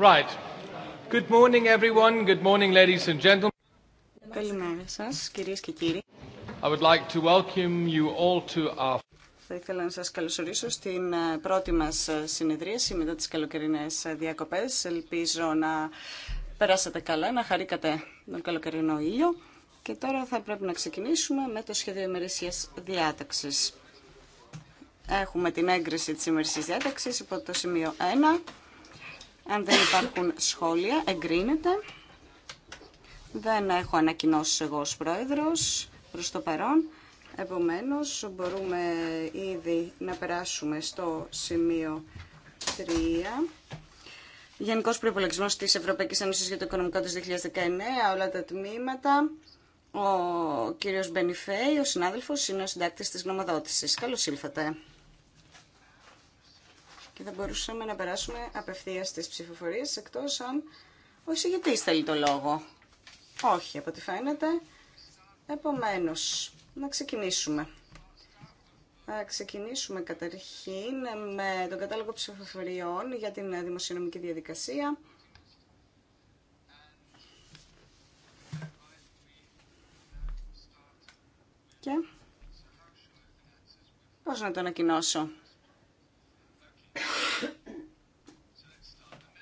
Right. Good morning everyone. Good morning ladies and gentlemen. Καλημέρα σας, κυρίες και κύριοι. I would like to welcome you all to our θα ήθελα να σας καλωσορίσω στην ε, πρώτη μας ε, συνεδρίαση μετά τις καλοκαιρινές ε, διακοπές. Ελπίζω να περάσατε καλά, να χαρήκατε τον καλοκαιρινό ήλιο. Και τώρα θα πρέπει να ξεκινήσουμε με το σχέδιο ημερησίας διάταξης. Έχουμε την έγκριση της ημερησίας διάταξης υπό το σημείο 1. Αν δεν υπάρχουν σχόλια, εγκρίνεται. Δεν έχω ανακοινώσει εγώ ως πρόεδρος προς το παρόν. Επομένως, μπορούμε ήδη να περάσουμε στο σημείο 3. Γενικός προϋπολογισμός της Ευρωπαϊκή Ένωση για το οικονομικό της 2019, όλα τα τμήματα. Ο κύριος Μπενιφέη, ο συνάδελφος, είναι ο συντάκτης της γνωμοδότησης. Καλώς ήλθατε και θα μπορούσαμε να περάσουμε απευθείας στις ψηφοφορίες εκτός αν ο εισηγητή θέλει το λόγο. Όχι, από ό,τι φαίνεται. Επομένως, να ξεκινήσουμε. Να ξεκινήσουμε καταρχήν με τον κατάλογο ψηφοφοριών για την δημοσιονομική διαδικασία. Και πώς να το ανακοινώσω.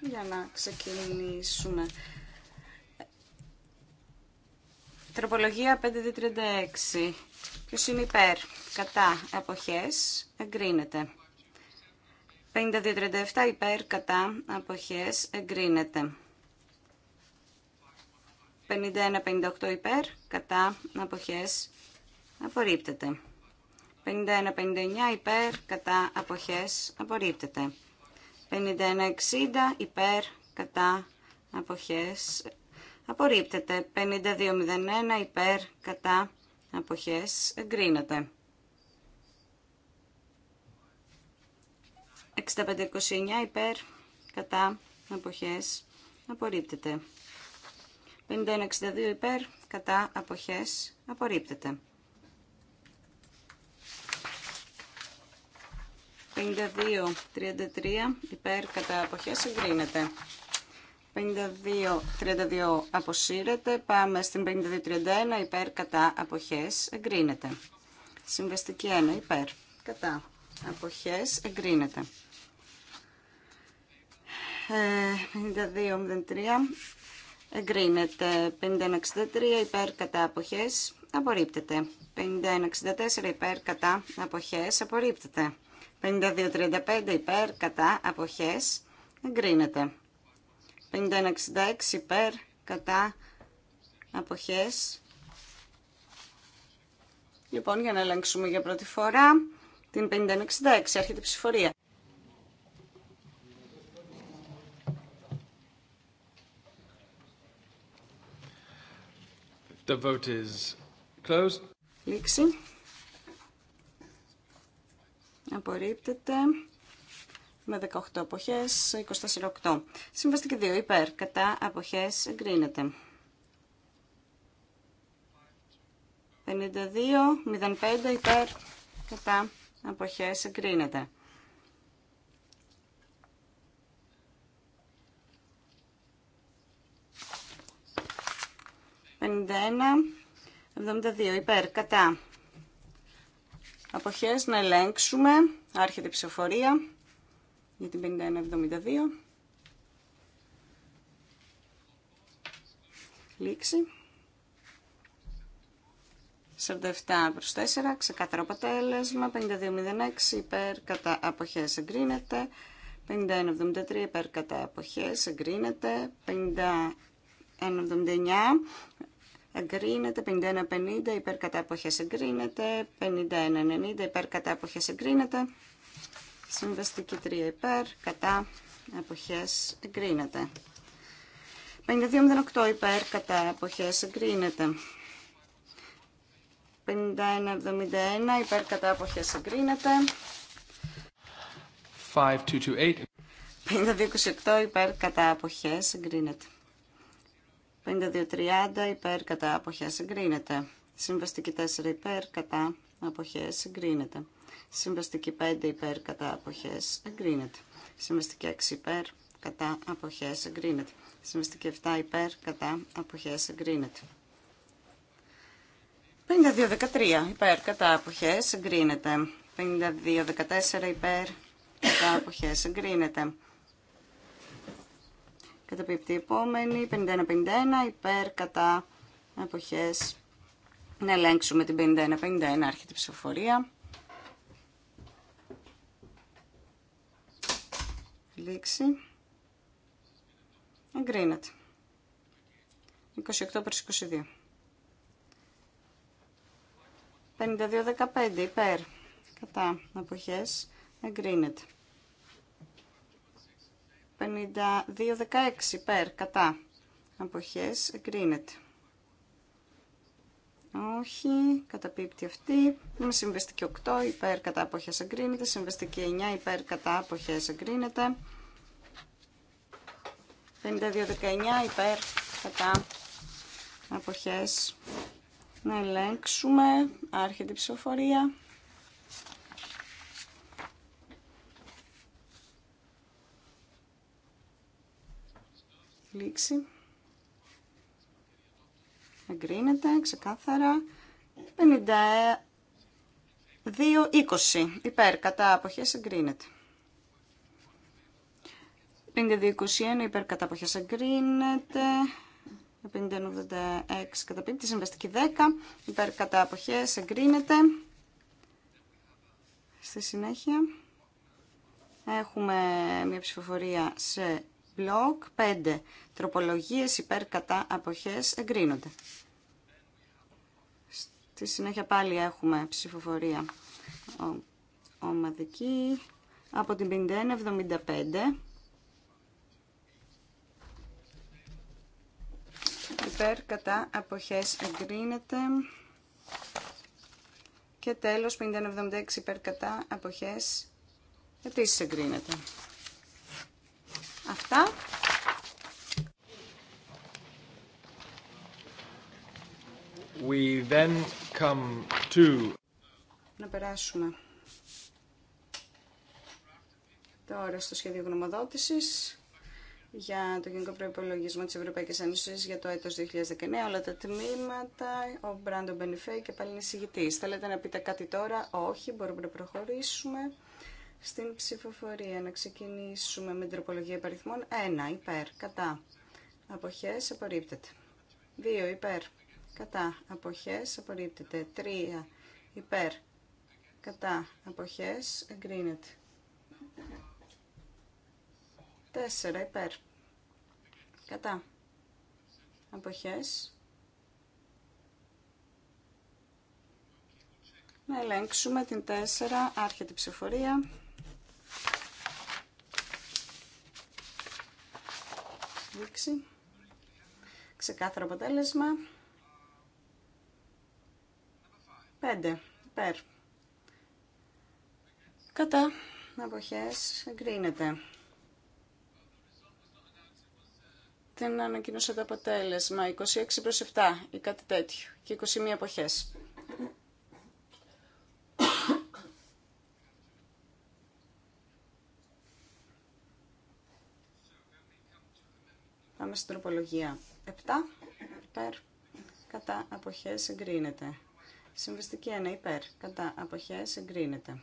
Για να ξεκινήσουμε. Τροπολογία 536. Ποιος είναι υπέρ. Κατά. Αποχές. Εγκρίνεται. 5237 υπέρ. Κατά. Αποχές. 5158 υπέρ. Κατά. Αποχές. Απορρίπτεται. 51-59 υπέρ κατά αποχές απορρίπτεται. 51-60 υπέρ κατά αποχές απορρίπτεται. 52-01 υπέρ κατά αποχές εγκρίνεται. 65-29 υπέρ κατά αποχές απορρίπτεται. 51-62 υπέρ κατά αποχές απορρίπτεται. 52, 33 υπέρ κατά αποχέ εγκρίνεται. 52, 32 αποσύρεται. Πάμε στην 52, 31 υπέρ κατά αποχέ εγκρίνεται. Συμβεστική 1 υπέρ κατά αποχέ εγκρίνεται. 52, ε, 03 εγκρίνεται. 51, 63 υπέρ κατά αποχέ απορρίπτεται. 51, 64 υπέρ κατά αποχέ απορρίπτεται. 52-35 υπέρ, κατά, αποχές, εγκρίνεται. 51-66 υπέρ, κατά, αποχές. Λοιπόν, για να ελέγξουμε για πρώτη φορά την 51-66, έρχεται η ψηφορία. The Λήξη απορρίπτεται με 18 αποχές, 24-8. Συμβαστική 2 υπέρ, κατά αποχές εγκρίνεται. 52-05 υπέρ, κατά αποχές εγκρίνεται. 51-72 υπέρ, κατά αποχές να ελέγξουμε. Άρχεται η ψηφοφορία για την 5172. Λήξη. 47 προς 4, ξεκάθαρο αποτέλεσμα, 52.06 υπέρ κατά αποχές εγκρίνεται, 51.73 υπέρ κατά αποχές εγκρίνεται, 51.79 εγκρίνεται, 51-50 υπέρ κατά εποχές εγκρίνεται, 51-90 υπέρ κατά εποχές εγκρίνεται, συμβαστική 3 υπέρ κατά εποχές εγκρίνεται. 52-08 υπέρ κατά εποχές εγκρίνεται. 51-71 υπέρ κατά εποχές εγκρίνεται. 5228 υπέρ κατά εποχές εγκρίνεται. 52-30 υπέρ κατά αποχέ εγκρίνεται. Συμβαστική 4 υπέρ κατά αποχέ εγκρίνεται. Συμβαστική 5 υπέρ κατά αποχέ εγκρίνεται. Συμβαστική 6 υπέρ κατά αποχέ εγκρίνεται. Συμβαστική 7 υπέρ κατά αποχές εγκρίνεται. 52-13 υπέρ κατά αποχε εγκρινεται εγκρίνεται. 52-14 υπέρ κατά αποχέ εγκρίνεται. Καταπίπτει. Επόμενη 51-51 υπέρ κατά εποχές. Να ελέγξουμε την 51-51 άρχεται η ψηφοφορία. Λήξη. Εγκρίνεται. 28 προς 22. 52-15 υπέρ κατά εποχές. Εγκρίνεται. 52-16 υπέρ κατά αποχές εγκρίνεται. Όχι, καταπίπτει αυτή. Είναι συμβεστική 8, υπέρ κατά αποχές εγκρίνεται. Συμβεστική 9, υπέρ κατά αποχές εγκρίνεται. 52-19, υπέρ κατά αποχές. Να ελέγξουμε. Άρχεται η ψηφοφορία. εγκρινεται Εγκρίνεται ξεκάθαρα. 52-20. Υπέρ. Κατά αποχές εγκρίνεται. 52-21 υπέρ κατά αποχές εγκρίνεται. 96 κατά πίπτη. Συμβαστική 10 υπέρ κατά αποχές εγκρίνεται. Στη συνέχεια έχουμε μια ψηφοφορία σε blog 5. Τροπολογίες υπέρ κατά αποχές εγκρίνονται. Στη συνέχεια πάλι έχουμε ψηφοφορία ομαδική από την 5175. Υπέρ κατά αποχές εγκρίνεται. Και τελος 5176 υπέρ κατά αποχές επίσης εγκρίνεται. Αυτά. We then come to... Να περάσουμε τώρα στο σχέδιο γνωμοδότησης για το Γενικό Προπολογισμό της Ευρωπαϊκής Ένωσης για το έτος 2019, όλα τα τμήματα, ο Μπράντο Μπενιφέ και πάλι είναι εισηγητής. Θέλετε να πείτε κάτι τώρα, όχι, μπορούμε να προχωρήσουμε στην ψηφοφορία. Να ξεκινήσουμε με την τροπολογία υπαριθμών 1 υπέρ κατά αποχές απορρίπτεται. 2 υπέρ κατά αποχές απορρίπτεται. 3 υπέρ κατά αποχές εγκρίνεται. 4 υπέρ κατά αποχές να ελέγξουμε την 4, άρχεται τη ψηφορία. Λήξη. Ξεκάθαρο αποτέλεσμα. 5. Περ. Κατά. Αποχές. Εγκρίνεται. Δεν ανακοινώσα το αποτέλεσμα. 26 προς 7 ή κάτι τέτοιο. Και 21 αποχές. Πάμε στην τροπολογία 7. Υπέρ. Κατά αποχέ εγκρίνεται. Συμβαστική 1. Υπέρ. Κατά απόχέ εγκρίνεται.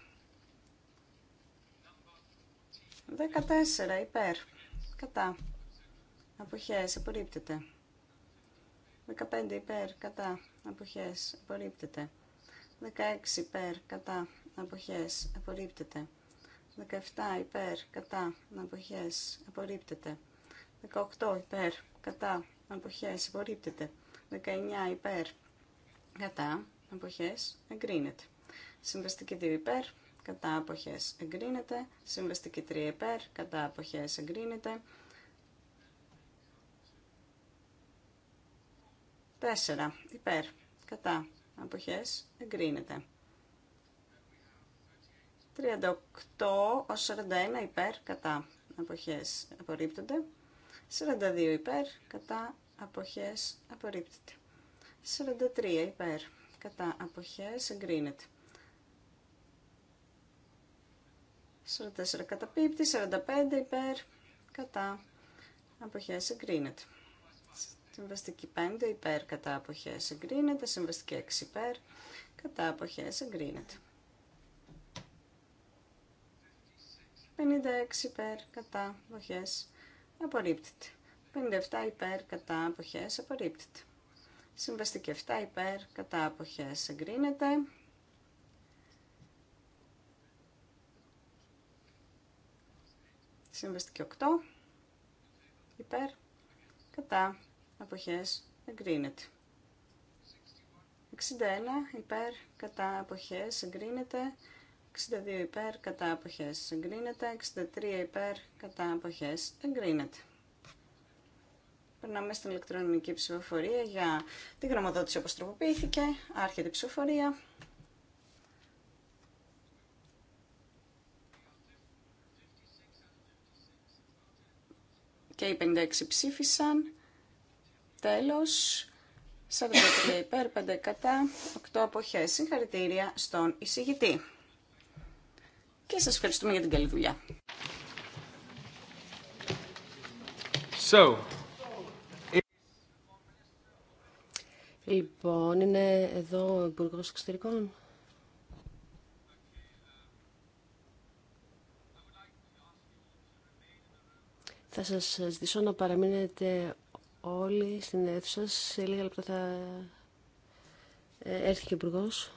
14. Υπέρ. Κατά. Αποχές. Απορρίπτεται. 15. Υπέρ. Κατά. Αποχές. Απορρίπτεται. 16. Υπέρ. Κατά. Αποχές. Απορρίπτεται. 17. Υπέρ. Κατά. Αποχές. Απορρίπτεται. 18 υπέρ, κατά, αποχές, απορρίπτεται. 19 υπέρ, κατά, αποχές, εγκρίνεται. Συμβαστική 2 υπέρ, κατά, αποχές, εγκρίνεται. Συμβαστική 3 υπέρ, κατά, αποχές, εγκρίνεται. 4 υπέρ, κατά, αποχές, εγκρίνεται. 38 ως 41 υπέρ, κατά, αποχές, απορρίπτονται. 42 υπέρ, κατά αποχές απορρίπτεται. 43 υπέρ, κατά αποχές εγκρίνεται. 44 καταπίπτει, 45 υπέρ, κατά αποχές εγκρίνεται. Συμβαστική 5 υπέρ, κατά αποχές εγκρίνεται. Συμβαστική 6 υπέρ, κατά αποχές εγκρίνεται. 56 υπέρ, κατά αποχές απορρίπτεται. 57 υπέρ κατά αποχές απορρίπτεται. Συμβαστική 7 υπέρ κατά αποχές εγκρίνεται. 8 υπέρ κατά αποχές εγκρίνεται. 61 υπέρ κατά αποχές εγκρίνεται. 62 υπέρ κατά αποχές εγκρίνεται, 63 υπέρ κατά αποχές εγκρίνεται. Περνάμε στην ηλεκτρονική ψηφοφορία για τη γραμματότηση όπως τροποποιήθηκε, άρχεται η ψηφοφορία. Και οι 56 ψήφισαν. Τέλος. 43 υπέρ, 5 κατά, 8 αποχές. Συγχαρητήρια στον εισηγητή και σας ευχαριστούμε για την καλή δουλειά. So. Λοιπόν, είναι εδώ ο Υπουργό Εξωτερικών. Θα σας ζητήσω να παραμείνετε όλοι στην αίθουσα. Σε λίγα λεπτά θα ε, έρθει και ο Υπουργός.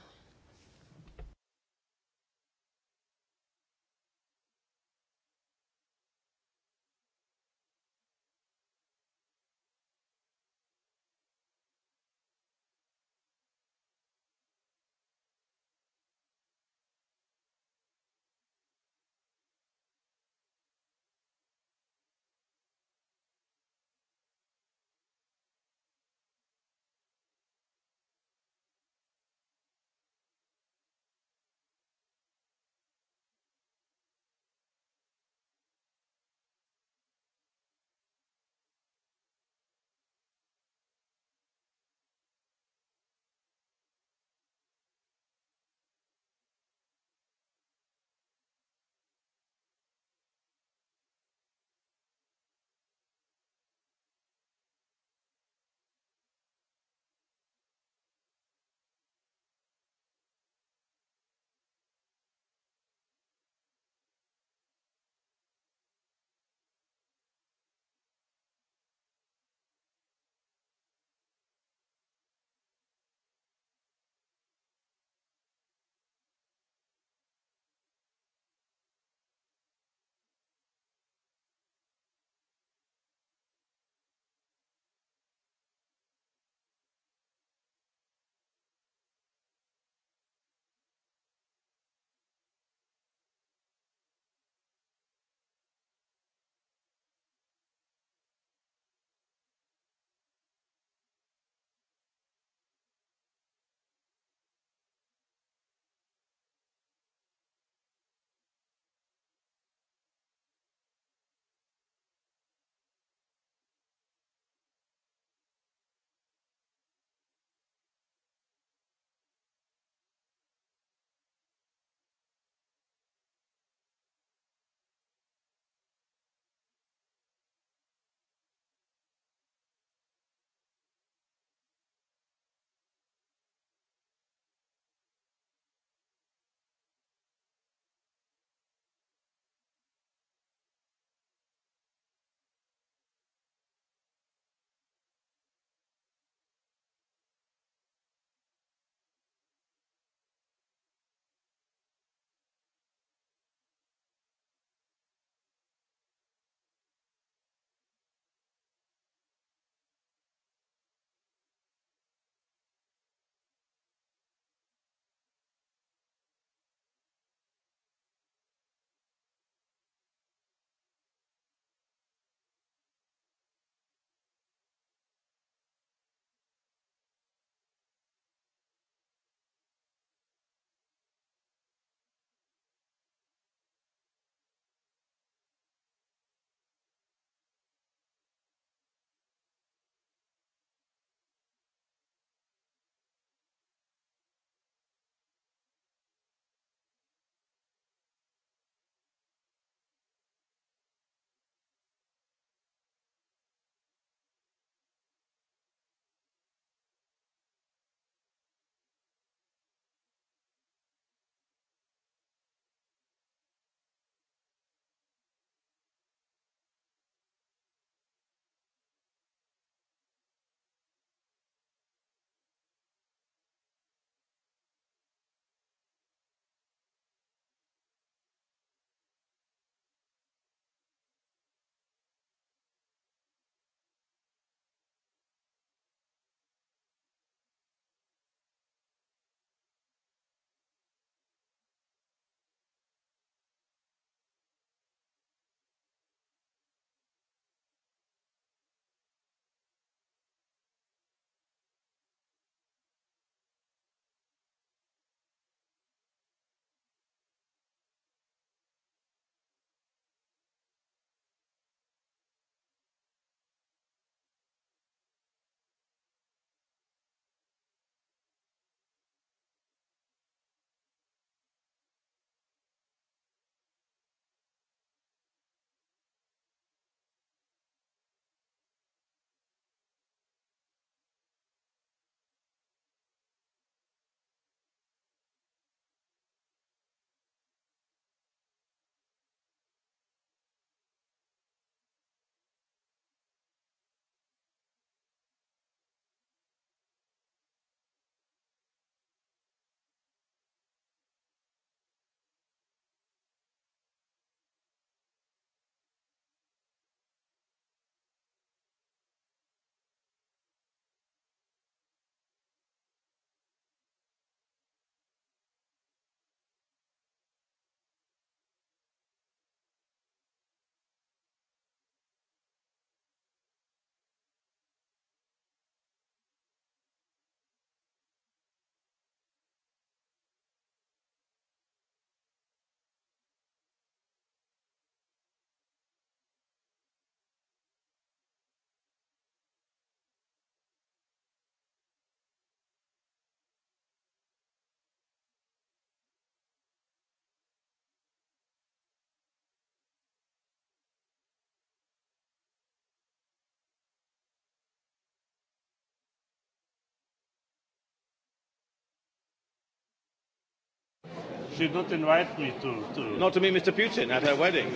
She did not invite me to. to not to meet Mr. Putin at her wedding.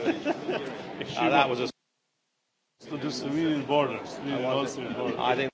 oh, that was a. To the civilian borders. I, think.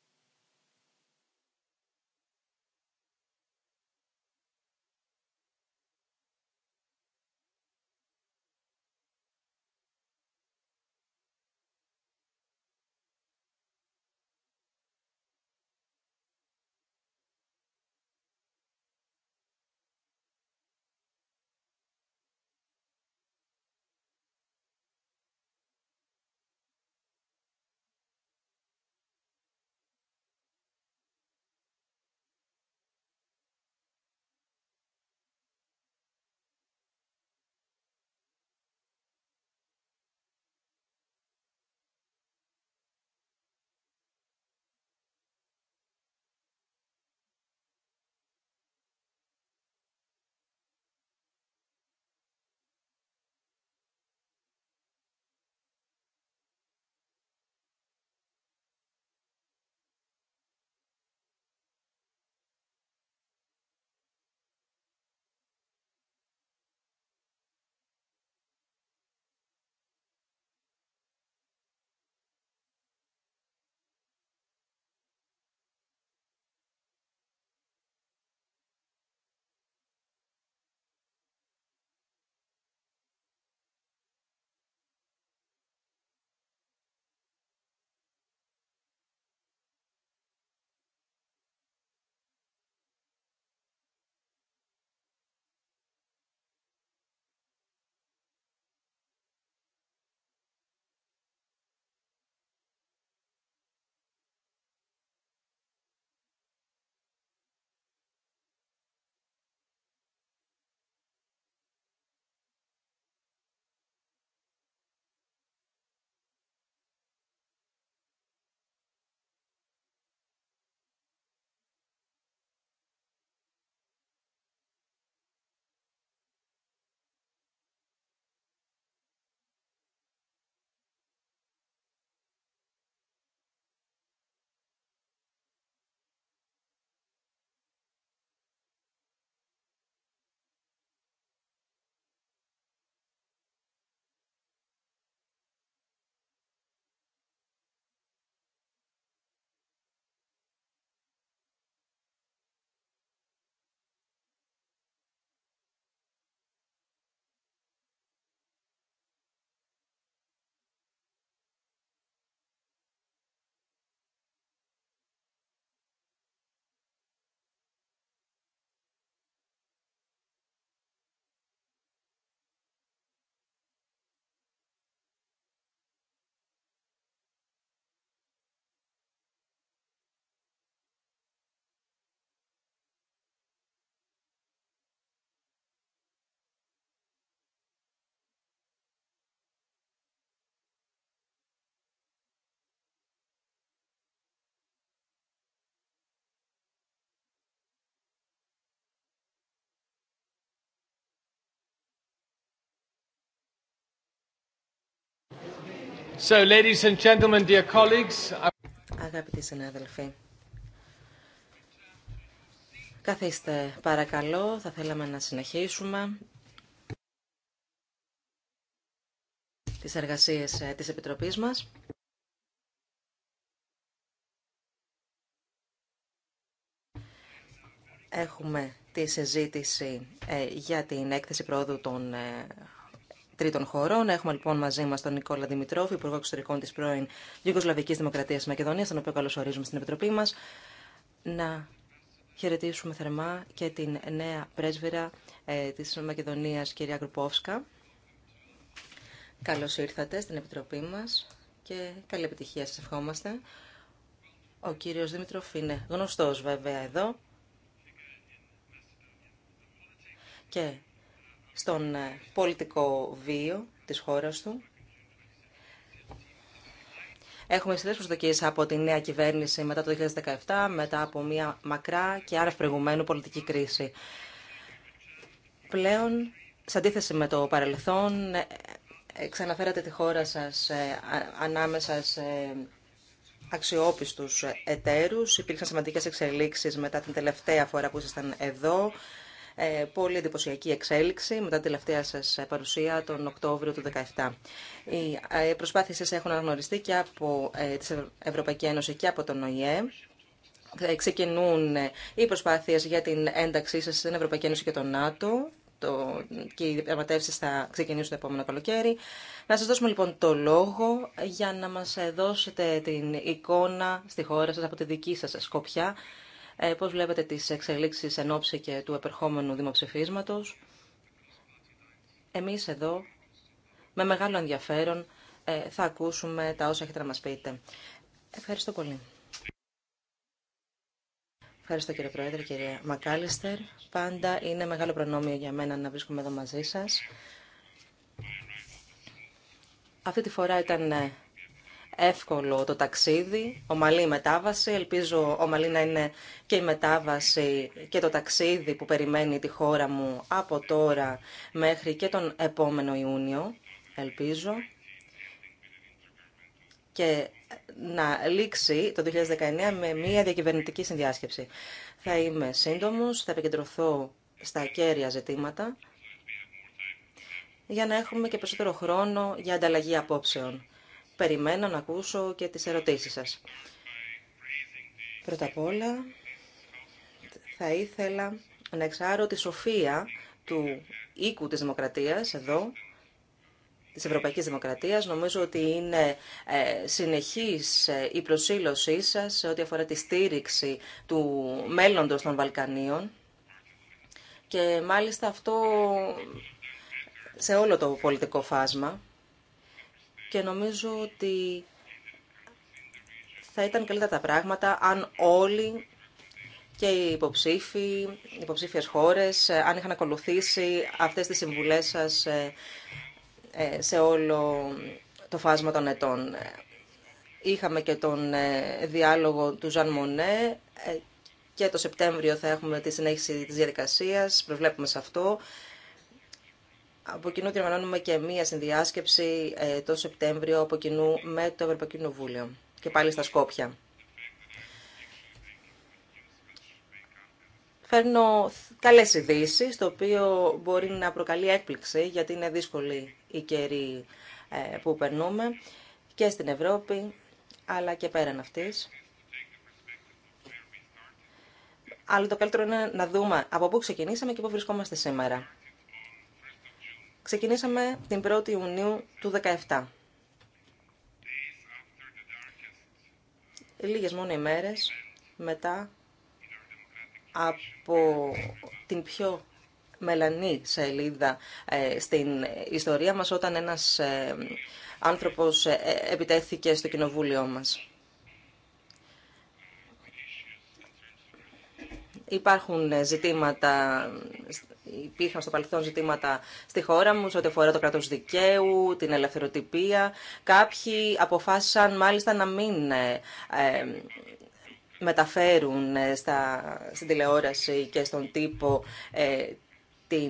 So, ladies and gentlemen, Αγαπητοί συνάδελφοι, καθίστε παρακαλώ, θα θέλαμε να συνεχίσουμε τις εργασίες ε, της Επιτροπής μας. Έχουμε τη συζήτηση ε, για την έκθεση πρόοδου των ε, τρίτων χωρών. Έχουμε λοιπόν μαζί μα τον Νικόλα Δημητρόφ, Υπουργό Εξωτερικών τη πρώην Ιουγκοσλαβική Δημοκρατία Μακεδονία, τον οποίο καλωσορίζουμε στην Επιτροπή μα. Να χαιρετήσουμε θερμά και την νέα πρέσβυρα ε, τη Μακεδονία, κυρία Γκρουπόφσκα. Καλώ ήρθατε στην Επιτροπή μα και καλή επιτυχία σα ευχόμαστε. Ο κύριο Δημητροφ είναι Γνωστό, βέβαια εδώ και στον ε, πολιτικό βίο της χώρας του. Έχουμε υψηλέ προσδοκίε από τη νέα κυβέρνηση μετά το 2017, μετά από μια μακρά και άρευ προηγουμένου πολιτική κρίση. Πλέον, σε αντίθεση με το παρελθόν, ε, ξαναφέρατε τη χώρα σας ε, ανάμεσα σε αξιόπιστους εταίρους. Υπήρξαν σημαντικές εξελίξεις μετά την τελευταία φορά που ήσασταν εδώ. Ε, πολύ εντυπωσιακή εξέλιξη μετά την τελευταία σας παρουσία τον Οκτώβριο του 2017. Οι ε, προσπάθειε σας έχουν αναγνωριστεί και από ε, την Ευρωπαϊκή Ένωση και από τον ΟΗΕ ξεκινούν οι προσπάθειες για την ένταξή σας στην Ευρωπαϊκή Ένωση και τον ΝΑΤΟ το, και οι διαπραγματεύσει θα ξεκινήσουν το επόμενο καλοκαίρι. Να σας δώσουμε λοιπόν το λόγο για να μας δώσετε την εικόνα στη χώρα σας από τη δική σας σκοπιά ε, πώς βλέπετε τις εξελίξεις εν ώψη και του επερχόμενου δημοψηφίσματος. Εμείς εδώ, με μεγάλο ενδιαφέρον, ε, θα ακούσουμε τα όσα έχετε να μας πείτε. Ευχαριστώ πολύ. Ευχαριστώ κύριε Πρόεδρε, κύριε Μακάλιστερ. Πάντα είναι μεγάλο προνόμιο για μένα να βρίσκομαι εδώ μαζί σας. Αυτή τη φορά ήταν ε, εύκολο το ταξίδι, ομαλή μετάβαση. Ελπίζω ομαλή να είναι και η μετάβαση και το ταξίδι που περιμένει τη χώρα μου από τώρα μέχρι και τον επόμενο Ιούνιο, ελπίζω. Και να λήξει το 2019 με μια διακυβερνητική συνδιάσκεψη. Θα είμαι σύντομος, θα επικεντρωθώ στα κέρια ζητήματα για να έχουμε και περισσότερο χρόνο για ανταλλαγή απόψεων περιμένω να ακούσω και τις ερωτήσεις σας. Πρώτα απ' όλα, θα ήθελα να εξάρω τη σοφία του οίκου της Δημοκρατίας εδώ, της Ευρωπαϊκής Δημοκρατίας. Νομίζω ότι είναι ε, συνεχής ε, η προσήλωσή σας σε ό,τι αφορά τη στήριξη του μέλλοντος των Βαλκανίων. Και μάλιστα αυτό σε όλο το πολιτικό φάσμα και νομίζω ότι θα ήταν καλύτερα τα πράγματα αν όλοι και οι υποψήφοι, οι υποψήφιες χώρες, ε, αν είχαν ακολουθήσει αυτές τις συμβουλές σας ε, ε, σε όλο το φάσμα των ετών. Είχαμε και τον διάλογο του Ζαν Μονέ και το Σεπτέμβριο θα έχουμε τη συνέχιση της διαδικασίας, προβλέπουμε σε αυτό. Από κοινού διοργανώνουμε και μία συνδιάσκεψη ε, το Σεπτέμβριο από κοινού με το Ευρωπαϊκό Κοινοβούλιο και πάλι στα Σκόπια. Φέρνω καλές ειδήσει, το οποίο μπορεί να προκαλεί έκπληξη, γιατί είναι δύσκολη η καιρή ε, που περνούμε και στην Ευρώπη, αλλά και πέραν αυτής. Αλλά το καλύτερο είναι να δούμε από πού ξεκινήσαμε και πού βρισκόμαστε σήμερα. Ξεκινήσαμε την 1η Ιουνίου του 2017. Λίγες μόνο ημέρες μετά από την πιο μελανή σελίδα ε, στην ιστορία μας όταν ένας ε, άνθρωπος ε, επιτέθηκε στο κοινοβούλιο μας. Υπάρχουν ζητήματα υπήρχαν στο παρελθόν ζητήματα στη χώρα μου, σε ό,τι αφορά το κράτος δικαίου, την ελευθεροτυπία. Κάποιοι αποφάσισαν μάλιστα να μην ε, ε, μεταφέρουν ε, στα, στην τηλεόραση και στον τύπο την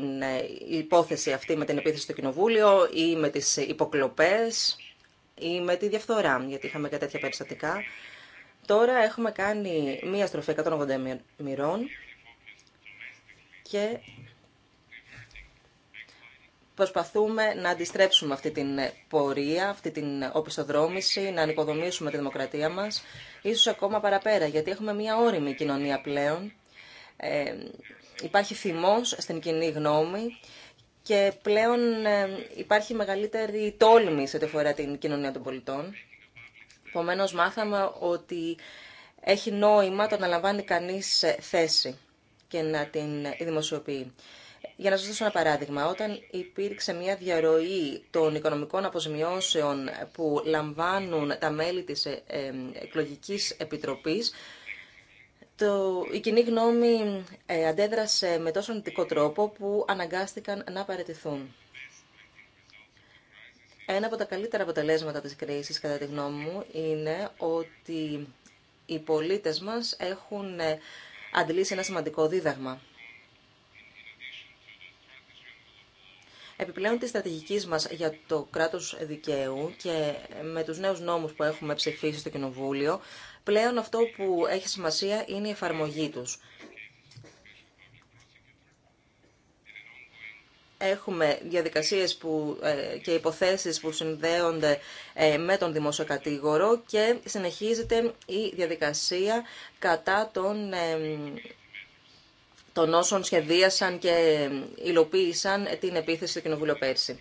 υπόθεση αυτή με την επίθεση στο Κοινοβούλιο ή με τις υποκλοπές ή με τη διαφθορά, γιατί είχαμε και τέτοια περιστατικά. Τώρα έχουμε κάνει μία στροφή 180 μοιρών και Προσπαθούμε να αντιστρέψουμε αυτή την πορεία, αυτή την οπισθοδρόμηση, να ανοικοδομήσουμε τη δημοκρατία μας, ίσως ακόμα παραπέρα, γιατί έχουμε μια όρημη κοινωνία πλέον. Ε, υπάρχει θυμός στην κοινή γνώμη και πλέον ε, υπάρχει μεγαλύτερη τόλμη σε ό,τι την κοινωνία των πολιτών. Επομένω, μάθαμε ότι έχει νόημα το να λαμβάνει κανείς θέση και να την δημοσιοποιεί. Για να σας δώσω ένα παράδειγμα, όταν υπήρξε μια διαρροή των οικονομικών αποζημιώσεων που λαμβάνουν τα μέλη της ε, ε, εκλογικής επιτροπής, το, η κοινή γνώμη ε, αντέδρασε με τόσο νητικό τρόπο που αναγκάστηκαν να παραιτηθούν. Ένα από τα καλύτερα αποτελέσματα της κρίσης, κατά τη γνώμη μου, είναι ότι οι πολίτες μας έχουν αντιλήσει ένα σημαντικό δίδαγμα. Επιπλέον τη στρατηγική μας για το κράτος δικαίου και με τους νέους νόμους που έχουμε ψηφίσει στο Κοινοβούλιο, πλέον αυτό που έχει σημασία είναι η εφαρμογή τους. Έχουμε διαδικασίες που, ε, και υποθέσεις που συνδέονται ε, με τον κατήγορο και συνεχίζεται η διαδικασία κατά των ε, των όσων σχεδίασαν και υλοποίησαν την επίθεση στο Κοινοβούλιο πέρσι.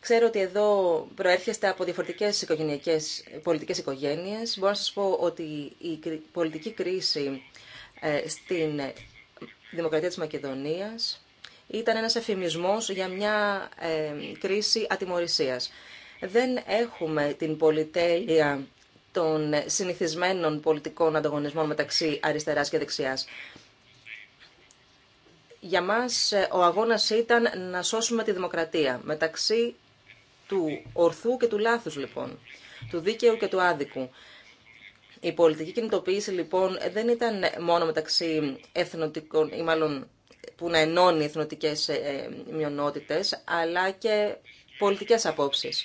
Ξέρω ότι εδώ προέρχεστε από διαφορετικέ οικογενειακές, πολιτικές οικογένειες. Μπορώ να σα πω ότι η πολιτική κρίση ε, στην Δημοκρατία της Μακεδονίας ήταν ένας εφημισμός για μια ε, κρίση ατιμορρησία. Δεν έχουμε την πολυτέλεια των συνηθισμένων πολιτικών ανταγωνισμών μεταξύ αριστεράς και δεξιάς για μας ε, ο αγώνας ήταν να σώσουμε τη δημοκρατία μεταξύ του ορθού και του λάθους λοιπόν, του δίκαιου και του άδικου. Η πολιτική κινητοποίηση λοιπόν δεν ήταν μόνο μεταξύ εθνοτικών ή μάλλον που να ενώνει εθνοτικές ε, ε, μειονότητες αλλά και πολιτικές απόψεις.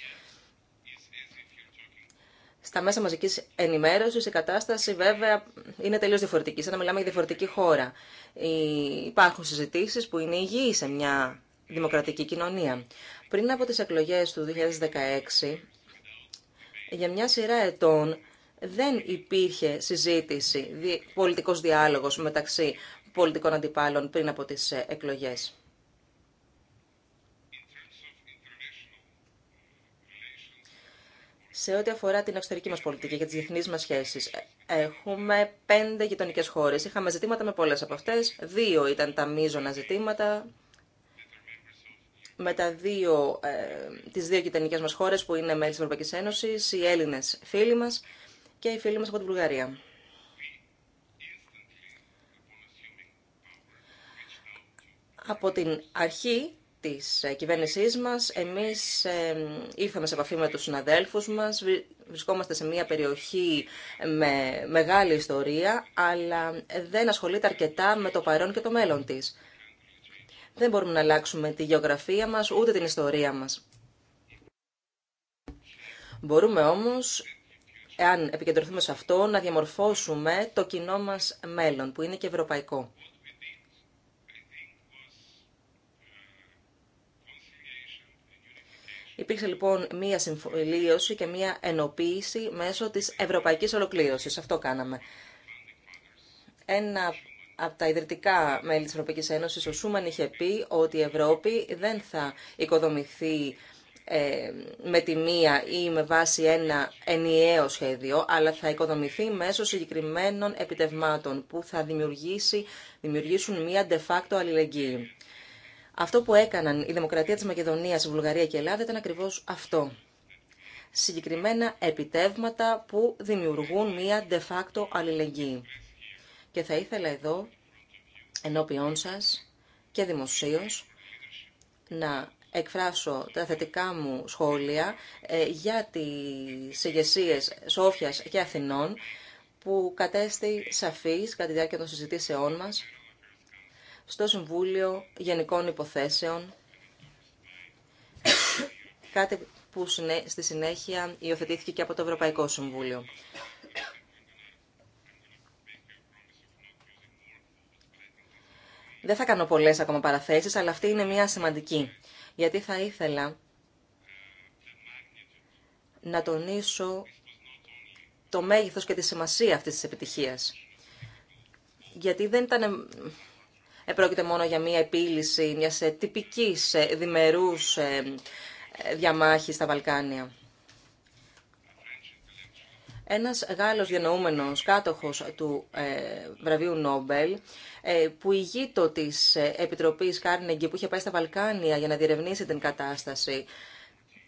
Στα μέσα μαζική ενημέρωση η κατάσταση βέβαια είναι τελείω διαφορετική, σαν να μιλάμε για διαφορετική χώρα. Ε, υπάρχουν συζητήσει που είναι υγιεί σε μια δημοκρατική κοινωνία. Πριν από τι εκλογέ του 2016, για μια σειρά ετών δεν υπήρχε συζήτηση, πολιτικός διάλογος μεταξύ πολιτικών αντιπάλων πριν από τις εκλογές. Σε ό,τι αφορά την εξωτερική μα πολιτική και τι διεθνεί μα σχέσει, έχουμε πέντε γειτονικέ χώρε. Είχαμε ζητήματα με πολλέ από αυτέ. Δύο ήταν τα μείζωνα ζητήματα με τα δύο, ε, τις δύο γειτονικές μας χώρες που είναι μέλη της Ευρωπαϊκής Ένωσης, οι Έλληνε φίλοι μας και οι φίλοι μας από την Βουλγαρία. Από την αρχή της ε, κυβέρνησή μας. Εμείς ε, ήρθαμε σε επαφή με τους συναδέλφους μας. Βρισκόμαστε σε μια περιοχή με μεγάλη ιστορία, αλλά δεν ασχολείται αρκετά με το παρόν και το μέλλον της. Δεν μπορούμε να αλλάξουμε τη γεωγραφία μας, ούτε την ιστορία μας. Μπορούμε όμως, εάν επικεντρωθούμε σε αυτό, να διαμορφώσουμε το κοινό μας μέλλον, που είναι και ευρωπαϊκό. Υπήρξε λοιπόν μία συμφιλίωση και μία ενοποίηση μέσω της ευρωπαϊκής ολοκλήρωσης. Αυτό κάναμε. Ένα από τα ιδρυτικά μέλη της Ευρωπαϊκής Ένωσης, ο Σούμαν είχε πει ότι η Ευρώπη δεν θα οικοδομηθεί ε, με τη μία ή με βάση ένα ενιαίο σχέδιο, αλλά θα οικοδομηθεί μέσω συγκεκριμένων επιτευμάτων που θα δημιουργήσει, δημιουργήσουν μία de facto αλληλεγγύη. Αυτό που έκαναν η Δημοκρατία της Μακεδονίας, η Βουλγαρία και η Ελλάδα ήταν ακριβώς αυτό. Συγκεκριμένα επιτεύγματα που δημιουργούν μία de facto αλληλεγγύη. Και θα ήθελα εδώ, ενώπιόν σας και δημοσίως, να εκφράσω τα θετικά μου σχόλια ε, για τις ηγεσίε Σόφιας και Αθηνών, που κατέστη σαφής κατά τη διάρκεια των συζητήσεών μας στο Συμβούλιο Γενικών Υποθέσεων, κάτι που στη συνέχεια υιοθετήθηκε και από το Ευρωπαϊκό Συμβούλιο. Δεν θα κάνω πολλές ακόμα παραθέσεις, αλλά αυτή είναι μια σημαντική, γιατί θα ήθελα να τονίσω το μέγεθος και τη σημασία αυτής της επιτυχίας. Γιατί δεν ήταν πρόκειται μόνο για μια επίλυση μιας ε, τυπικής ε, διμερούς ε, διαμάχης στα Βαλκάνια. Ένας Γάλλος γενοούμενος κάτοχος του βραβείου Νόμπελ που ηγείτο της Επιτροπής Κάρνεγκη που είχε πάει στα Βαλκάνια για να διερευνήσει την κατάσταση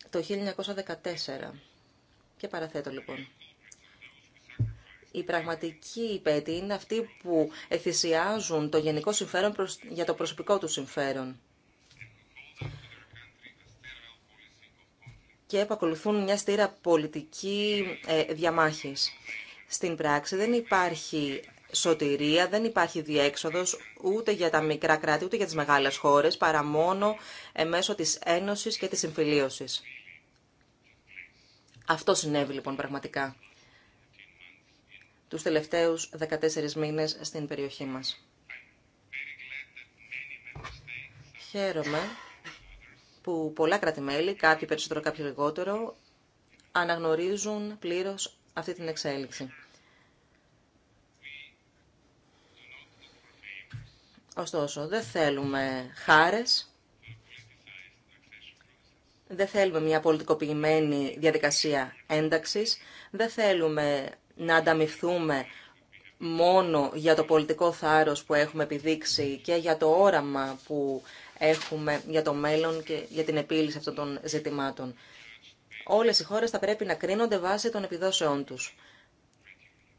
το 1914. Και παραθέτω λοιπόν οι πραγματικοί υπέτη είναι αυτοί που εθυσιάζουν το γενικό συμφέρον για το προσωπικό του συμφέρον. και επακολουθούν μια στήρα πολιτική ε, διαμάχης. Στην πράξη δεν υπάρχει σωτηρία, δεν υπάρχει διέξοδος ούτε για τα μικρά κράτη, ούτε για τις μεγάλες χώρες, παρά μόνο ε, μέσω της ένωσης και της συμφιλίωσης. Αυτό συνέβη λοιπόν πραγματικά τους τελευταίους 14 μήνες στην περιοχή μας. Χαίρομαι που πολλά κράτη-μέλη, κάποιοι περισσότερο, κάποιοι λιγότερο, αναγνωρίζουν πλήρως αυτή την εξέλιξη. Ωστόσο, δεν θέλουμε χάρες, δεν θέλουμε μια πολιτικοποιημένη διαδικασία ένταξης, δεν θέλουμε να ανταμυφθούμε μόνο για το πολιτικό θάρρος που έχουμε επιδείξει και για το όραμα που έχουμε για το μέλλον και για την επίλυση αυτών των ζητημάτων. Όλες οι χώρες θα πρέπει να κρίνονται βάσει των επιδόσεών τους,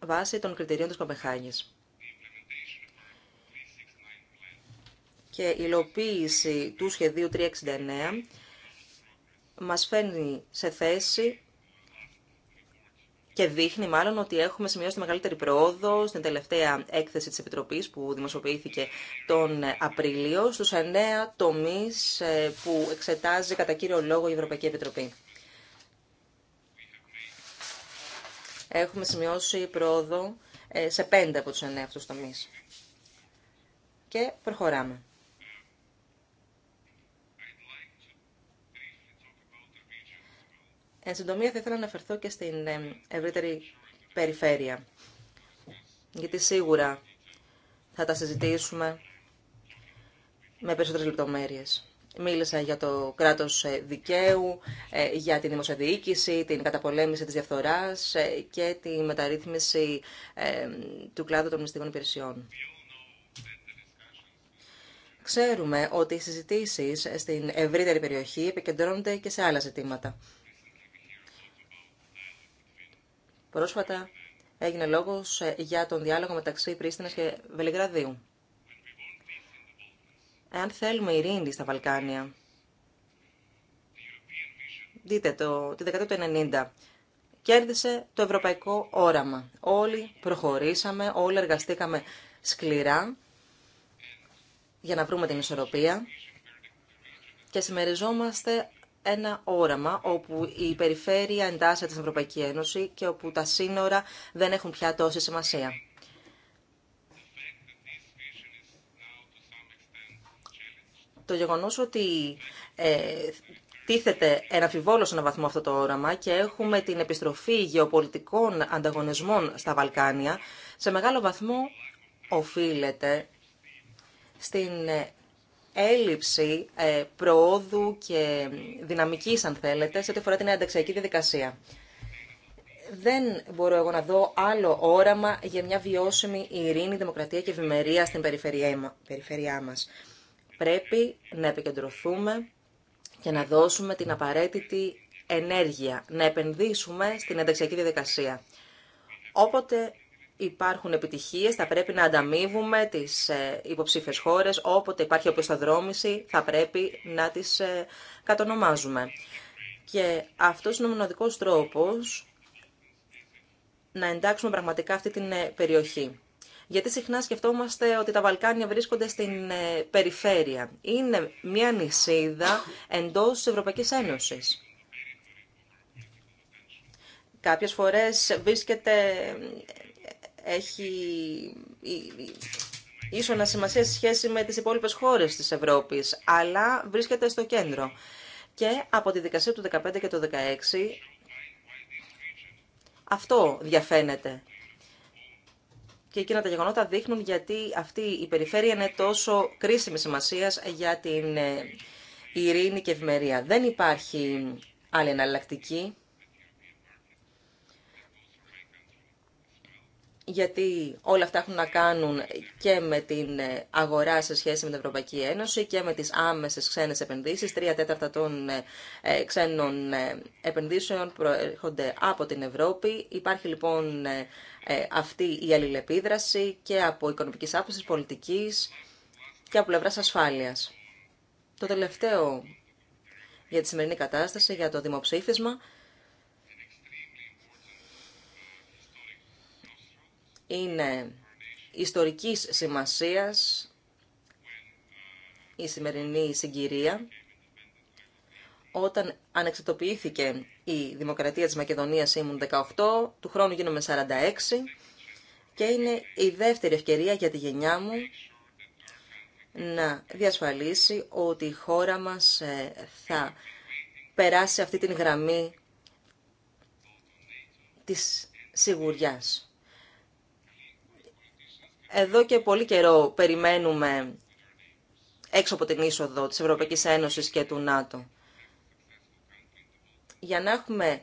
βάσει των κριτηρίων της Κοπεχάγης. Και η υλοποίηση του σχεδίου 369 μας φέρνει σε θέση και δείχνει μάλλον ότι έχουμε σημειώσει τη μεγαλύτερη πρόοδο στην τελευταία έκθεση της Επιτροπής που δημοσιοποιήθηκε τον Απρίλιο στους εννέα τομείς ε, που εξετάζει κατά κύριο λόγο η Ευρωπαϊκή Επιτροπή. Έχουμε σημειώσει πρόοδο ε, σε πέντε από τους εννέα αυτούς τομείς. Και προχωράμε. Εν συντομία θα ήθελα να αναφερθώ και στην ευρύτερη περιφέρεια. Γιατί σίγουρα θα τα συζητήσουμε με περισσότερες λεπτομέρειες. Μίλησα για το κράτος ε, δικαίου, ε, για την δημοσιοδιοίκηση, την καταπολέμηση της διαφθοράς ε, και τη μεταρρύθμιση του κλάδου των μυστικών υπηρεσιών. Ξέρουμε ότι οι συζητήσεις στην ευρύτερη περιοχή επικεντρώνονται και σε άλλα ζητήματα. Πρόσφατα έγινε λόγος ε, για τον διάλογο μεταξύ Πρίστινας και Βελιγραδίου. Εάν θέλουμε ειρήνη στα Βαλκάνια, δείτε το, τη δεκαετία του 90, κέρδισε το ευρωπαϊκό όραμα. Όλοι προχωρήσαμε, όλοι εργαστήκαμε σκληρά για να βρούμε την ισορροπία και συμμεριζόμαστε ένα όραμα όπου η περιφέρεια εντάσσεται στην Ευρωπαϊκή Ένωση και όπου τα σύνορα δεν έχουν πια τόση σημασία. Το γεγονός ότι ε, τίθεται αμφιβόλο σε έναν βαθμό αυτό το όραμα και έχουμε την επιστροφή γεωπολιτικών ανταγωνισμών στα Βαλκάνια, σε μεγάλο βαθμό οφείλεται στην ε, έλλειψη ε, προόδου και δυναμικής, αν θέλετε, σε ό,τι αφορά την ανταξιακή διαδικασία. Δεν μπορώ εγώ να δω άλλο όραμα για μια βιώσιμη ειρήνη, δημοκρατία και ευημερία στην περιφερειά μας. Πρέπει να επικεντρωθούμε και να δώσουμε την απαραίτητη ενέργεια, να επενδύσουμε στην ενταξιακή διαδικασία. Όποτε υπάρχουν επιτυχίες, θα πρέπει να ανταμείβουμε τις ε, υποψήφιες χώρες. Όποτε υπάρχει οπισθοδρόμηση θα πρέπει να τις ε, κατονομάζουμε. Και αυτός είναι ο μοναδικός τρόπος να εντάξουμε πραγματικά αυτή την ε, περιοχή. Γιατί συχνά σκεφτόμαστε ότι τα Βαλκάνια βρίσκονται στην περιφέρεια. Είναι μια νησίδα εντός της Ευρωπαϊκής Ένωσης. Κάποιες φορές βρίσκεται έχει ίσονα σημασία σε σχέση με τις υπόλοιπες χώρες της Ευρώπης, αλλά βρίσκεται στο κέντρο. Και από τη δικασία του 2015 και του 2016 αυτό διαφαίνεται. Και εκείνα τα γεγονότα δείχνουν γιατί αυτή η περιφέρεια είναι τόσο κρίσιμη σημασία για την ε, ειρήνη και ευημερία. Δεν υπάρχει άλλη εναλλακτική. γιατί όλα αυτά έχουν να κάνουν και με την ε, αγορά σε σχέση με την Ευρωπαϊκή Ένωση και με τις άμεσες ξένες επενδύσεις. Τρία τέταρτα των ε, ε, ξένων επενδύσεων προέρχονται από την Ευρώπη. Υπάρχει λοιπόν αυτή η αλληλεπίδραση και από οικονομικής άποψης, πολιτικής και από πλευράς ασφάλειας. Το τελευταίο για τη σημερινή κατάσταση, για το δημοψήφισμα, είναι ιστορικής σημασίας η σημερινή συγκυρία όταν ανεξατοποιήθηκε η Δημοκρατία της Μακεδονίας ήμουν 18, του χρόνου γίνομαι 46 και είναι η δεύτερη ευκαιρία για τη γενιά μου να διασφαλίσει ότι η χώρα μας ε, θα περάσει αυτή την γραμμή της σιγουριάς. Εδώ και πολύ καιρό περιμένουμε έξω από την είσοδο της Ευρωπαϊκής Ένωσης και του ΝΑΤΟ. Για να έχουμε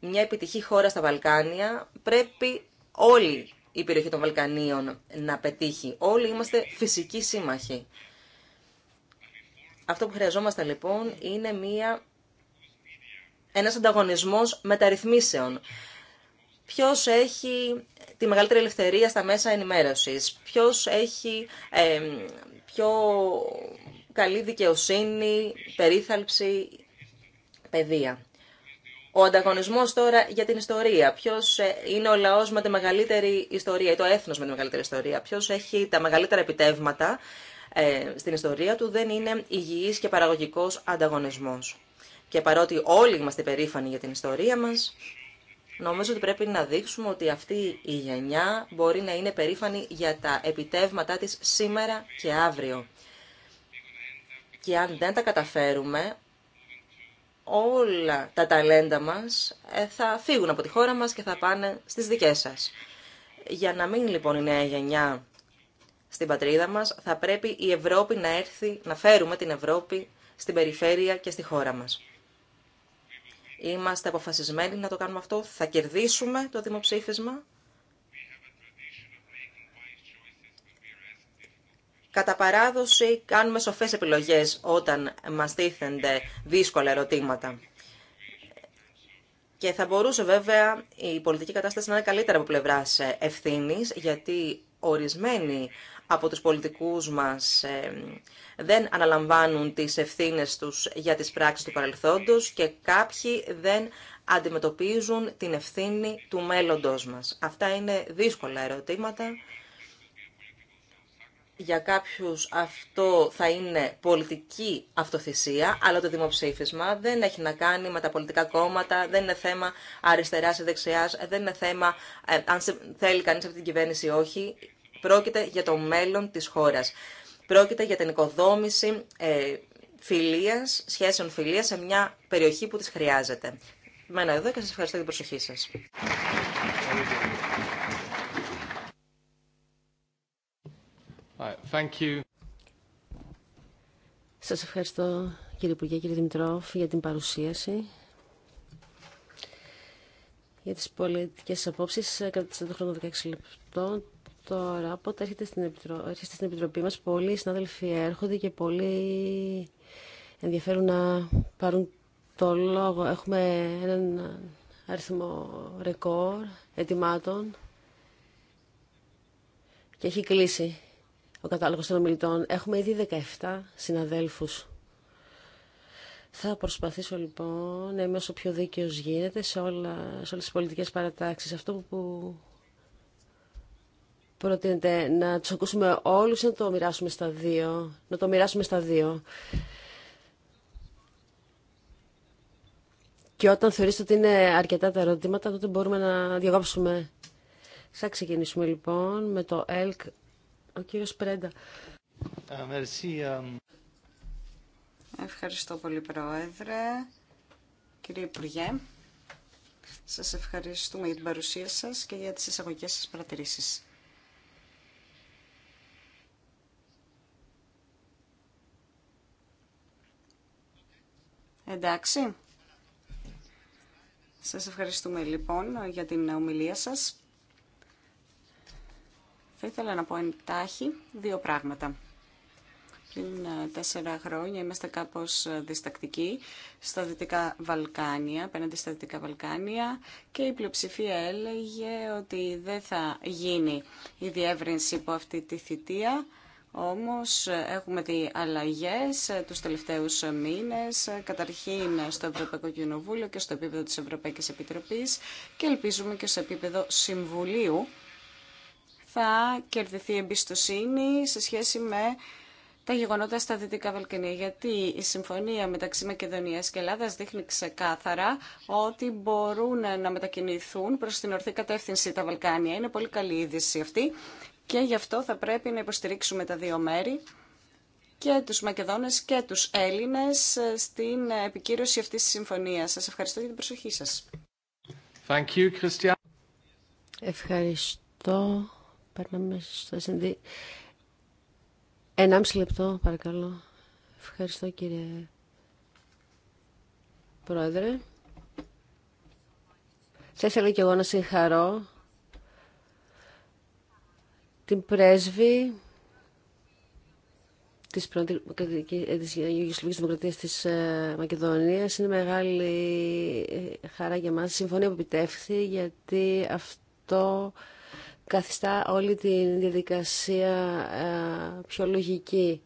μια επιτυχή χώρα στα Βαλκάνια, πρέπει όλη η περιοχή των Βαλκανίων να πετύχει. Όλοι είμαστε φυσικοί σύμμαχοι. Αυτό που χρειαζόμαστε λοιπόν είναι μια, ένας ανταγωνισμός μεταρρυθμίσεων Ποιο έχει τη μεγαλύτερη ελευθερία στα μέσα ενημέρωσης, Ποιο έχει ε, πιο καλή δικαιοσύνη, περίθαλψη, παιδεία. Ο ανταγωνισμός τώρα για την ιστορία. Ποιος ε, είναι ο λαός με τη μεγαλύτερη ιστορία ή το έθνος με τη μεγαλύτερη ιστορία. Ποιος έχει τα μεγαλύτερα επιτεύγματα ε, στην ιστορία του δεν είναι υγιής και παραγωγικός ανταγωνισμός. Και παρότι όλοι είμαστε περήφανοι για την ιστορία μας, Νομίζω ότι πρέπει να δείξουμε ότι αυτή η γενιά μπορεί να είναι περήφανη για τα επιτεύγματά της σήμερα και αύριο. Και αν δεν τα καταφέρουμε, όλα τα ταλέντα μας ε, θα φύγουν από τη χώρα μας και θα πάνε στις δικές σας. Για να μην λοιπόν η νέα γενιά στην πατρίδα μας, θα πρέπει η Ευρώπη να έρθει, να φέρουμε την Ευρώπη στην περιφέρεια και στη χώρα μας. Είμαστε αποφασισμένοι να το κάνουμε αυτό. Θα κερδίσουμε το δημοψήφισμα. Κατά παράδοση κάνουμε σοφές επιλογές όταν μας τίθενται δύσκολα ερωτήματα. Και θα μπορούσε βέβαια η πολιτική κατάσταση να είναι καλύτερα από πλευράς ευθύνης, γιατί ορισμένοι από τους πολιτικούς μας δεν αναλαμβάνουν τις ευθύνες τους για τις πράξεις του παρελθόντος και κάποιοι δεν αντιμετωπίζουν την ευθύνη του μέλλοντός μας. Αυτά είναι δύσκολα ερωτήματα. Για κάποιους αυτό θα είναι πολιτική αυτοθυσία, αλλά το δημοψήφισμα δεν έχει να κάνει με τα πολιτικά κόμματα, δεν είναι θέμα αριστεράς ή δεξιάς, δεν είναι θέμα ε, αν θέλει κανείς αυτή την κυβέρνηση ή όχι. Πρόκειται για το μέλλον της χώρας. Πρόκειται για την οικοδόμηση ε, φιλίας, σχέσεων φιλίας σε μια περιοχή που τις χρειάζεται. Μένω εδώ και σας ευχαριστώ για την προσοχή σας. Thank Σας ευχαριστώ κύριε Υπουργέ, κύριε Δημητρόφ για την παρουσίαση για τις πολιτικές απόψεις κατά τον χρόνο 16 λεπτών Τώρα, πότε έρχεται στην, στην Επιτροπή μας, πολλοί συνάδελφοι έρχονται και πολλοί ενδιαφέρουν να πάρουν το λόγο. Έχουμε έναν αριθμό ρεκόρ ετοιμάτων και έχει κλείσει ο κατάλογος των ομιλητών. Έχουμε ήδη 17 συναδέλφους. Θα προσπαθήσω λοιπόν να είμαι όσο πιο δίκαιος γίνεται σε, όλα, σε όλες τις πολιτικές παρατάξεις. Αυτό που προτείνετε να του ακούσουμε όλου ή να το μοιράσουμε στα δύο. Να το μοιράσουμε στα δύο. Και όταν θεωρείς ότι είναι αρκετά τα ερωτήματα, τότε μπορούμε να διαγράψουμε. Θα ξεκινήσουμε λοιπόν με το ΕΛΚ. Ο κύριος Πρέντα. Ε, ε, Ευχαριστώ πολύ Πρόεδρε. Κύριε Υπουργέ, σας ευχαριστούμε για την παρουσία σας και για τις εισαγωγικές σας παρατηρήσεις. Εντάξει. Σας ευχαριστούμε λοιπόν για την ομιλία σας. Θα ήθελα να πω εντάχει δύο πράγματα. Πριν ε, τέσσερα χρόνια είμαστε κάπως ε, διστακτικοί στα Δυτικά Βαλκάνια, απέναντι στα Δυτικά Βαλκάνια και η πλειοψηφία έλεγε ότι δεν θα γίνει η διεύρυνση από αυτή τη θητεία όμως έχουμε δει αλλαγές ε, τους τελευταίους μήνες, ε, καταρχήν στο Ευρωπαϊκό Κοινοβούλιο και στο επίπεδο της Ευρωπαϊκής Επιτροπής και ελπίζουμε και στο επίπεδο Συμβουλίου θα κερδιθεί εμπιστοσύνη σε σχέση με τα γεγονότα στα Δυτικά Βαλκανία, γιατί η συμφωνία μεταξύ Μακεδονίας και Ελλάδας δείχνει ξεκάθαρα ότι μπορούν να μετακινηθούν προς την ορθή κατεύθυνση τα Βαλκάνια. Είναι πολύ καλή είδηση αυτή και γι' αυτό θα πρέπει να υποστηρίξουμε τα δύο μέρη και τους Μακεδόνες και τους Έλληνες ε, στην επικύρωση αυτής της συμφωνίας. Σας ευχαριστώ για την προσοχή σας. Thank you, Christian. Ευχαριστώ. Περνάμε στο λεπτό, παρακαλώ. Ευχαριστώ, κύριε Πρόεδρε. Θα ήθελα και εγώ να συγχαρώ την πρέσβη της Γεωργικής Δημοκρατίας της ε, Μακεδονίας. Είναι μεγάλη ε, χαρά για μας. Συμφωνία που επιτεύχθη γιατί αυτό καθιστά όλη τη διαδικασία ε, πιο λογική.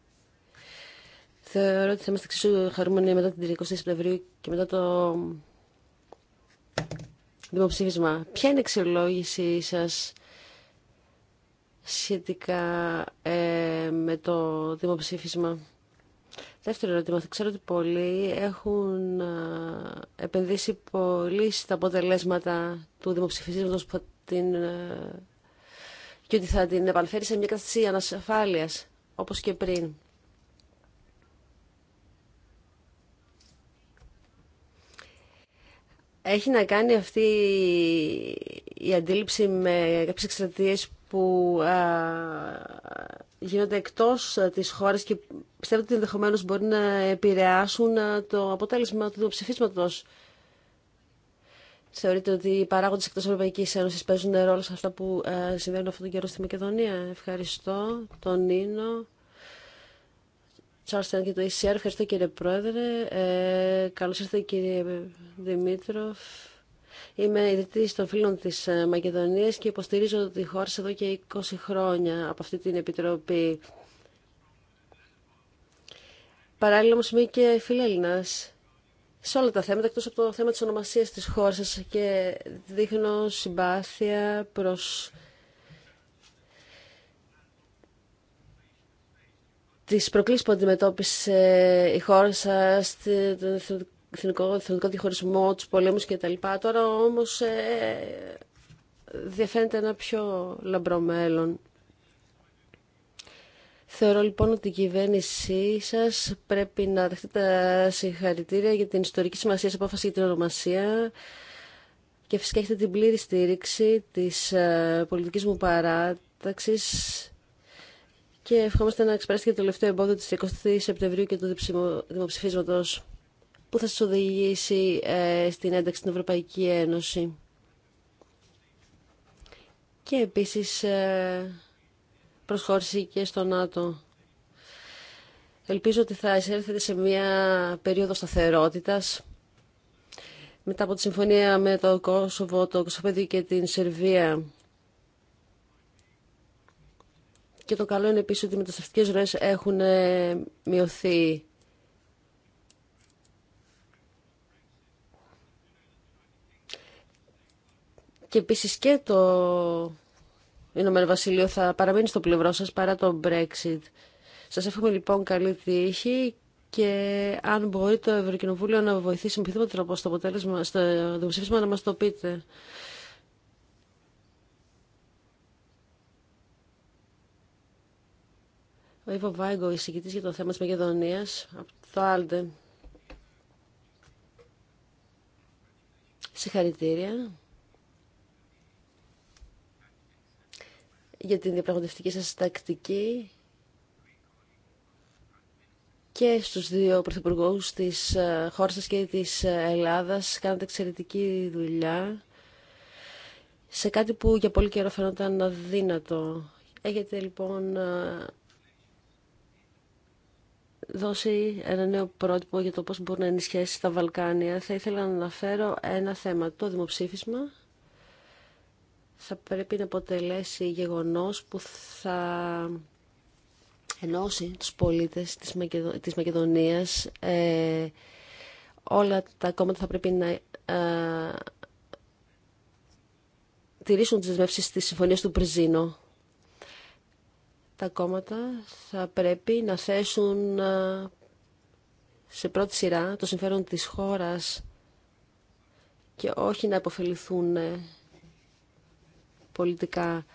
Θεωρώ ότι θα είμαστε εξίσου χαρούμενοι μετά την 30 Σεπτεμβρίου και μετά το δημοψήφισμα. Ποια είναι η αξιολόγησή σας σχετικά ε, με το δημοψήφισμα. Δεύτερο ερώτημα. Ξέρω ότι πολλοί έχουν ε, επενδύσει πολύ στα αποτελέσματα του δημοψηφίσματος την, ε, και ότι θα την επανφέρει σε μια κατάσταση ανασφάλειας, όπως και πριν. Έχει να κάνει αυτή η αντίληψη με κάποιες εξτρατείες που ε, γίνονται εκτός ε, της χώρας και πιστεύετε ότι ενδεχομένως μπορεί να επηρεάσουν ε, το αποτέλεσμα του ψηφίσματος. Θεωρείτε ότι οι παράγοντες εκτός Ευρωπαϊκής Ένωσης παίζουν ρόλο σε αυτά που συμβαίνουν αυτόν τον καιρό στη Μακεδονία. Ευχαριστώ τον Νίνο. Τσάρλσταν και το ECR. Ευχαριστώ κύριε Πρόεδρε. Ε, καλώς ήρθατε κύριε Δημήτροφ. Είμαι ιδρυτή των φίλων τη ε, Μακεδονία και υποστηρίζω τη χώρα εδώ και 20 χρόνια από αυτή την επιτροπή. Παράλληλα όμω είμαι και φιλέλληνα σε όλα τα θέματα, εκτό από το θέμα τη ονομασία τη χώρα σα και δείχνω συμπάθεια προ τις προκλήσεις που αντιμετώπισε η χώρα σα την εθνικό, εθνικό διαχωρισμό, του πολέμου κτλ. Τώρα όμω ε, διαφαίνεται ένα πιο λαμπρό μέλλον. Θεωρώ λοιπόν ότι η κυβέρνησή σα πρέπει να δεχτεί τα συγχαρητήρια για την ιστορική σημασία σε απόφαση για την ονομασία και φυσικά έχετε την πλήρη στήριξη της ε, πολιτικής μου παράταξης και ευχόμαστε να εξπεράσετε το τελευταίο εμπόδιο της 20 Σεπτεμβρίου και του δημοψηφίσματος θα σας οδηγήσει ε, στην ένταξη στην Ευρωπαϊκή Ένωση. Και επίσης ε, προσχώρηση και στο ΝΑΤΟ. Ελπίζω ότι θα εισέλθετε σε μια περίοδο σταθερότητας μετά από τη συμφωνία με το Κόσοβο, το Κοσοπέδιο και την Σερβία. Και το καλό είναι επίσης ότι οι μετασταυτικές ροές έχουν ε, μειωθεί Και επίσης και το Ηνωμένο Βασίλειο θα παραμείνει στο πλευρό σας παρά το Brexit. Σας εύχομαι λοιπόν καλή τύχη και αν μπορεί το Ευρωκοινοβούλιο να βοηθήσει με οποιοδήποτε τρόπο στο αποτέλεσμα, στο να μας το πείτε. Ο Ιβο Βάγκο, εισηγητής για το θέμα της Μακεδονία από το Άλντε. Συγχαρητήρια. για την διαπραγματευτική σας τακτική και στους δύο πρωθυπουργούς της ε, χώρας και της ε, Ελλάδας. Κάνατε εξαιρετική δουλειά σε κάτι που για πολύ καιρό φαινόταν αδύνατο. Έχετε λοιπόν ε, δώσει ένα νέο πρότυπο για το πώς μπορούν να ενισχύσει τα Βαλκάνια. Θα ήθελα να αναφέρω ένα θέμα, το δημοψήφισμα θα πρέπει να αποτελέσει γεγονός που θα ενώσει τους πολίτες της, Μακεδονίας. Ε, όλα τα κόμματα θα πρέπει να ε, τηρήσουν τις δεσμεύσει της Συμφωνίας του Πριζίνο. Τα κόμματα θα πρέπει να θέσουν ε, σε πρώτη σειρά το συμφέρον της χώρας και όχι να υποφεληθούν ε, πολιτικά.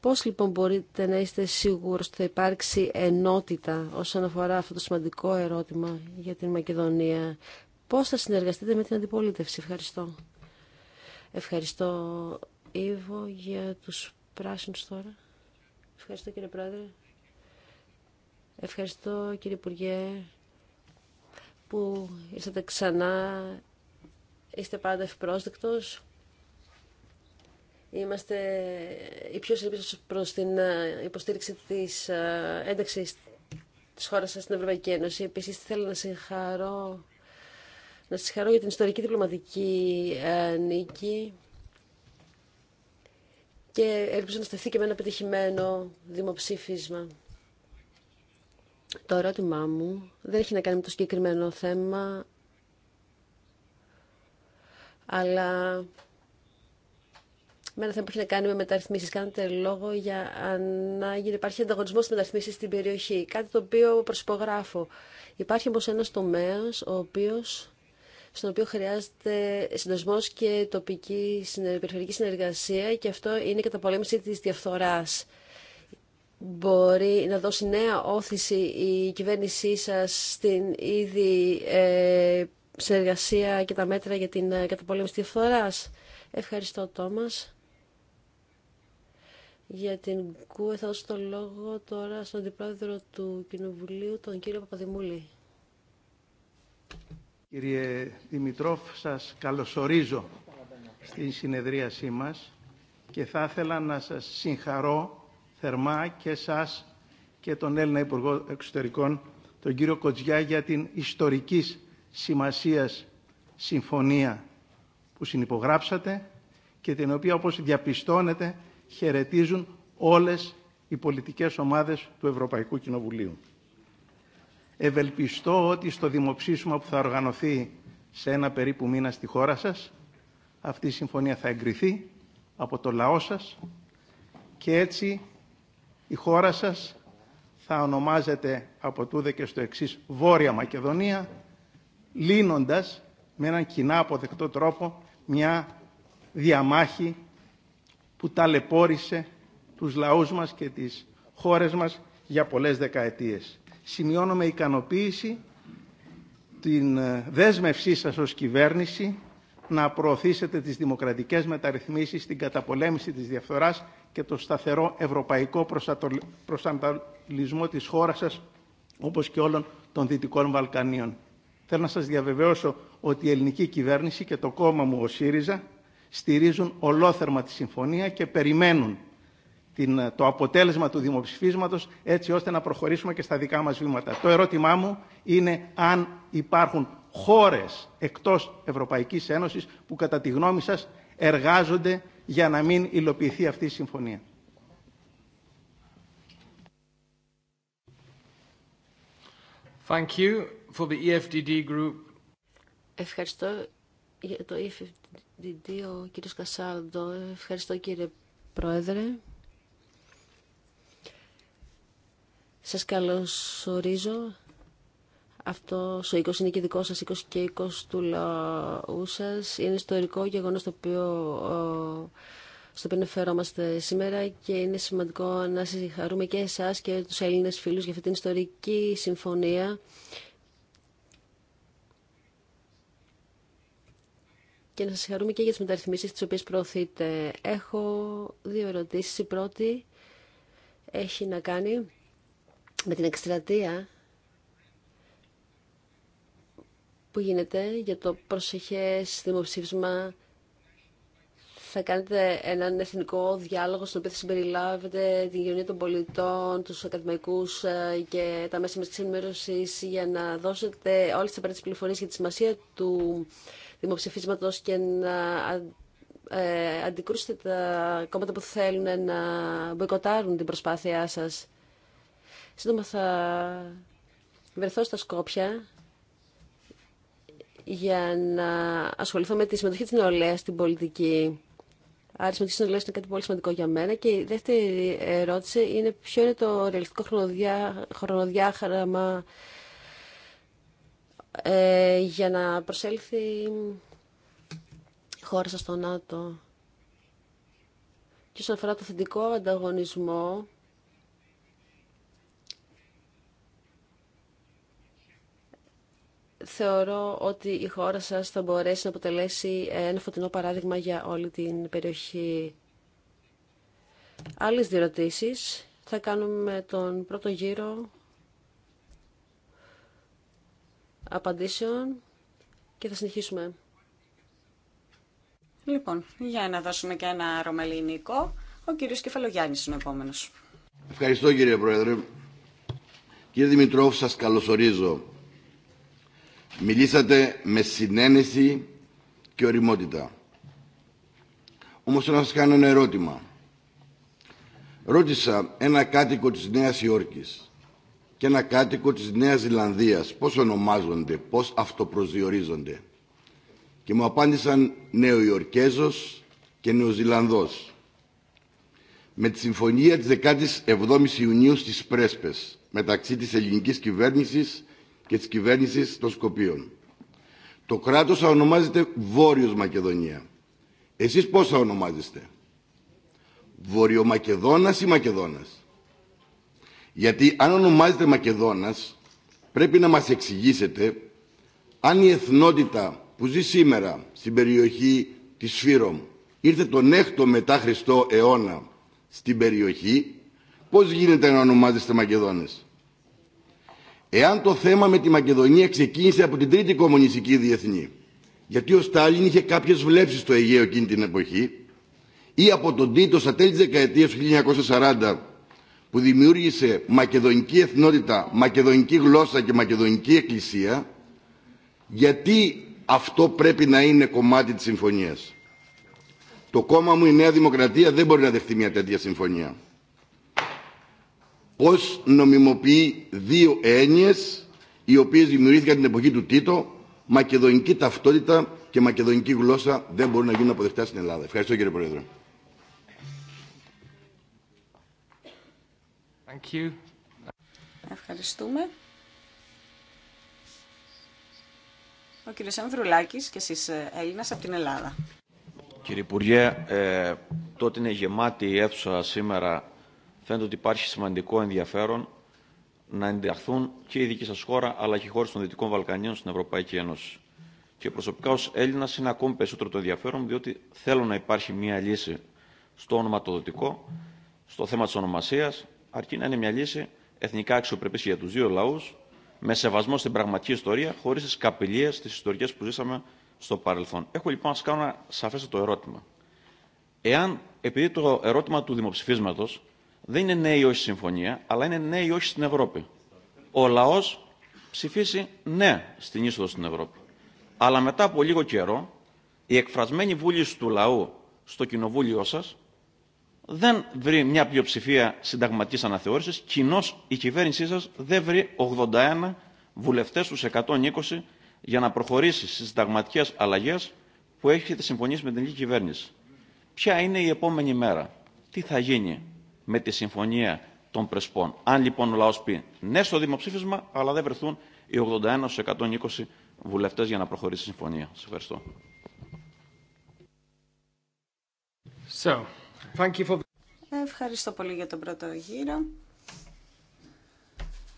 Πώς λοιπόν μπορείτε να είστε σίγουροι ότι θα υπάρξει ενότητα όσον αφορά αυτό το σημαντικό ερώτημα για την Μακεδονία. Πώς θα συνεργαστείτε με την αντιπολίτευση. Ευχαριστώ. Ευχαριστώ Ήβο για τους πράσινους τώρα. Ευχαριστώ κύριε Πρόεδρε. Ευχαριστώ κύριε Υπουργέ που ήρθατε ξανά. Είστε πάντα ευπρόσδεκτος. Είμαστε οι πιο σύλληψεις προς την ε, υποστήριξη της ε, ένταξης της χώρας σας στην Ευρωπαϊκή Ένωση. Επίσης, θέλω να συγχαρώ, να συγχαρώ για την ιστορική διπλωματική ε, νίκη και ελπίζω να στεφθεί και με ένα πετυχημένο δημοψήφισμα. Το ερώτημά μου δεν έχει να κάνει με το συγκεκριμένο θέμα, αλλά με ένα θέμα που έχει να κάνει με μεταρρυθμίσει. Κάνετε λόγο για ανάγκη να υπάρχει ανταγωνισμό στι μεταρρυθμίσει στην περιοχή. Κάτι το οποίο προσυπογράφω. Υπάρχει όμω ένα τομέα στον οποίο χρειάζεται συντοσμό και τοπική περιφερειακή συνεργασία και αυτό είναι η καταπολέμηση τη διαφθορά. Μπορεί να δώσει νέα όθηση η κυβέρνησή σα στην ήδη ε, συνεργασία και τα μέτρα για την ε, καταπολέμηση τη διαφθοράς. Ευχαριστώ, Τόμας. Για την ΚΟΕ θα δώσω το λόγο τώρα στον αντιπρόεδρο του Κοινοβουλίου, τον κύριο Παπαδημούλη. Κύριε Δημητρόφ, σας καλωσορίζω στην συνεδρίασή μας και θα ήθελα να σας συγχαρώ θερμά και σας και τον Έλληνα Υπουργό Εξωτερικών, τον κύριο Κοτζιά, για την ιστορικής σημασίας συμφωνία που συνυπογράψατε και την οποία, όπως διαπιστώνετε, χαιρετίζουν όλες οι πολιτικές ομάδες του Ευρωπαϊκού Κοινοβουλίου. Ευελπιστώ ότι στο δημοψήφισμα που θα οργανωθεί σε ένα περίπου μήνα στη χώρα σας, αυτή η συμφωνία θα εγκριθεί από το λαό σας και έτσι η χώρα σας θα ονομάζεται από τούδε και στο εξής Βόρεια Μακεδονία, λύνοντας με έναν κοινά αποδεκτό τρόπο μια διαμάχη που ταλαιπώρησε τους λαούς μας και τις χώρες μας για πολλές δεκαετίες. Σημειώνω με ικανοποίηση την ε, δέσμευσή σας ως κυβέρνηση να προωθήσετε τις δημοκρατικές μεταρρυθμίσεις, την καταπολέμηση της διαφθοράς και το σταθερό ευρωπαϊκό προσανατολισμό της χώρας σας, όπως και όλων των Δυτικών Βαλκανίων. Θέλω να σας διαβεβαιώσω ότι η ελληνική κυβέρνηση και το κόμμα μου, ο ΣΥΡΙΖΑ, στηρίζουν ολόθερμα τη συμφωνία και περιμένουν την, ε, το αποτέλεσμα του δημοψηφίσματος έτσι ώστε να προχωρήσουμε και στα δικά μας βήματα. Το ερώτημά μου είναι αν υπάρχουν χώρες εκτός Ευρωπαϊκής Ένωσης που κατά τη γνώμη σας εργάζονται για να μην υλοποιηθεί αυτή η συμφωνία. E Ευχαριστώ για το EFTD, ο κύριος Κασάλντο. Ευχαριστώ κύριε Πρόεδρε. Σας καλωσορίζω. Αυτό ο οίκος είναι και δικό σας οίκος και οίκος του λαού σας. Είναι ιστορικό γεγονός το οποίο στο οποίο ενδιαφερόμαστε σήμερα και είναι σημαντικό να συγχαρούμε και εσάς και τους Έλληνες φίλους για αυτή την ιστορική συμφωνία και να σας χαρούμε και για τις μεταρρυθμίσεις τις οποίες προωθείτε. Έχω δύο ερωτήσεις. Η πρώτη έχει να κάνει με την εκστρατεία που γίνεται για το προσεχές δημοψήφισμα. Θα κάνετε έναν εθνικό διάλογο στον οποίο θα συμπεριλάβετε την κοινωνία των πολιτών, τους ακαδημαϊκούς ε, και τα μέσα μας ενημέρωσης για να δώσετε όλες τις απαραίτητες πληροφορίες για τη σημασία του και να ε, αντικρούσετε τα κόμματα που θέλουν να μποϊκοτάρουν την προσπάθειά σας. Σύντομα θα βρεθώ στα Σκόπια για να ασχοληθώ με τη συμμετοχή της νεολαίας στην πολιτική. Άρα, η συμμετοχή της νεολαίας είναι κάτι πολύ σημαντικό για μένα. Και η δεύτερη ερώτηση είναι ποιο είναι το ρεαλιστικό χρονοδιάγραμμα ε, για να προσέλθει η χώρα σας στο ΝΑΤΟ. Και όσον αφορά το θετικό ανταγωνισμό, θεωρώ ότι η χώρα σας θα μπορέσει να αποτελέσει ένα φωτεινό παράδειγμα για όλη την περιοχή. Άλλες διερωτήσεις θα κάνουμε τον πρώτο γύρο απαντήσεων και θα συνεχίσουμε. Λοιπόν, για να δώσουμε και ένα ρωμαλινικό, Ο κύριος Κεφαλογιάννης είναι ο επόμενος. Ευχαριστώ κύριε Πρόεδρε. Κύριε Δημητρόφ, σας καλωσορίζω. Μιλήσατε με συνένεση και οριμότητα. Όμως να σας κάνω ένα ερώτημα. Ρώτησα ένα κάτοικο της Νέας Υόρκης και ένα κάτοικο της Νέας Ζηλανδίας. Πώς ονομάζονται, πώς αυτοπροσδιορίζονται. Και μου απάντησαν Νεοϊορκέζος και Νεοζηλανδός. Με τη συμφωνία της 17ης Ιουνίου στις Πρέσπες μεταξύ της ελληνικής κυβέρνησης και της κυβέρνησης των Σκοπίων. Το κράτος θα ονομάζεται Βόρειος Μακεδονία. Εσείς πώς θα ονομάζεστε. Βορειομακεδόνας ή Μακεδόνας. Γιατί αν ονομάζεται Μακεδόνας, πρέπει να μας εξηγήσετε αν η εθνότητα που ζει σήμερα στην περιοχή της Σφύρομ ήρθε τον 6ο μετά Χριστό αιώνα στην περιοχή, πώς γίνεται να ονομάζεστε Μακεδόνες. Εάν το θέμα με τη Μακεδονία ξεκίνησε από την τρίτη κομμουνιστική διεθνή, γιατί ο Στάλιν είχε κάποιες βλέψεις στο Αιγαίο εκείνη την εποχή, ή από τον Τίτο στα τέλη της του 1940 που δημιούργησε μακεδονική εθνότητα, μακεδονική γλώσσα και μακεδονική εκκλησία, γιατί αυτό πρέπει να είναι κομμάτι της συμφωνίας. Το κόμμα μου, η Νέα Δημοκρατία, δεν μπορεί να δεχτεί μια τέτοια συμφωνία. Πώς νομιμοποιεί δύο έννοιες, οι οποίες δημιουργήθηκαν την εποχή του Τίτο, μακεδονική ταυτότητα και μακεδονική γλώσσα δεν μπορούν να γίνουν αποδεκτά στην Ελλάδα. Ευχαριστώ κύριε Πρόεδρε. Thank you. Ευχαριστούμε. Ο κύριος Ανδρουλάκης και εσείς ε, Έλληνας από την Ελλάδα. Κύριε Υπουργέ, ε, τότε είναι γεμάτη η αίθουσα σήμερα. Φαίνεται ότι υπάρχει σημαντικό ενδιαφέρον να ενταχθούν και η δική σας χώρα, αλλά και οι χώρες των Δυτικών Βαλκανίων στην Ευρωπαϊκή Ένωση. Και προσωπικά ως Έλληνας είναι ακόμη περισσότερο το ενδιαφέρον, διότι θέλω να υπάρχει μια λύση στο ονοματοδοτικό, στο θέμα της ονομασίας, αρκεί να είναι μια λύση εθνικά αξιοπρεπή για του δύο λαού, με σεβασμό στην πραγματική ιστορία, χωρί τι καπηλίε, τη ιστορικέ που ζήσαμε στο παρελθόν. Έχω λοιπόν να σα κάνω ένα σαφέστατο ερώτημα. Εάν, επειδή το ερώτημα του δημοψηφίσματο δεν είναι ναι ή όχι συμφωνία, αλλά είναι ναι ή όχι στην Ευρώπη, ο λαό ψηφίσει ναι στην είσοδο στην Ευρώπη. Αλλά μετά από λίγο καιρό, η εκφρασμένη βούληση του λαού στο κοινοβούλιο σα, δεν βρει μια πλειοψηφία συνταγματική αναθεώρησης, κοινώ η κυβέρνησή σα δεν βρει 81 βουλευτέ στου 120 για να προχωρήσει στι συνταγματικέ αλλαγές που έχετε συμφωνήσει με την ελληνική κυβέρνηση. Ποια είναι η επόμενη μέρα, τι θα γίνει με τη συμφωνία των Πρεσπών. Αν λοιπόν ο λαό πει ναι στο δημοψήφισμα, αλλά δεν βρεθούν οι 81 στου 120 βουλευτέ για να προχωρήσει η συμφωνία. Σα ευχαριστώ. Ευχαριστώ πολύ για τον πρώτο γύρο.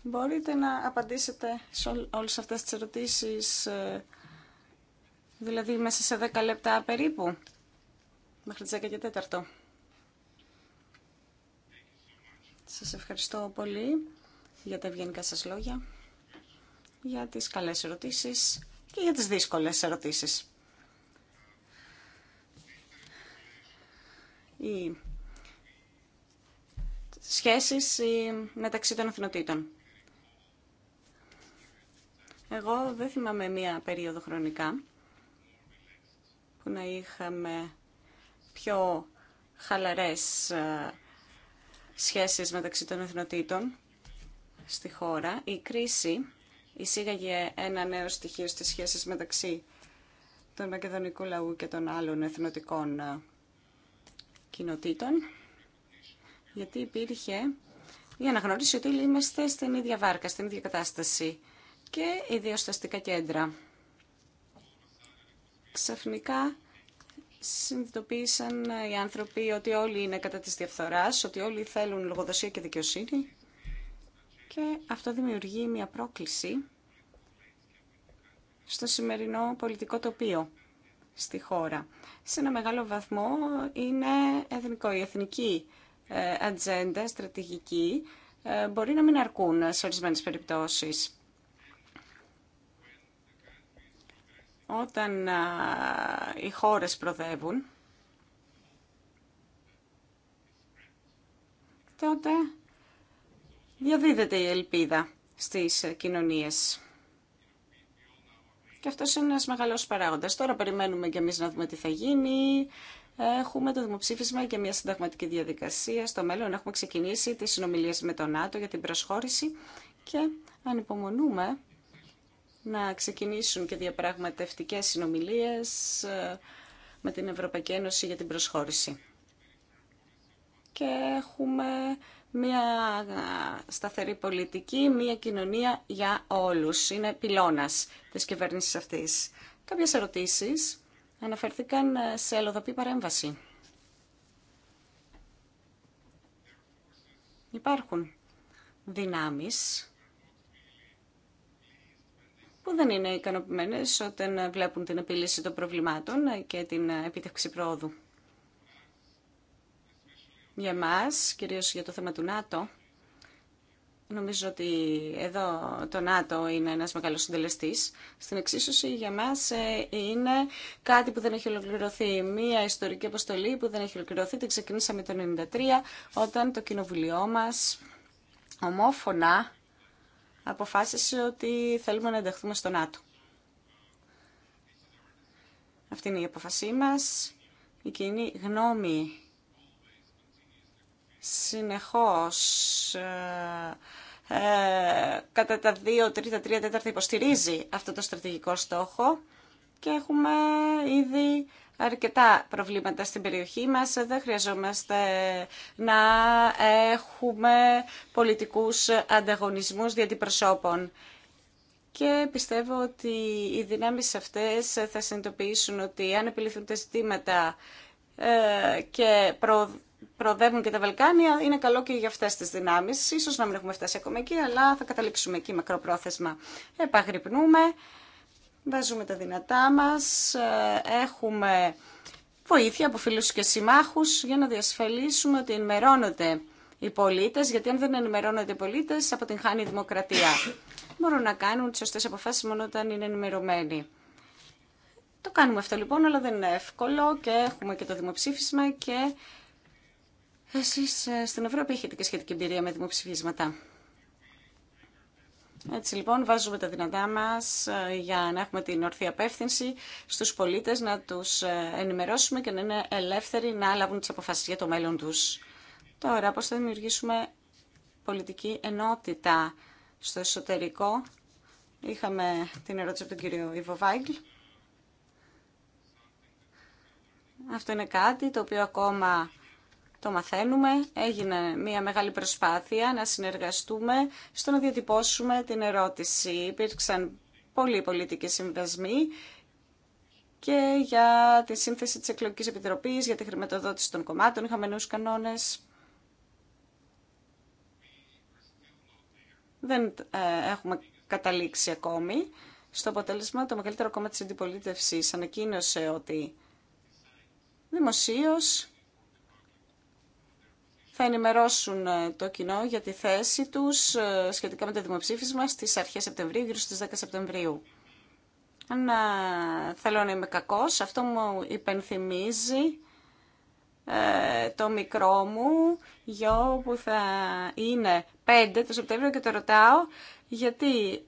Μπορείτε να απαντήσετε σε όλες αυτές τις ερωτήσεις, ε, δηλαδή μέσα σε 10 λεπτά περίπου, μέχρι τις 10 και 4. Σας ευχαριστώ πολύ για τα ευγενικά σας λόγια, για τις καλές ερωτήσεις και για τις δύσκολες ερωτήσεις. οι σχέσεις μεταξύ των εθνοτήτων. Εγώ δεν θυμάμαι μία περίοδο χρονικά που να είχαμε πιο χαλαρές ε, σχέσεις μεταξύ των εθνοτήτων στη χώρα. Η κρίση εισήγαγε ένα νέο στοιχείο στις σχέσεις μεταξύ των μακεδονικού λαού και των άλλων εθνοτικών ε, κοινοτήτων, γιατί υπήρχε να αναγνώριση ότι είμαστε στην ίδια βάρκα, στην ίδια κατάσταση και ιδίως κέντρα. Ξαφνικά συνειδητοποίησαν οι άνθρωποι ότι όλοι είναι κατά της διαφθοράς, ότι όλοι θέλουν λογοδοσία και δικαιοσύνη και αυτό δημιουργεί μια πρόκληση στο σημερινό πολιτικό τοπίο στη χώρα. Σε ένα μεγάλο βαθμό είναι εθνικό. Η εθνική ε, ατζέντα, στρατηγική, ε, μπορεί να μην αρκούν σε ορισμένες περιπτώσεις. Όταν οι χώρες προδεύουν, τότε διαδίδεται η ελπίδα στις ε, κοινωνίες. Και αυτό είναι ένα μεγάλο παράγοντα. Τώρα περιμένουμε κι εμεί να δούμε τι θα γίνει. Έχουμε το δημοψήφισμα και μια συνταγματική διαδικασία. Στο μέλλον έχουμε ξεκινήσει τι συνομιλίε με τον ΝΑΤΟ για την προσχώρηση και ανυπομονούμε να ξεκινήσουν και διαπραγματευτικές συνομιλίες ε, με την Ευρωπαϊκή Ένωση για την προσχώρηση. Και έχουμε μια σταθερή πολιτική, μια κοινωνία για όλους. Είναι πυλώνας της κυβέρνησης αυτής. Κάποιες ερωτήσεις αναφέρθηκαν σε ελοδοπή παρέμβαση. Υπάρχουν δυνάμεις που δεν είναι ικανοποιημένες όταν βλέπουν την επίλυση των προβλημάτων και την επίτευξη πρόοδου για μας, κυρίως για το θέμα του ΝΑΤΟ. Νομίζω ότι εδώ το ΝΑΤΟ είναι ένας μεγάλος συντελεστής. Στην εξίσωση για μας ε, είναι κάτι που δεν έχει ολοκληρωθεί. Μία ιστορική αποστολή που δεν έχει ολοκληρωθεί. Την ξεκινήσαμε το 1993 όταν το κοινοβουλίο μας ομόφωνα αποφάσισε ότι θέλουμε να ενταχθούμε στο ΝΑΤΟ. Αυτή είναι η αποφασή μας. Η κοινή γνώμη συνεχώς ε, ε, κατά τα 2, 3, 3, 4 υποστηρίζει αυτό το στρατηγικό στόχο και έχουμε ήδη αρκετά προβλήματα στην περιοχή μας. Δεν χρειαζόμαστε να έχουμε πολιτικούς ανταγωνισμούς δια Και πιστεύω ότι οι δυνάμεις αυτές θα συνειδητοποιήσουν ότι αν επιληθούν τα ζητήματα ε, και προ προοδεύουν και τα Βαλκάνια, είναι καλό και για αυτέ τι δυνάμει. Ίσως να μην έχουμε φτάσει ακόμα εκεί, αλλά θα καταλήξουμε εκεί μακροπρόθεσμα. Επαγρυπνούμε, βάζουμε τα δυνατά μα, ε, έχουμε βοήθεια από φίλους και συμμάχου για να διασφαλίσουμε ότι ενημερώνονται οι πολίτε γιατί αν δεν ενημερώνονται οι πολίτε, αποτυγχάνει η δημοκρατία. Μπορούν να κάνουν τι σωστέ αποφάσει μόνο όταν είναι ενημερωμένοι. Το κάνουμε αυτό λοιπόν, αλλά δεν είναι εύκολο και έχουμε και το δημοψήφισμα και εσείς ε, στην Ευρώπη έχετε και σχετική εμπειρία με δημοψηφίσματα. Έτσι λοιπόν βάζουμε τα δυνατά μας ε, για να έχουμε την ορθή απεύθυνση στους πολίτες, να τους ε, ενημερώσουμε και να είναι ελεύθεροι να λάβουν τις αποφάσεις για το μέλλον τους. Τώρα πώς θα δημιουργήσουμε πολιτική ενότητα στο εσωτερικό. Είχαμε την ερώτηση από τον κύριο Ιβο Βάγκλ. Αυτό είναι κάτι το οποίο ακόμα το μαθαίνουμε. Έγινε μια μεγάλη προσπάθεια να συνεργαστούμε στο να διατυπώσουμε την ερώτηση. Υπήρξαν πολλοί πολιτικοί συμβασμοί και για τη σύνθεση της Εκλογικής Επιτροπής, για τη χρηματοδότηση των κομμάτων, είχαμε νέους κανόνες. Δεν ε, έχουμε καταλήξει ακόμη. Στο αποτέλεσμα, το μεγαλύτερο κόμμα της αντιπολίτευσης ανακοίνωσε ότι δημοσίως θα ενημερώσουν ε, το κοινό για τη θέση τους ε, σχετικά με το δημοψήφισμα στις αρχές Σεπτεμβρίου, γύρω στις 10 Σεπτεμβρίου. Αν ε, θέλω να είμαι κακός, αυτό μου υπενθυμίζει το μικρό μου γιο που θα είναι 5 το Σεπτέμβριο και το ρωτάω γιατί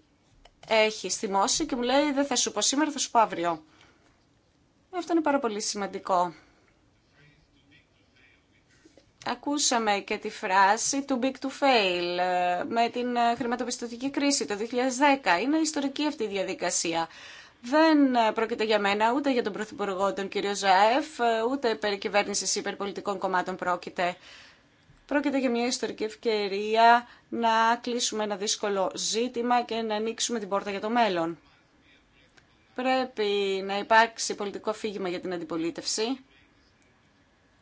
έχει θυμώσει και μου λέει δεν θα σου πω σήμερα, θα σου πω αύριο. Αυτό είναι πάρα πολύ σημαντικό Ακούσαμε και τη φράση του big to fail» ε, με την ε, χρηματοπιστωτική κρίση το 2010. Είναι ιστορική αυτή η διαδικασία. Δεν ε, πρόκειται για μένα, ούτε για τον Πρωθυπουργό, τον κύριο Ζαεφ, ούτε περί κυβέρνησης υπερπολιτικών κομμάτων πρόκειται. Πρόκειται για μια ιστορική ευκαιρία να κλείσουμε ένα δύσκολο ζήτημα και να ανοίξουμε την πόρτα για το μέλλον. Πρέπει να υπάρξει πολιτικό φύγημα για την αντιπολίτευση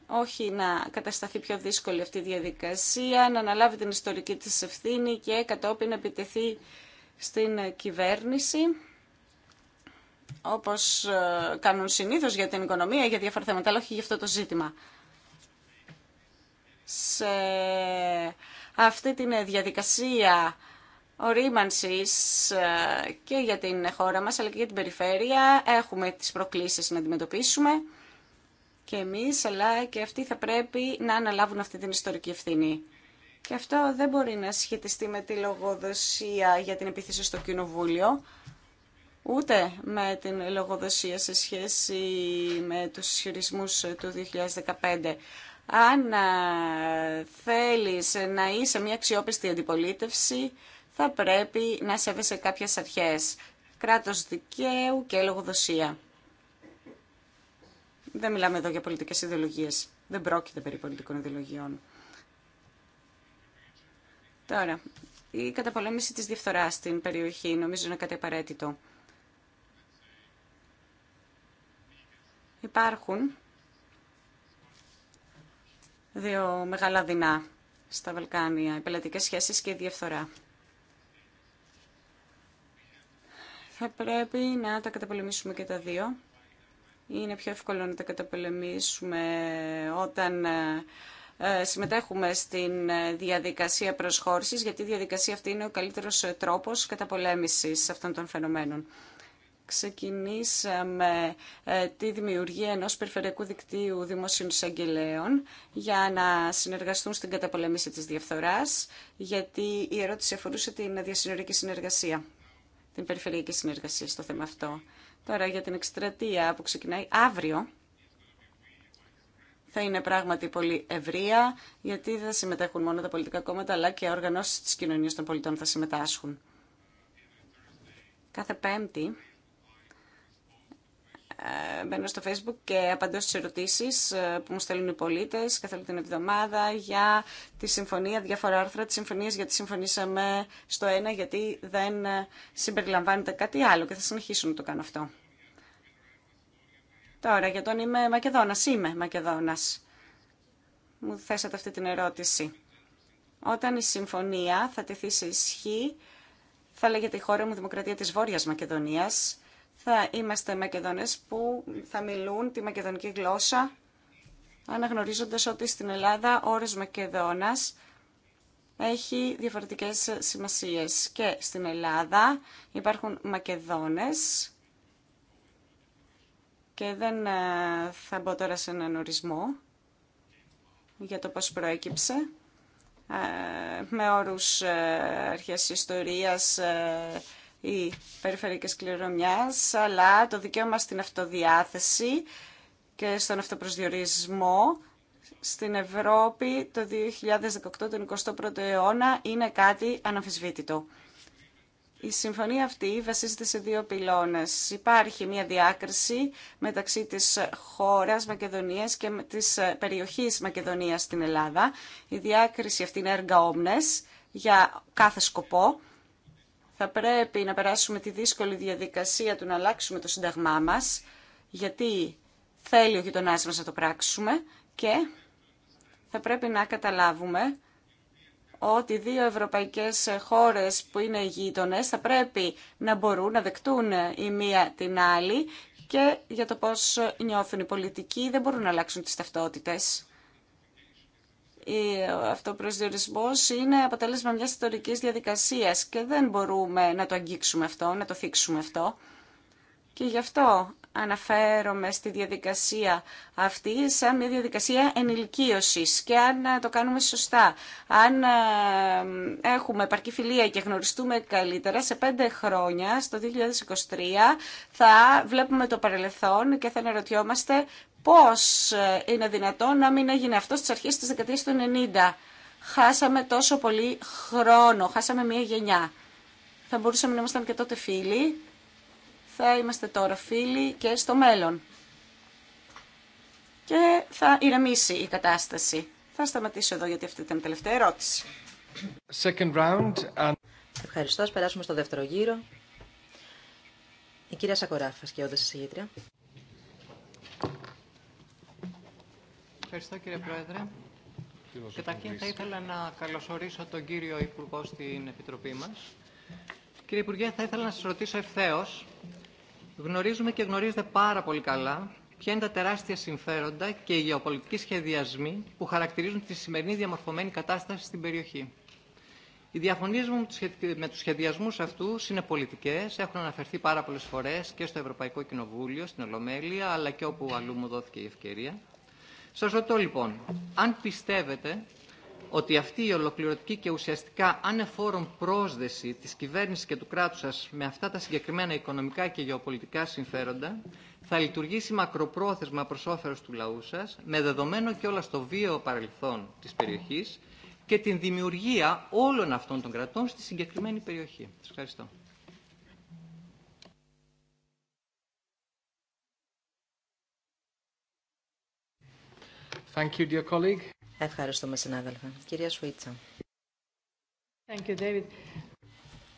όχι να κατασταθεί πιο δύσκολη αυτή η διαδικασία, να αναλάβει την ιστορική της ευθύνη και κατόπιν να επιτεθεί στην κυβέρνηση, όπως ε, κάνουν συνήθως για την οικονομία, για διάφορα θέματα, αλλά όχι για αυτό το ζήτημα. Σε αυτή την διαδικασία ορίμανσης ε, και για την χώρα μας, αλλά και για την περιφέρεια, έχουμε τις προκλήσεις να αντιμετωπίσουμε και εμείς, αλλά και αυτοί θα πρέπει να αναλάβουν αυτή την ιστορική ευθύνη. Και αυτό δεν μπορεί να σχετιστεί με τη λογοδοσία για την επίθεση στο Κοινοβούλιο, ούτε με την λογοδοσία σε σχέση με τους ισχυρισμούς του 2015. Αν ε, θέλεις να είσαι μια αξιόπιστη αντιπολίτευση, θα πρέπει να σέβεσαι κάποιες αρχές, κράτος δικαίου και λογοδοσία. Δεν μιλάμε εδώ για πολιτικές ιδεολογίες. Δεν πρόκειται περί πολιτικών ιδεολογιών. Τώρα, η καταπολέμηση της διαφθοράς στην περιοχή νομίζω είναι κάτι απαραίτητο. Υπάρχουν δύο μεγάλα δεινά στα Βαλκάνια, οι πελατικές σχέσεις και η διαφθορά. Θα πρέπει να τα καταπολεμήσουμε και τα δύο είναι πιο εύκολο να τα καταπολεμήσουμε όταν ε, συμμετέχουμε στην ε, διαδικασία προσχώρησης, γιατί η διαδικασία αυτή είναι ο καλύτερος ε, τρόπος καταπολέμησης αυτών των φαινομένων. Ξεκινήσαμε τη δημιουργία ενός περιφερειακού δικτύου δημόσιων εισαγγελέων για να συνεργαστούν στην καταπολέμηση της διαφθοράς, γιατί η ερώτηση αφορούσε την διασυνορική συνεργασία, την περιφερειακή συνεργασία στο θέμα αυτό. Τώρα για την εκστρατεία που ξεκινάει αύριο θα είναι πράγματι πολύ ευρεία, γιατί θα συμμετέχουν μόνο τα πολιτικά κόμματα, αλλά και οργανώσεις της κοινωνίας των πολιτών θα συμμετάσχουν. Κάθε πέμπτη ε, μπαίνω στο facebook και απαντώ στις ερωτήσεις ε, που μου στέλνουν οι πολίτες καθ' όλη την εβδομάδα για τη συμφωνία, διάφορα άρθρα της συμφωνίας γιατί συμφωνήσαμε στο ένα γιατί δεν ε, συμπεριλαμβάνεται κάτι άλλο και θα συνεχίσουν να το κάνω αυτό. Τώρα για τον είμαι Μακεδόνας, είμαι Μακεδόνας. Μου θέσατε αυτή την ερώτηση. Όταν η συμφωνία θα τεθεί σε ισχύ, θα λέγεται η χώρα μου Δημοκρατία της Βόρειας Μακεδονίας, θα είμαστε Μακεδονές που θα μιλούν τη μακεδονική γλώσσα, αναγνωρίζοντας ότι στην Ελλάδα όρος Μακεδόνας έχει διαφορετικές σημασίες. Και στην Ελλάδα υπάρχουν Μακεδόνες και δεν ε, θα μπω τώρα σε έναν ορισμό για το πώς προέκυψε ε, με όρους ε, αρχαίας ιστορίας, η περιφερειακή κληρονομιάς, αλλά το δικαίωμα στην αυτοδιάθεση και στον αυτοπροσδιορισμό στην Ευρώπη το 2018, τον 21ο αιώνα, είναι κάτι αναμφισβήτητο. Η συμφωνία αυτή βασίζεται σε δύο πυλώνες. Υπάρχει μια διάκριση μεταξύ της χώρας Μακεδονίας και της περιοχής Μακεδονίας στην Ελλάδα. Η διάκριση αυτή είναι έργα για κάθε σκοπό θα πρέπει να περάσουμε τη δύσκολη διαδικασία του να αλλάξουμε το Σύνταγμά μας, γιατί θέλει ο γειτονάς μας να το πράξουμε και θα πρέπει να καταλάβουμε ότι δύο ευρωπαϊκές χώρες που είναι γείτονε θα πρέπει να μπορούν να δεκτούν η μία την άλλη και για το πώς νιώθουν οι πολιτικοί δεν μπορούν να αλλάξουν τις ταυτότητες. Ο αυτοπροσδιορισμός είναι αποτέλεσμα μιας ιστορικής διαδικασίας και δεν μπορούμε να το αγγίξουμε αυτό, να το θίξουμε αυτό. Και γι' αυτό αναφέρομαι στη διαδικασία αυτή σαν μια διαδικασία ενηλικίωσης και αν ε, το κάνουμε σωστά, αν ε, έχουμε επαρκή φιλία και γνωριστούμε καλύτερα, σε πέντε χρόνια, στο 2023, θα βλέπουμε το παρελθόν και θα αναρωτιόμαστε πώς ε, είναι δυνατόν να μην έγινε αυτό στις αρχές της δεκαετίας του 90. Χάσαμε τόσο πολύ χρόνο, χάσαμε μία γενιά. Θα μπορούσαμε να ήμασταν και τότε φίλοι, θα είμαστε τώρα φίλοι και στο μέλλον. Και θα ηρεμήσει η κατάσταση. Θα σταματήσω εδώ γιατί αυτή ήταν η τελευταία ερώτηση. Second round Ευχαριστώ. Ας περάσουμε στο δεύτερο γύρο. Η κυρία Σακοράφα, και όντως η Ευχαριστώ κύριε Πρόεδρε. Καταρχήν θα ήθελα να καλωσορίσω τον κύριο Υπουργό στην Επιτροπή μας. Κύριε Υπουργέ, θα ήθελα να σας ρωτήσω ευθέως. Γνωρίζουμε και γνωρίζετε πάρα πολύ καλά ποια είναι τα τεράστια συμφέροντα και οι γεωπολιτικοί σχεδιασμοί που χαρακτηρίζουν τη σημερινή διαμορφωμένη κατάσταση στην περιοχή. Οι διαφωνίε μου με του σχεδιασμού αυτού είναι πολιτικέ, έχουν αναφερθεί πάρα πολλέ φορέ και στο Ευρωπαϊκό Κοινοβούλιο, στην Ολομέλεια, αλλά και όπου αλλού μου δόθηκε η ευκαιρία. Σας ρωτώ λοιπόν, αν πιστεύετε ότι αυτή η ολοκληρωτική και ουσιαστικά ανεφόρον πρόσδεση της κυβέρνησης και του κράτους σας με αυτά τα συγκεκριμένα οικονομικά και γεωπολιτικά συμφέροντα θα λειτουργήσει μακροπρόθεσμα προς όφελο του λαού σας με δεδομένο και όλα στο βίο παρελθόν της περιοχής και την δημιουργία όλων αυτών των κρατών στη συγκεκριμένη περιοχή. Σας ευχαριστώ. Thank you, dear colleague. Ευχαριστούμε, συνάδελφα. Κυρία Σουίτσα. Thank you, David.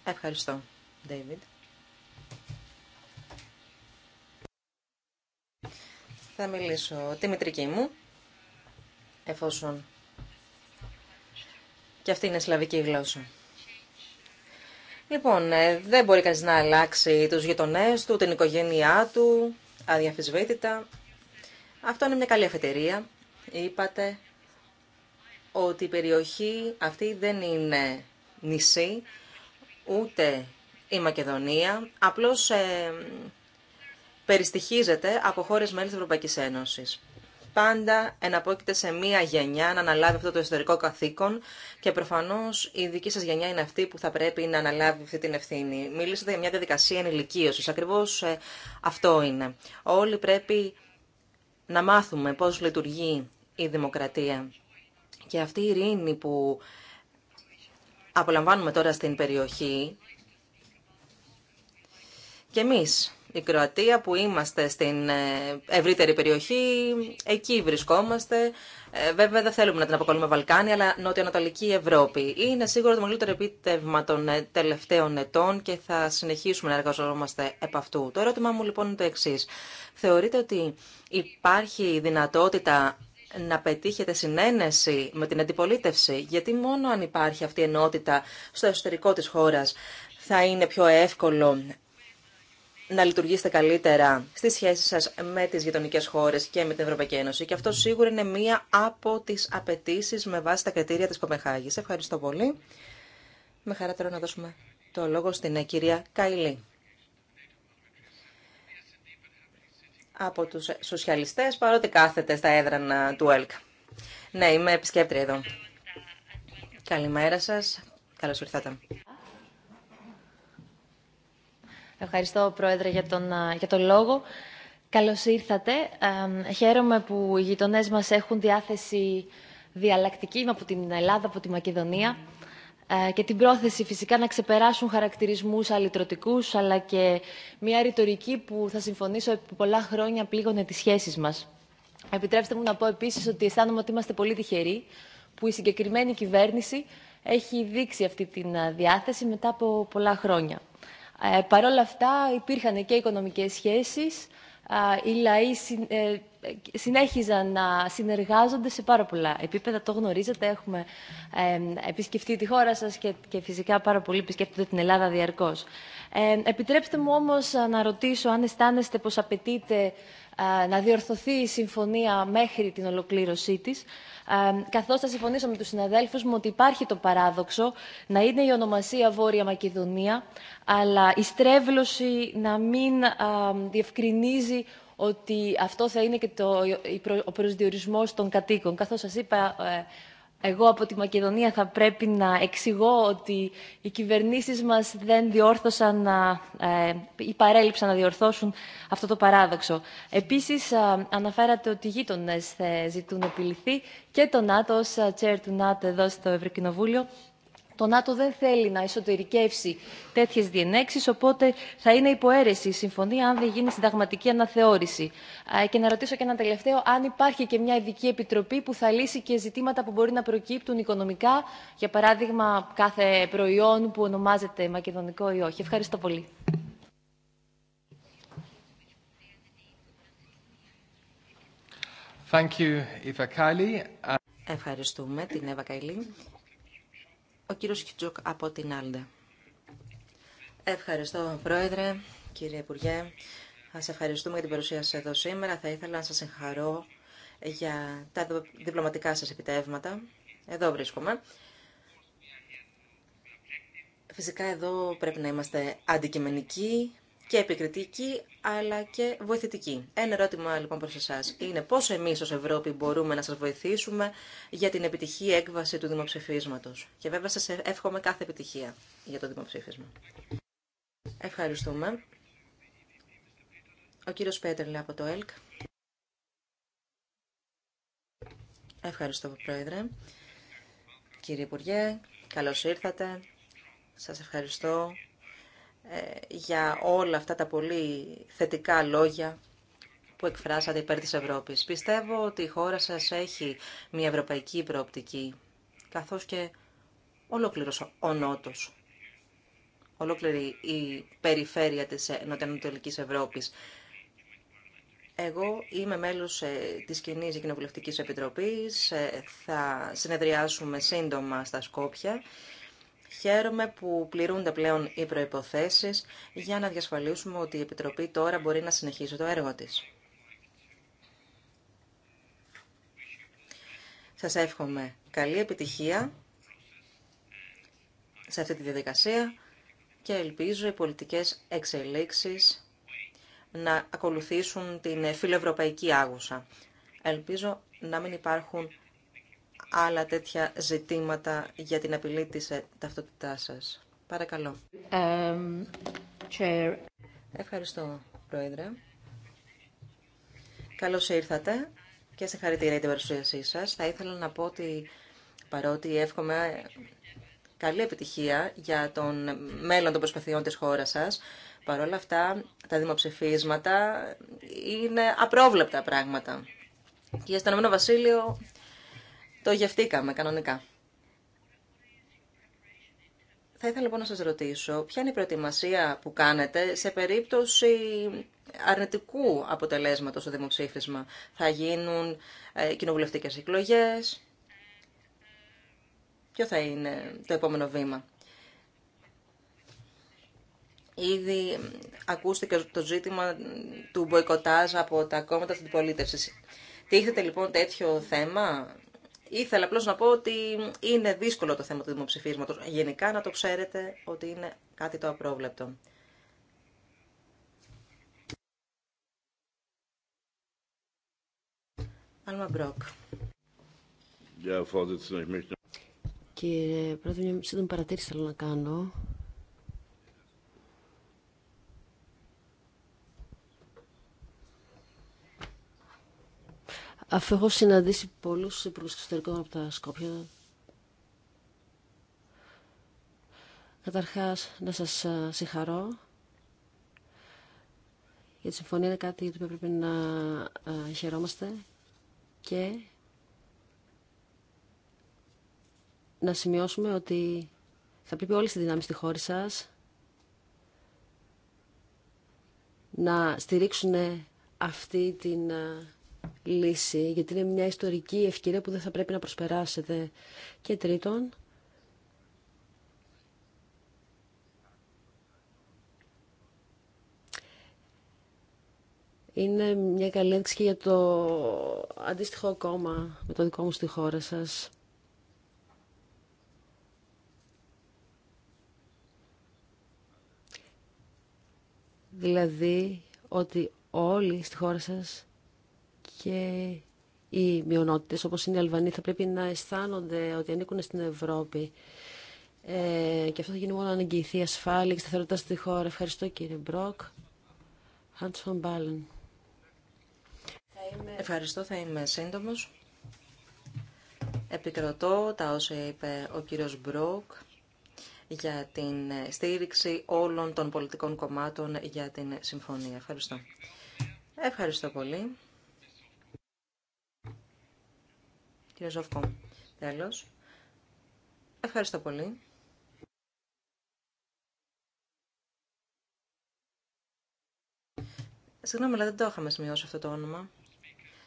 Ευχαριστώ, David. Θα μιλήσω τη μητρική μου, εφόσον και αυτή είναι σλαβική γλώσσα. Λοιπόν, ε, δεν μπορεί κανείς να αλλάξει τους γειτονές του, την οικογένειά του, αδιαφυσβήτητα. Αυτό είναι μια καλή αφετηρία είπατε ότι η περιοχή αυτή δεν είναι νησί, ούτε η Μακεδονία, απλώς ε, περιστοιχίζεται από χώρες μέλη της Ευρωπαϊκής Ένωσης. Πάντα εναπόκειται σε μία γενιά να αναλάβει αυτό το ιστορικό καθήκον και προφανώς η δική σας γενιά είναι αυτή που θα πρέπει να αναλάβει αυτή την ευθύνη. Μιλήσατε για μια διαδικασία ενηλικίωσης, ακριβώς ε, αυτό είναι. Όλοι πρέπει να μάθουμε πώς λειτουργεί η δημοκρατία. Και αυτή η ειρήνη που απολαμβάνουμε τώρα στην περιοχή και εμείς, η Κροατία που είμαστε στην ε, ευρύτερη περιοχή, εκεί βρισκόμαστε. Ε, βέβαια δεν θέλουμε να την αποκαλούμε Βαλκάνια, Νότια νότιο-ανατολική Ευρώπη. Είναι σίγουρα το μεγαλύτερο επίτευγμα των ε, τελευταίων ετών και θα συνεχίσουμε να εργαζόμαστε επ' αυτού. Το ερώτημά μου λοιπόν είναι το εξή. Θεωρείτε ότι υπάρχει δυνατότητα να πετύχετε συνένεση με την αντιπολίτευση, γιατί μόνο αν υπάρχει αυτή η ενότητα στο εσωτερικό της χώρας θα είναι πιο εύκολο να λειτουργήσετε καλύτερα στις σχέσεις σας με τις γειτονικές χώρες και με την Ευρωπαϊκή Ένωση. Και αυτό σίγουρα είναι μία από τις απαιτήσει με βάση τα κριτήρια της Κοπεχάγης. Ευχαριστώ πολύ. Με χαρά τώρα να δώσουμε το λόγο στην κυρία Καϊλή. από τους σοσιαλιστές, παρότι κάθεται στα έδρανα του ΕΛΚ. Ναι, είμαι επισκέπτρια εδώ. Καλημέρα σας. Καλώς ήρθατε. Ευχαριστώ, Πρόεδρε, για τον, για λόγο. Καλώς ήρθατε. χαίρομαι που οι γειτονές μας έχουν διάθεση διαλλακτική από την Ελλάδα, από τη Μακεδονία. Ε, και την πρόθεση φυσικά να ξεπεράσουν χαρακτηρισμούς αλυτρωτικούς αλλά και μια ρητορική που θα συμφωνήσω επί πολλά χρόνια πλήγωνε τις σχέσεις μας. Επιτρέψτε μου να πω επίσης ότι αισθάνομαι ότι είμαστε πολύ τυχεροί που η συγκεκριμένη κυβέρνηση έχει δείξει αυτή τη ε, διάθεση μετά από πολλά χρόνια. Ε, Παρ' όλα αυτά υπήρχαν και οικονομικές σχέσεις οι λαοί ε, συνέχιζαν να συνεργάζονται σε πάρα πολλά επίπεδα. Το γνωρίζετε, έχουμε επισκεφτεί τη χώρα σας και, φυσικά πάρα πολλοί επισκέπτονται την Ελλάδα διαρκώς. επιτρέψτε μου όμως να ρωτήσω αν αισθάνεστε πως απαιτείται να διορθωθεί η συμφωνία μέχρι την ολοκλήρωσή της καθώς θα συμφωνήσω με τους συναδέλφους μου ότι υπάρχει το παράδοξο να είναι η ονομασία Βόρεια Μακεδονία, αλλά η στρέβλωση να μην διευκρινίζει ότι αυτό θα είναι και το, ο προσδιορισμός των κατοίκων. Καθώς σας είπα, ε, εγώ από τη Μακεδονία θα πρέπει να εξηγώ ότι οι κυβερνήσεις μας δεν διόρθωσαν να, ε, ή παρέλειψαν να διορθώσουν αυτό το παράδοξο. Επίσης, αναφέρατε ότι οι γείτονε ε, ζητούν επιληθεί και το ΝΑΤΟ ως ε, chair του ΝΑΤΟ εδώ στο Ευρωκοινοβούλιο το ΝΑΤΟ δεν θέλει να εσωτερικεύσει τέτοιε διενέξει, οπότε θα είναι υποαίρεση η συμφωνία αν δεν γίνει συνταγματική αναθεώρηση. Και να ρωτήσω και ένα τελευταίο, αν υπάρχει και μια ειδική επιτροπή που θα λύσει και ζητήματα που μπορεί να προκύπτουν οικονομικά, για παράδειγμα κάθε προϊόν που ονομάζεται μακεδονικό ή όχι. Ευχαριστώ πολύ. Thank you, Ευχαριστούμε την Εύα Καϊλή. Ο κύριος Χιτζουκ από την Άλντα. Ευχαριστώ, Πρόεδρε, κύριε Υπουργέ. Σας ευχαριστούμε για την παρουσία σας εδώ σήμερα. Θα ήθελα να σας συγχαρώ για τα διπλωματικά σας επιτεύγματα. Εδώ βρίσκομαι. Φυσικά εδώ πρέπει να είμαστε αντικειμενικοί και επικριτική αλλά και βοηθητική. Ένα ερώτημα λοιπόν προς εσάς είναι πώς εμείς ως Ευρώπη μπορούμε να σας βοηθήσουμε για την επιτυχή έκβαση του δημοψηφίσματος. Και βέβαια σας εύχομαι κάθε επιτυχία για το δημοψήφισμα. Ευχαριστούμε. Ο κύριος Πέτρελ από το ΕΛΚ. Ευχαριστώ, Πρόεδρε. Κύριε Υπουργέ, καλώς ήρθατε. Σας ευχαριστώ για όλα αυτά τα πολύ θετικά λόγια που εκφράσατε υπέρ της Ευρώπης. Πιστεύω ότι η χώρα σας έχει μια ευρωπαϊκή προοπτική, καθώς και ολόκληρος ο Νότος, ολόκληρη η περιφέρεια της Νοτιοανατολικής Ευρώπης. Εγώ είμαι μέλος ε, της κοινή Κοινοβουλευτικής Επιτροπής, ε, θα συνεδριάσουμε σύντομα στα Σκόπια Χαίρομαι που πληρούνται πλέον οι προϋποθέσεις για να διασφαλίσουμε ότι η Επιτροπή τώρα μπορεί να συνεχίσει το έργο της. Σας εύχομαι καλή επιτυχία σε αυτή τη διαδικασία και ελπίζω οι πολιτικές εξελίξεις να ακολουθήσουν την φιλοευρωπαϊκή άγουσα. Ελπίζω να μην υπάρχουν άλλα τέτοια ζητήματα για την απειλή της ε, ταυτότητά σας. Παρακαλώ. Um, chair. Ευχαριστώ, Πρόεδρε. Καλώς ήρθατε και σε χαρητήρια για την παρουσίασή σας. Θα ήθελα να πω ότι παρότι εύχομαι καλή επιτυχία για τον μέλλον των προσπαθειών της χώρας σας, παρόλα αυτά τα δημοψηφίσματα είναι απρόβλεπτα πράγματα. Και για στον Βασίλειο το γευτήκαμε κανονικά. Θα ήθελα λοιπόν να σας ρωτήσω, ποια είναι η προετοιμασία που κάνετε σε περίπτωση αρνητικού αποτελέσματος στο δημοψήφισμα. Θα γίνουν ε, κοινοβουλευτικές εκλογές. Ποιο θα είναι το επόμενο βήμα. Ήδη ακούστηκε το ζήτημα του μποϊκοτάζ από τα κόμματα της αντιπολίτευσης. Τίθεται λοιπόν τέτοιο θέμα Ήθελα απλώ να πω ότι είναι δύσκολο το θέμα του δημοψηφίσματο. Γενικά να το ξέρετε ότι είναι κάτι το απρόβλεπτο. Κύριε Πρόεδρε, μια σύντομη παρατήρηση θέλω να κάνω. Αφού έχω συναντήσει πολλούς υπουργούς εξωτερικών από τα Σκόπια, καταρχάς να σας συγχαρώ για τη συμφωνία είναι κάτι για το οποίο πρέπει να χαιρόμαστε και να σημειώσουμε ότι θα πρέπει όλοι οι δυνάμεις στη χώρα σας να στηρίξουν αυτή την λύση, γιατί είναι μια ιστορική ευκαιρία που δεν θα πρέπει να προσπεράσετε. Και τρίτον, είναι μια καλή ένδειξη και για το αντίστοιχο κόμμα με το δικό μου στη χώρα σας. Δηλαδή ότι όλοι στη χώρα σας και οι μειονότητες όπως είναι οι Αλβανοί θα πρέπει να αισθάνονται ότι ανήκουν στην Ευρώπη. Ε, και αυτό θα γίνει μόνο αν εγγυηθεί η ασφάλεια και σταθερότητα στη χώρα. Ευχαριστώ κύριε Μπροκ. von Ballen. Ευχαριστώ, θα είμαι σύντομος. Επικροτώ τα όσα είπε ο κύριος Μπροκ για την στήριξη όλων των πολιτικών κομμάτων για την συμφωνία. Ευχαριστώ. Ευχαριστώ πολύ. Κύριε Ζοφκό, τέλος. Ευχαριστώ πολύ. Συγγνώμη, αλλά δεν το είχαμε σημειώσει αυτό το όνομα.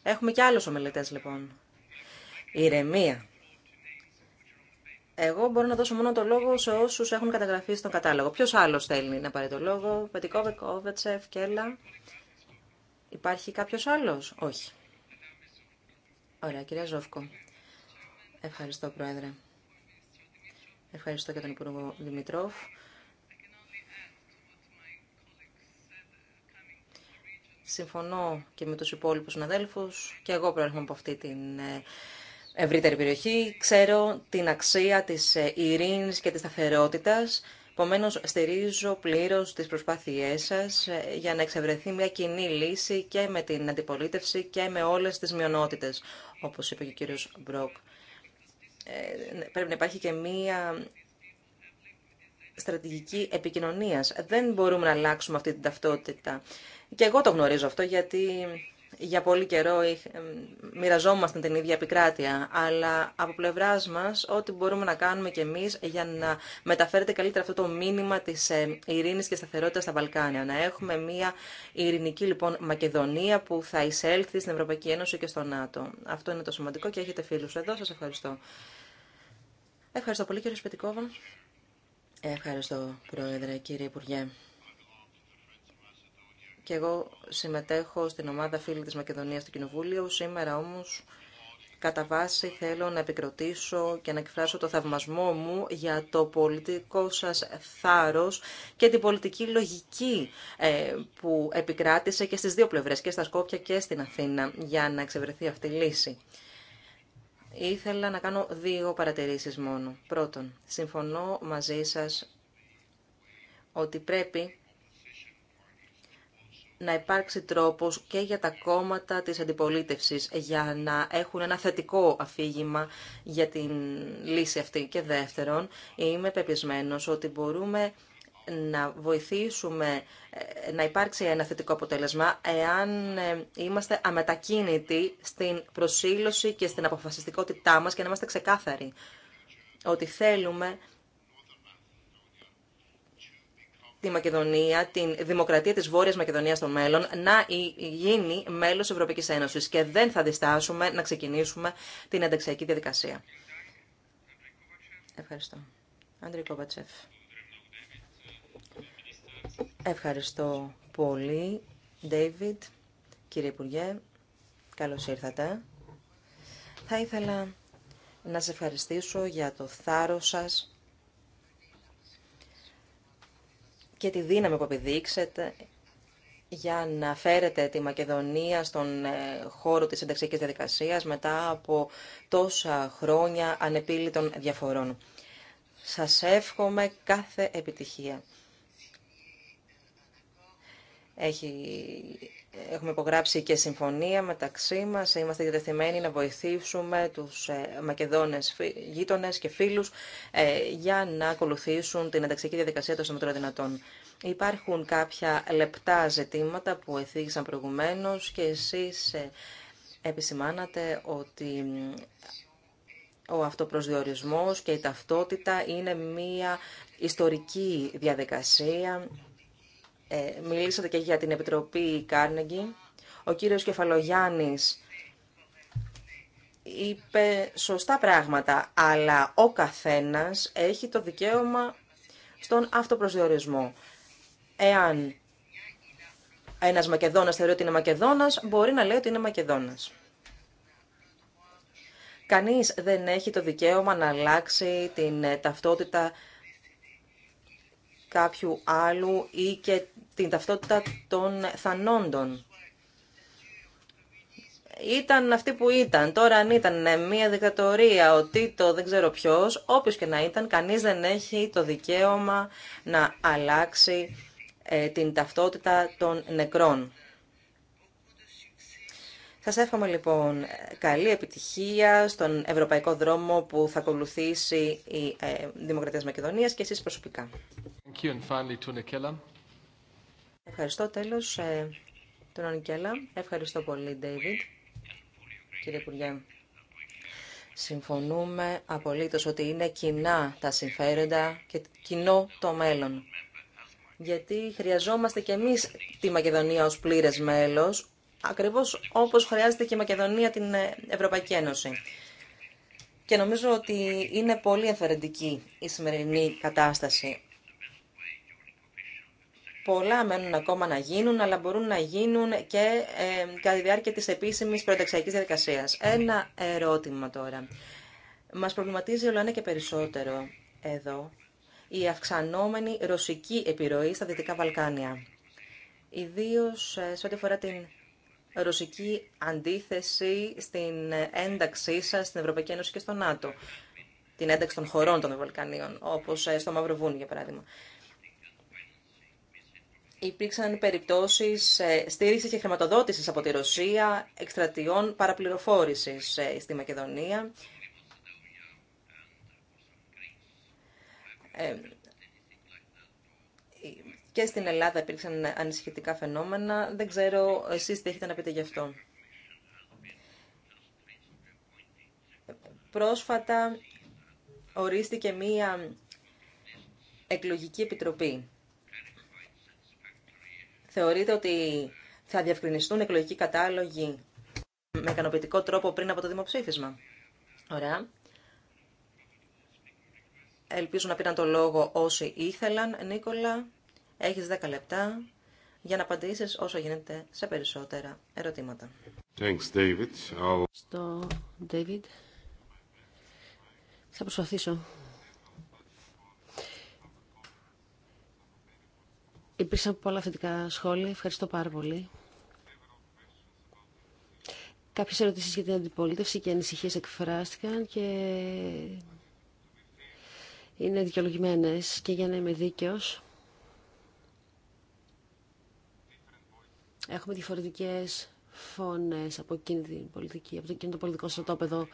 Έχουμε και άλλους ομελετές, λοιπόν. Ηρεμία. Εγώ μπορώ να δώσω μόνο το λόγο σε όσους έχουν καταγραφεί στον κατάλογο. Ποιος άλλος θέλει να πάρει το λόγο. Πετικόβε, Κόβετσεφ, Κέλλα. Υπάρχει κάποιος άλλος. Όχι. Ωραία, κυρία Ζόφκο. Ευχαριστώ, Πρόεδρε. Ευχαριστώ και τον Υπουργό Δημητρόφ. Συμφωνώ και με τους υπόλοιπους συναδέλφους και εγώ προέρχομαι από αυτή την ε, ευρύτερη περιοχή. Ξέρω την αξία της ε, ειρήνης και της σταθερότητας Επομένω, στηρίζω πλήρω τι προσπάθειέ σα ε, για να εξευρεθεί μια κοινή λύση και με την αντιπολίτευση και με όλε τι μειονότητε, όπω είπε και ο κύριο Μπροκ. Ε, ναι, πρέπει να υπάρχει και μια στρατηγική επικοινωνίας. Δεν μπορούμε να αλλάξουμε αυτή την ταυτότητα. Και εγώ το γνωρίζω αυτό γιατί για πολύ καιρό μοιραζόμαστε την ίδια επικράτεια, αλλά από πλευρά μα, ό,τι μπορούμε να κάνουμε κι εμεί για να μεταφέρετε καλύτερα αυτό το μήνυμα τη ε, ειρήνη και σταθερότητα στα Βαλκάνια. Να έχουμε μια ειρηνική λοιπόν Μακεδονία που θα εισέλθει στην Ευρωπαϊκή Ένωση και στο ΝΑΤΟ. Αυτό είναι το σημαντικό και έχετε φίλου εδώ. Σα ευχαριστώ. Ευχαριστώ πολύ, κύριε Σπιτικόβα. Ευχαριστώ, Πρόεδρε, κύριε Υπουργέ και εγώ συμμετέχω στην ομάδα φίλη της Μακεδονίας του Κοινοβούλιο. Σήμερα όμως κατά βάση θέλω να επικροτήσω και να εκφράσω το θαυμασμό μου για το πολιτικό σας θάρρος και την πολιτική λογική ε, που επικράτησε και στις δύο πλευρές, και στα Σκόπια και στην Αθήνα, για να εξευρεθεί αυτή η λύση. Ήθελα να κάνω δύο παρατηρήσεις μόνο. Πρώτον, συμφωνώ μαζί σας ότι πρέπει να υπάρξει τρόπος και για τα κόμματα της αντιπολίτευσης για να έχουν ένα θετικό αφήγημα για την λύση αυτή. Και δεύτερον, είμαι πεπισμένος ότι μπορούμε να βοηθήσουμε ε, να υπάρξει ένα θετικό αποτέλεσμα εάν ε, είμαστε αμετακίνητοι στην προσήλωση και στην αποφασιστικότητά μας και να είμαστε ξεκάθαροι ότι θέλουμε τη Μακεδονία, την δημοκρατία της Βόρειας Μακεδονίας των μέλλον, να γίνει μέλος Ευρωπαϊκής Ένωσης και δεν θα διστάσουμε να ξεκινήσουμε την ενταξιακή διαδικασία. Ευχαριστώ. Άντρη Ευχαριστώ πολύ, Ντέιβιντ. κύριε Υπουργέ. Καλώς ήρθατε. Θα ήθελα να σε ευχαριστήσω για το θάρρος σας και τη δύναμη που επιδείξετε για να φέρετε τη Μακεδονία στον ε, χώρο της συνταξιακής διαδικασίας μετά από τόσα χρόνια ανεπίλητων διαφορών. Σας εύχομαι κάθε επιτυχία. Έχει Έχουμε υπογράψει και συμφωνία μεταξύ μας. Είμαστε διατεθειμένοι να βοηθήσουμε τους ε, Μακεδόνες γείτονες και φίλους ε, για να ακολουθήσουν την ενταξική διαδικασία των συμμετρών δυνατών. Υπάρχουν κάποια λεπτά ζητήματα που εθίγησαν προηγουμένως και εσείς ε, επισημάνατε ότι ο αυτοπροσδιορισμός και η ταυτότητα είναι μία ιστορική διαδικασία ε, μιλήσατε και για την Επιτροπή Κάρνεγκη. Ο κύριος Κεφαλογιάννης είπε σωστά πράγματα, αλλά ο καθένας έχει το δικαίωμα στον αυτοπροσδιορισμό. Εάν ένας Μακεδόνας θεωρεί ότι είναι Μακεδόνας, μπορεί να λέει ότι είναι Μακεδόνας. Κανείς δεν έχει το δικαίωμα να αλλάξει την ταυτότητα κάποιου άλλου ή και την ταυτότητα των θανόντων. Ήταν αυτοί που ήταν. Τώρα αν ήταν ναι, μια δικατορία, ο Τίτο, δεν ξέρω ποιος, όποιος και να ήταν, κανείς δεν έχει το δικαίωμα να αλλάξει ε, την ταυτότητα των νεκρών. Σα εύχομαι λοιπόν καλή επιτυχία στον ευρωπαϊκό δρόμο που θα ακολουθήσει η ε, Δημοκρατία της Μακεδονίας και εσείς προσωπικά. Ευχαριστώ τέλο ε, τον Ανικέλα. Ευχαριστώ πολύ, Ντέιβιντ. Κύριε Υπουργέ. Συμφωνούμε απολύτω ότι είναι κοινά τα συμφέροντα και κοινό το μέλλον. Γιατί χρειαζόμαστε και εμείς τη Μακεδονία ω πλήρε μέλο ακριβώς όπως χρειάζεται και η Μακεδονία την ε, Ευρωπαϊκή Ένωση. Και νομίζω ότι είναι πολύ ενθαρρυντική η σημερινή κατάσταση. Πολλά μένουν ακόμα να γίνουν, αλλά μπορούν να γίνουν και ε, κατά τη διάρκεια της επίσημης πρωταξιακή διαδικασίας. Ένα ερώτημα τώρα. Μας προβληματίζει όλο ένα και περισσότερο εδώ η αυξανόμενη ρωσική επιρροή στα Δυτικά Βαλκάνια. Ιδίως ε, σε ό,τι αφορά την ρωσική αντίθεση στην ένταξή σα στην Ευρωπαϊκή Ένωση και στο ΝΑΤΟ. Την ένταξη των χωρών των Βαλκανίων, όπω ε, στο Μαυροβούνι για παράδειγμα. Υπήρξαν περιπτώσει ε, στήριξη και χρηματοδότηση από τη Ρωσία εκστρατιών παραπληροφόρησης ε, στη Μακεδονία και στην Ελλάδα υπήρξαν ανησυχητικά φαινόμενα. Δεν ξέρω εσείς τι έχετε να πείτε γι' αυτό. Πρόσφατα ορίστηκε μία εκλογική επιτροπή. Θεωρείτε ότι θα διευκρινιστούν εκλογικοί κατάλογοι με ικανοποιητικό τρόπο πριν από το δημοψήφισμα. Ωραία. Ελπίζω να πήραν το λόγο όσοι ήθελαν. Νίκολα, Έχεις 10 λεπτά για να απαντήσεις όσο γίνεται σε περισσότερα ερωτήματα. Thanks, David. I'll... Στο David θα προσπαθήσω. Υπήρξαν πολλά θετικά σχόλια. Ευχαριστώ πάρα πολύ. Κάποιες ερωτήσεις για την αντιπολίτευση και ανησυχίες εκφράστηκαν και είναι δικαιολογημένες και για να είμαι δίκαιος Έχουμε διαφορετικές φωνές από εκείνη την πολιτική, από εκείνο το πολιτικό στρατόπεδο.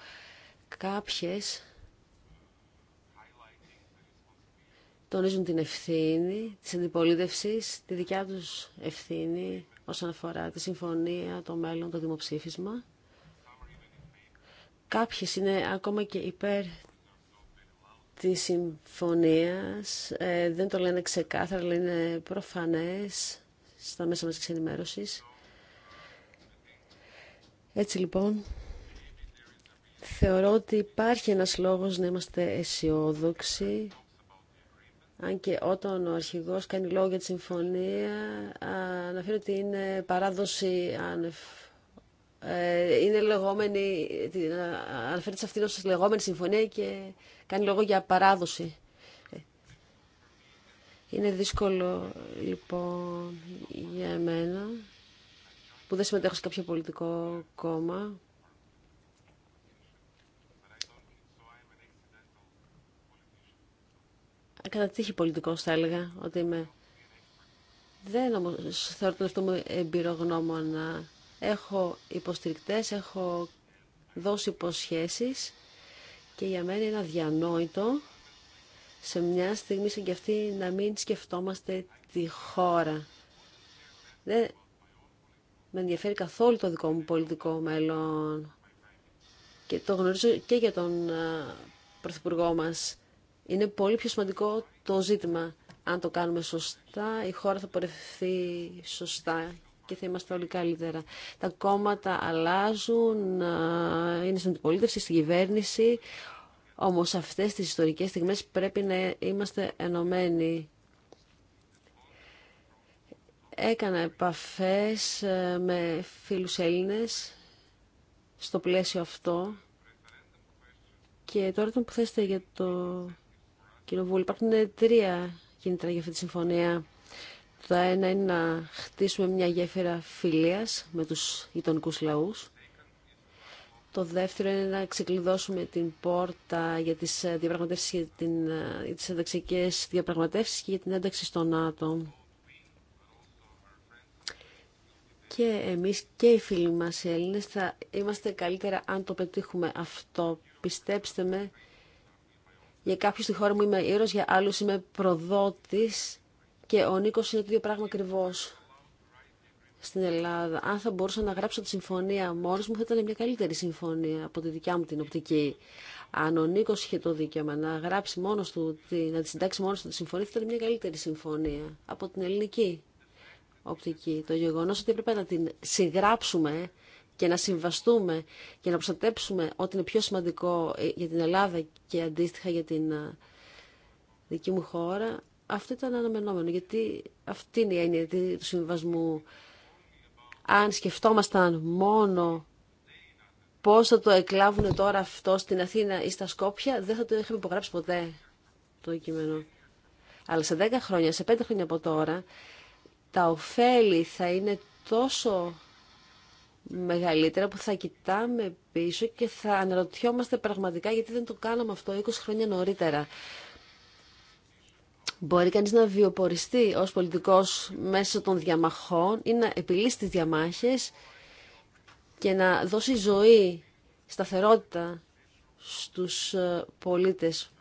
Κάποιες τονίζουν την ευθύνη της αντιπολίτευσης, τη δικιά τους ευθύνη όσον αφορά τη συμφωνία, το μέλλον, το δημοψήφισμα. Κάποιες είναι ακόμα και υπέρ της συμφωνίας, ε, δεν το λένε ξεκάθαρα, αλλά είναι προφανές στα μέσα μας ενημέρωση. Έτσι λοιπόν, θεωρώ ότι υπάρχει ένας λόγος να είμαστε αισιόδοξοι, αν και όταν ο αρχηγός κάνει λόγο για τη συμφωνία, αναφέρει ότι είναι παράδοση άνευ ε, είναι λεγόμενη, ε, αναφέρεται σε αυτήν ως λεγόμενη συμφωνία και κάνει λόγο για παράδοση. Είναι δύσκολο λοιπόν για εμένα που δεν συμμετέχω σε κάποιο πολιτικό κόμμα κατά τύχη πολιτικός θα έλεγα ότι είμαι δεν θεωρώ τον εαυτό μου εμπειρογνώμονα έχω υποστηρικτές έχω δώσει υποσχέσεις και για μένα είναι αδιανόητο σε μια στιγμή σαν κι αυτή να μην σκεφτόμαστε τη χώρα. Δεν με ενδιαφέρει καθόλου το δικό μου πολιτικό μέλλον και το γνωρίζω και για τον Πρωθυπουργό μας. Είναι πολύ πιο σημαντικό το ζήτημα. Αν το κάνουμε σωστά, η χώρα θα πορευθεί σωστά και θα είμαστε όλοι καλύτερα. Τα κόμματα αλλάζουν, είναι στην αντιπολίτευση, στην κυβέρνηση. Όμως αυτές τις ιστορικές στιγμές πρέπει να είμαστε ενωμένοι. Έκανα επαφές ε, με φίλους Έλληνες στο πλαίσιο αυτό και τώρα τον που θέσετε για το κοινοβούλιο υπάρχουν τρία κίνητρα για αυτή τη συμφωνία. Το ένα είναι να χτίσουμε μια γέφυρα φιλίας με τους γειτονικού λαούς το δεύτερο είναι να ξεκλειδώσουμε την πόρτα για τις ε, διαπραγματεύσεις ε, για, την, διαπραγματεύσεις και για την ένταξη στο ΝΑΤΟ. Και εμείς και οι φίλοι μας οι Έλληνες θα είμαστε καλύτερα αν το πετύχουμε αυτό. Πιστέψτε με, για κάποιους στη χώρα μου είμαι ήρωας, για άλλους είμαι προδότης και ο Νίκος είναι το ίδιο πράγμα ακριβώς στην Ελλάδα. Αν θα μπορούσα να γράψω τη συμφωνία μόνος μου θα ήταν μια καλύτερη συμφωνία από τη δικιά μου την οπτική. Αν ο Νίκο είχε το δίκαιο να γράψει μόνο του, να τη συντάξει μόνο του τη συμφωνία, θα ήταν μια καλύτερη συμφωνία από την ελληνική οπτική. Το γεγονό ότι έπρεπε να την συγγράψουμε και να συμβαστούμε και να προστατέψουμε ό,τι είναι πιο σημαντικό ε, για την Ελλάδα και αντίστοιχα για την ε, δική μου χώρα, αυτό ήταν αναμενόμενο, γιατί αυτή είναι η έννοια του συμβασμού αν σκεφτόμασταν μόνο πώς θα το εκλάβουν τώρα αυτό στην Αθήνα ή στα Σκόπια, δεν θα το είχαμε υπογράψει ποτέ το κείμενο. Αλλά σε 10 χρόνια, σε 5 χρόνια από τώρα, τα ωφέλη θα είναι τόσο μεγαλύτερα που θα κοιτάμε πίσω και θα αναρωτιόμαστε πραγματικά γιατί δεν το κάναμε αυτό 20 χρόνια νωρίτερα. Μπορεί κανείς να βιοποριστεί ως πολιτικός μέσω των διαμαχών ή να επιλύσει τις διαμάχες και να δώσει ζωή, σταθερότητα στους ε, πολίτες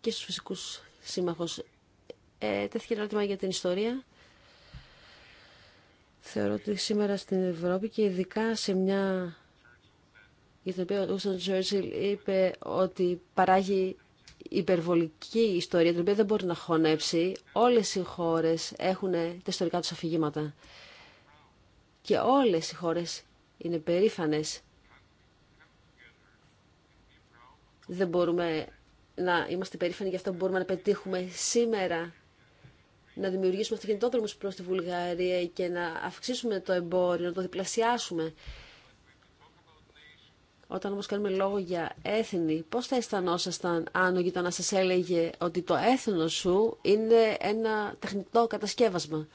και στους φυσικούς σύμμαχους. Ε, τέθηκε ερώτημα για την ιστορία. Θεωρώ ότι σήμερα στην Ευρώπη και ειδικά σε μια για την οποία ο Ούσαν είπε ότι παράγει υπερβολική ιστορία, την οποία δεν μπορεί να χωνέψει. Όλες οι χώρες έχουν τα ιστορικά τους αφηγήματα. Και όλες οι χώρες είναι περήφανες. Δεν μπορούμε να είμαστε περήφανοι για αυτό που μπορούμε να πετύχουμε σήμερα. Να δημιουργήσουμε αυτοκινητόδρομους προς τη Βουλγαρία και να αυξήσουμε το εμπόριο, να το διπλασιάσουμε. Όταν όμω κάνουμε λόγο για έθνη, πώς θα αισθανόσασταν αν ο γείτονα σας έλεγε ότι το έθνος σου είναι ένα τεχνητό κατασκεύασμα.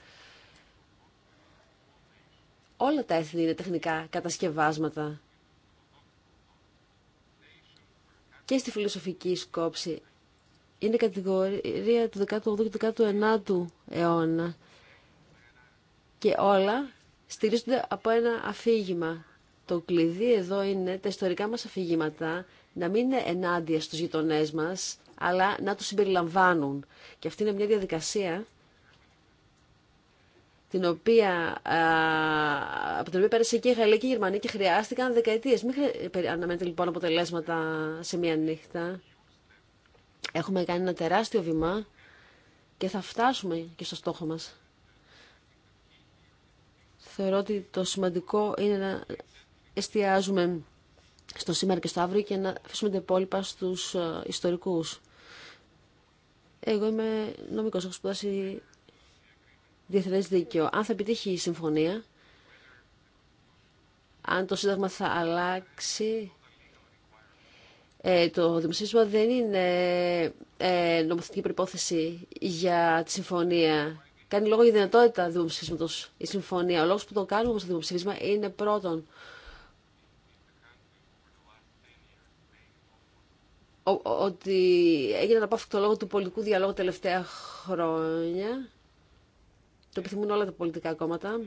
Όλα τα έθνη είναι τεχνικά κατασκευάσματα. Και στη φιλοσοφική σκόψη είναι κατηγορία του 18ου και του 19ου αιώνα. Και όλα στηρίζονται από ένα αφήγημα. Το κλειδί εδώ είναι τα ιστορικά μας αφηγήματα να μην είναι ενάντια στους γειτονέ μας, αλλά να τους συμπεριλαμβάνουν. Και αυτή είναι μια διαδικασία την οποία, από την οποία πέρασε και η Γαλλία και η Γερμανία και χρειάστηκαν δεκαετίες. Μην ε, αναμένετε λοιπόν αποτελέσματα σε μια νύχτα. Έχουμε κάνει ένα τεράστιο βήμα και θα φτάσουμε και στο στόχο μας. Θεωρώ ότι το σημαντικό είναι να εστιάζουμε στο σήμερα και στο αύριο και να αφήσουμε τα υπόλοιπα στους ε, ιστορικούς. Εγώ είμαι νομικός, έχω σπουδάσει διεθνές δίκαιο. Αν θα επιτύχει η συμφωνία, αν το Σύνταγμα θα αλλάξει, ε, το δημοσίευμα δεν είναι ε, νομοθετική προπόθεση για τη συμφωνία. Κάνει λόγο η δυνατότητα δημοψήφισματο η συμφωνία. Ο λόγο που το κάνουμε όμω το δημοψήφισμα είναι πρώτον ότι έγινε έγιναν το λόγο του πολιτικού διαλόγου τελευταία χρόνια. Το επιθυμούν όλα τα πολιτικά κόμματα.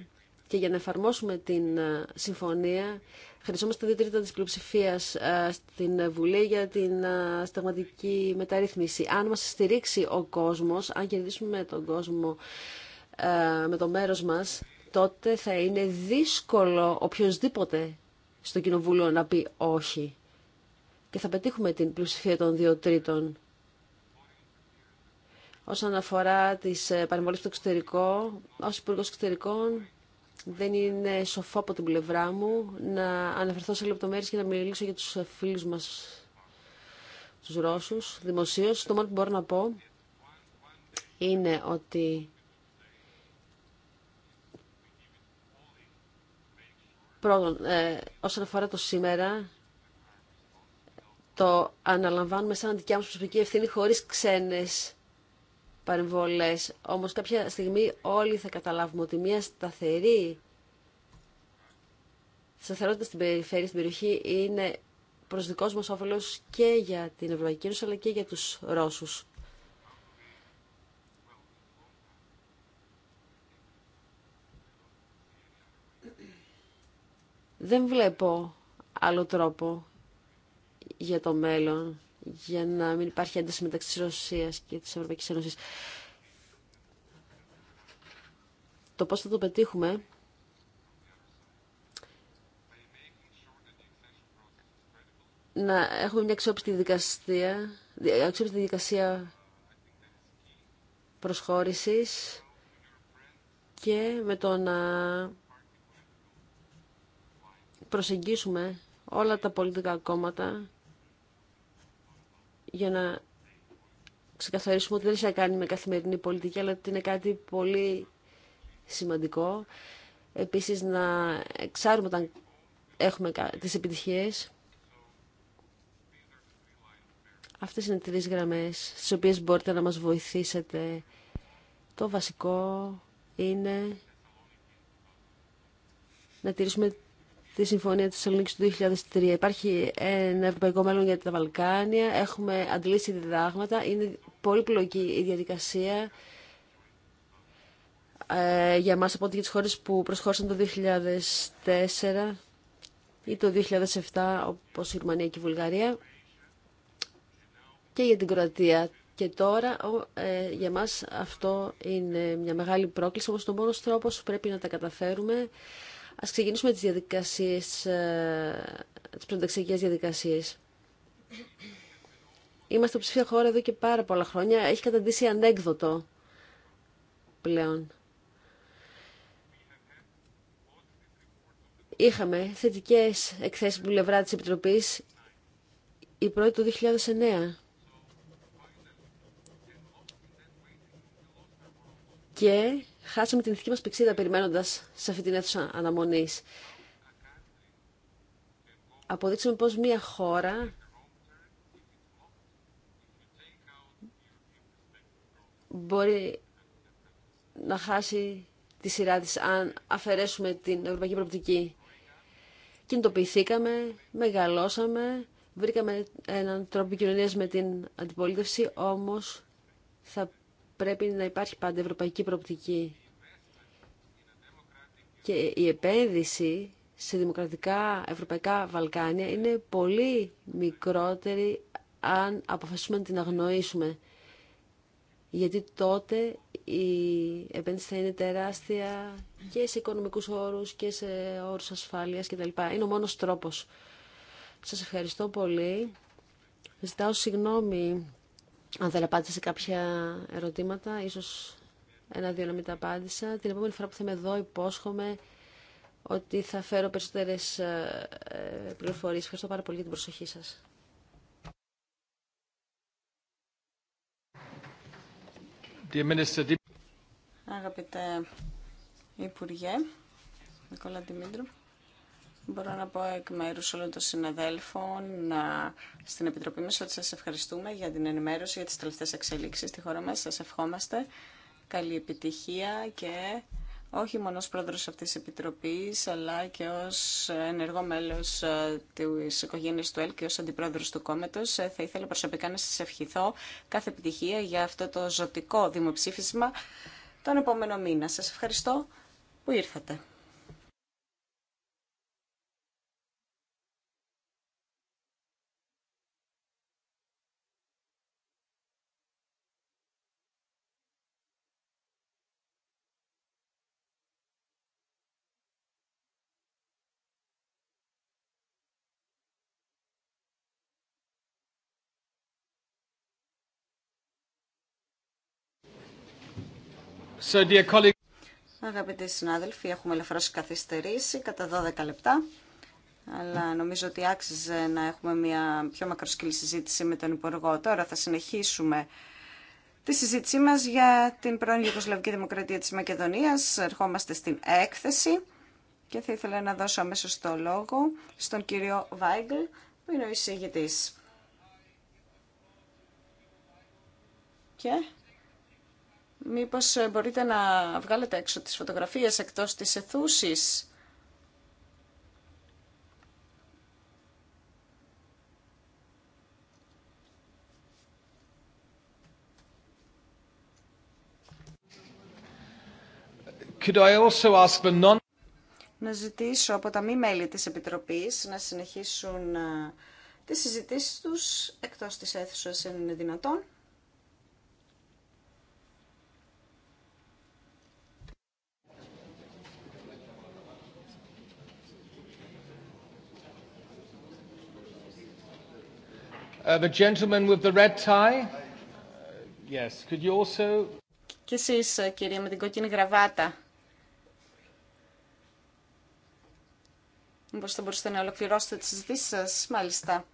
Και για να εφαρμόσουμε την ε, συμφωνία, χρειαζόμαστε δύο τρίτα της πλειοψηφία ε, στην Βουλή για την ε, σταγματική μεταρρύθμιση. Αν μα στηρίξει ο κόσμο, αν κερδίσουμε τον κόσμο με το μέρος μας, τότε θα είναι δύσκολο οποιοδήποτε στο Κοινοβούλιο να πει όχι και θα πετύχουμε την πλειοψηφία των δύο τρίτων. Όσον αφορά τις ε, παρεμβολές στο εξωτερικό, ως υπουργό Εξωτερικών δεν είναι σοφό από την πλευρά μου να αναφερθώ σε λεπτομέρειες και να μιλήσω για τους φίλους μας, τους Ρώσους, δημοσίω. Το μόνο που μπορώ να πω είναι ότι πρώτον, ε, όσον αφορά το σήμερα, το αναλαμβάνουμε σαν δικιά μας προσωπική ευθύνη χωρίς ξένες παρεμβολές. Όμως κάποια στιγμή όλοι θα καταλάβουμε ότι μια σταθερή σταθερότητα στην περιφέρεια, στην περιοχή είναι προς δικός μας όφελος και για την Ευρωπαϊκή Ένωση αλλά και για τους Ρώσους. Δεν βλέπω άλλο τρόπο για το μέλλον, για να μην υπάρχει ένταση μεταξύ της Ρωσίας και της Ευρωπαϊκής Ένωσης. Το πώς θα το πετύχουμε να έχουμε μια αξιόπιστη δικαστία, αξιόπιστη δικασία προσχώρησης και με το να προσεγγίσουμε όλα τα πολιτικά κόμματα για να ξεκαθαρίσουμε ότι δεν έχει να κάνει με καθημερινή πολιτική, αλλά ότι είναι κάτι πολύ σημαντικό. Επίσης να εξάρουμε όταν έχουμε τις επιτυχίες. Αυτές είναι τρεις γραμμές στις οποίες μπορείτε να μας βοηθήσετε. Το βασικό είναι να τηρήσουμε τη Συμφωνία της Ελληνικής του 2003. Υπάρχει ένα ευρωπαϊκό μέλλον για τα Βαλκάνια, έχουμε αντλήσει διδάγματα, είναι πολύ πλοκή η διαδικασία ε, για μας από ό,τι τις χώρες που προσχώρησαν το 2004 ή το 2007 όπως η Ρουμανία και η Βουλγαρία και για την Κροατία. Και τώρα ε, για μας αυτό είναι μια μεγάλη πρόκληση, όμως το μόνος τρόπος πρέπει να τα καταφέρουμε Ας ξεκινήσουμε τις διαδικασίες, ε, τις πρωταξιακές διαδικασίες. Είμαστε ψηφία χώρα εδώ και πάρα πολλά χρόνια. Έχει καταντήσει ανέκδοτο πλέον. Είχαμε θετικές εκθέσεις που πλευρά της Επιτροπής η πρώτη του 2009. Και χάσαμε την ηθική μας πηξίδα περιμένοντας σε αυτή την αίθουσα αναμονής. Αποδείξαμε πως μια χώρα μπορεί να χάσει τη σειρά της αν αφαιρέσουμε την ευρωπαϊκή προοπτική. Κινητοποιηθήκαμε, μεγαλώσαμε, βρήκαμε έναν τρόπο επικοινωνία με την αντιπολίτευση, όμως θα πρέπει να υπάρχει πάντα ευρωπαϊκή προοπτική. Και η επένδυση σε δημοκρατικά ευρωπαϊκά Βαλκάνια είναι πολύ μικρότερη αν αποφασίσουμε να την αγνοήσουμε. Γιατί τότε η επένδυση θα είναι τεράστια και σε οικονομικούς όρους και σε όρους ασφάλειας κτλ. Είναι ο μόνος τρόπος. Σας ευχαριστώ πολύ. Ζητάω συγγνώμη αν δεν απάντησα σε κάποια ερωτήματα, ίσως ένα-δύο να μην τα απάντησα. Την επόμενη φορά που θα είμαι εδώ υπόσχομαι ότι θα φέρω περισσότερες ε, ε, πληροφορίες. Ευχαριστώ πάρα πολύ για την προσοχή σας. Αγαπητέ Υπουργέ, Νικόλα Δημήτρου, Μπορώ να πω εκ μέρου όλων των συναδέλφων στην Επιτροπή μα ότι σα ευχαριστούμε για την ενημέρωση για τι τελευταίε εξελίξει στη χώρα μα. Σα ευχόμαστε καλή επιτυχία και όχι μόνο ως πρόεδρος αυτής της Επιτροπής, αλλά και ως ενεργό μέλος ε, της οικογένειας του ΕΛ και ως αντιπρόεδρος του κόμματο. Ε, θα ήθελα προσωπικά να σας ευχηθώ κάθε επιτυχία για αυτό το ζωτικό δημοψήφισμα τον επόμενο μήνα. Σας ευχαριστώ που ήρθατε. Αγαπητοί συνάδελφοι, έχουμε ελαφρώς καθυστερήσει κατά 12 λεπτά, αλλά νομίζω ότι άξιζε να έχουμε μια πιο μακροσκυλή συζήτηση με τον Υπουργό. Τώρα θα συνεχίσουμε τη συζήτησή μας για την πρώην Ιουγκοσλαβική Δημοκρατία της Μακεδονίας. Ερχόμαστε στην έκθεση και θα ήθελα να δώσω αμέσω το λόγο στον κύριο Βάιγκλ, που είναι ο εισηγητής. Και Μήπως ε, μπορείτε να βγάλετε έξω τις φωτογραφίες εκτός της αιθούσης. Could I also ask the non... Να ζητήσω από τα μη μέλη της Επιτροπής να συνεχίσουν ε, τις συζητήσεις τους εκτός της αίθουσας, αν είναι δυνατόν. the Και εσείς, ε, κύριε, με την κόκκινη γραβάτα. Μήπως θα μπορούσατε να ολοκληρώσετε τις συζητήσεις σας, μάλιστα.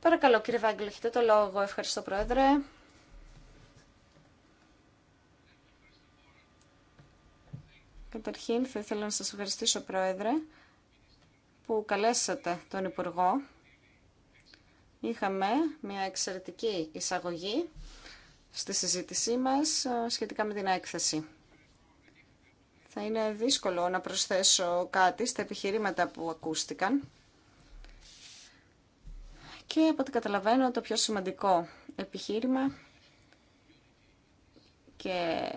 Παρακαλώ, κύριε Βάγκλη, έχετε το λόγο. Ευχαριστώ, Πρόεδρε. Καταρχήν, θα ήθελα να σας ευχαριστήσω, Πρόεδρε, που καλέσατε τον Υπουργό είχαμε μια εξαιρετική εισαγωγή στη συζήτησή μας ε, σχετικά με την έκθεση. Θα είναι δύσκολο να προσθέσω κάτι στα επιχειρήματα που ακούστηκαν. Και από ό,τι καταλαβαίνω το πιο σημαντικό επιχείρημα και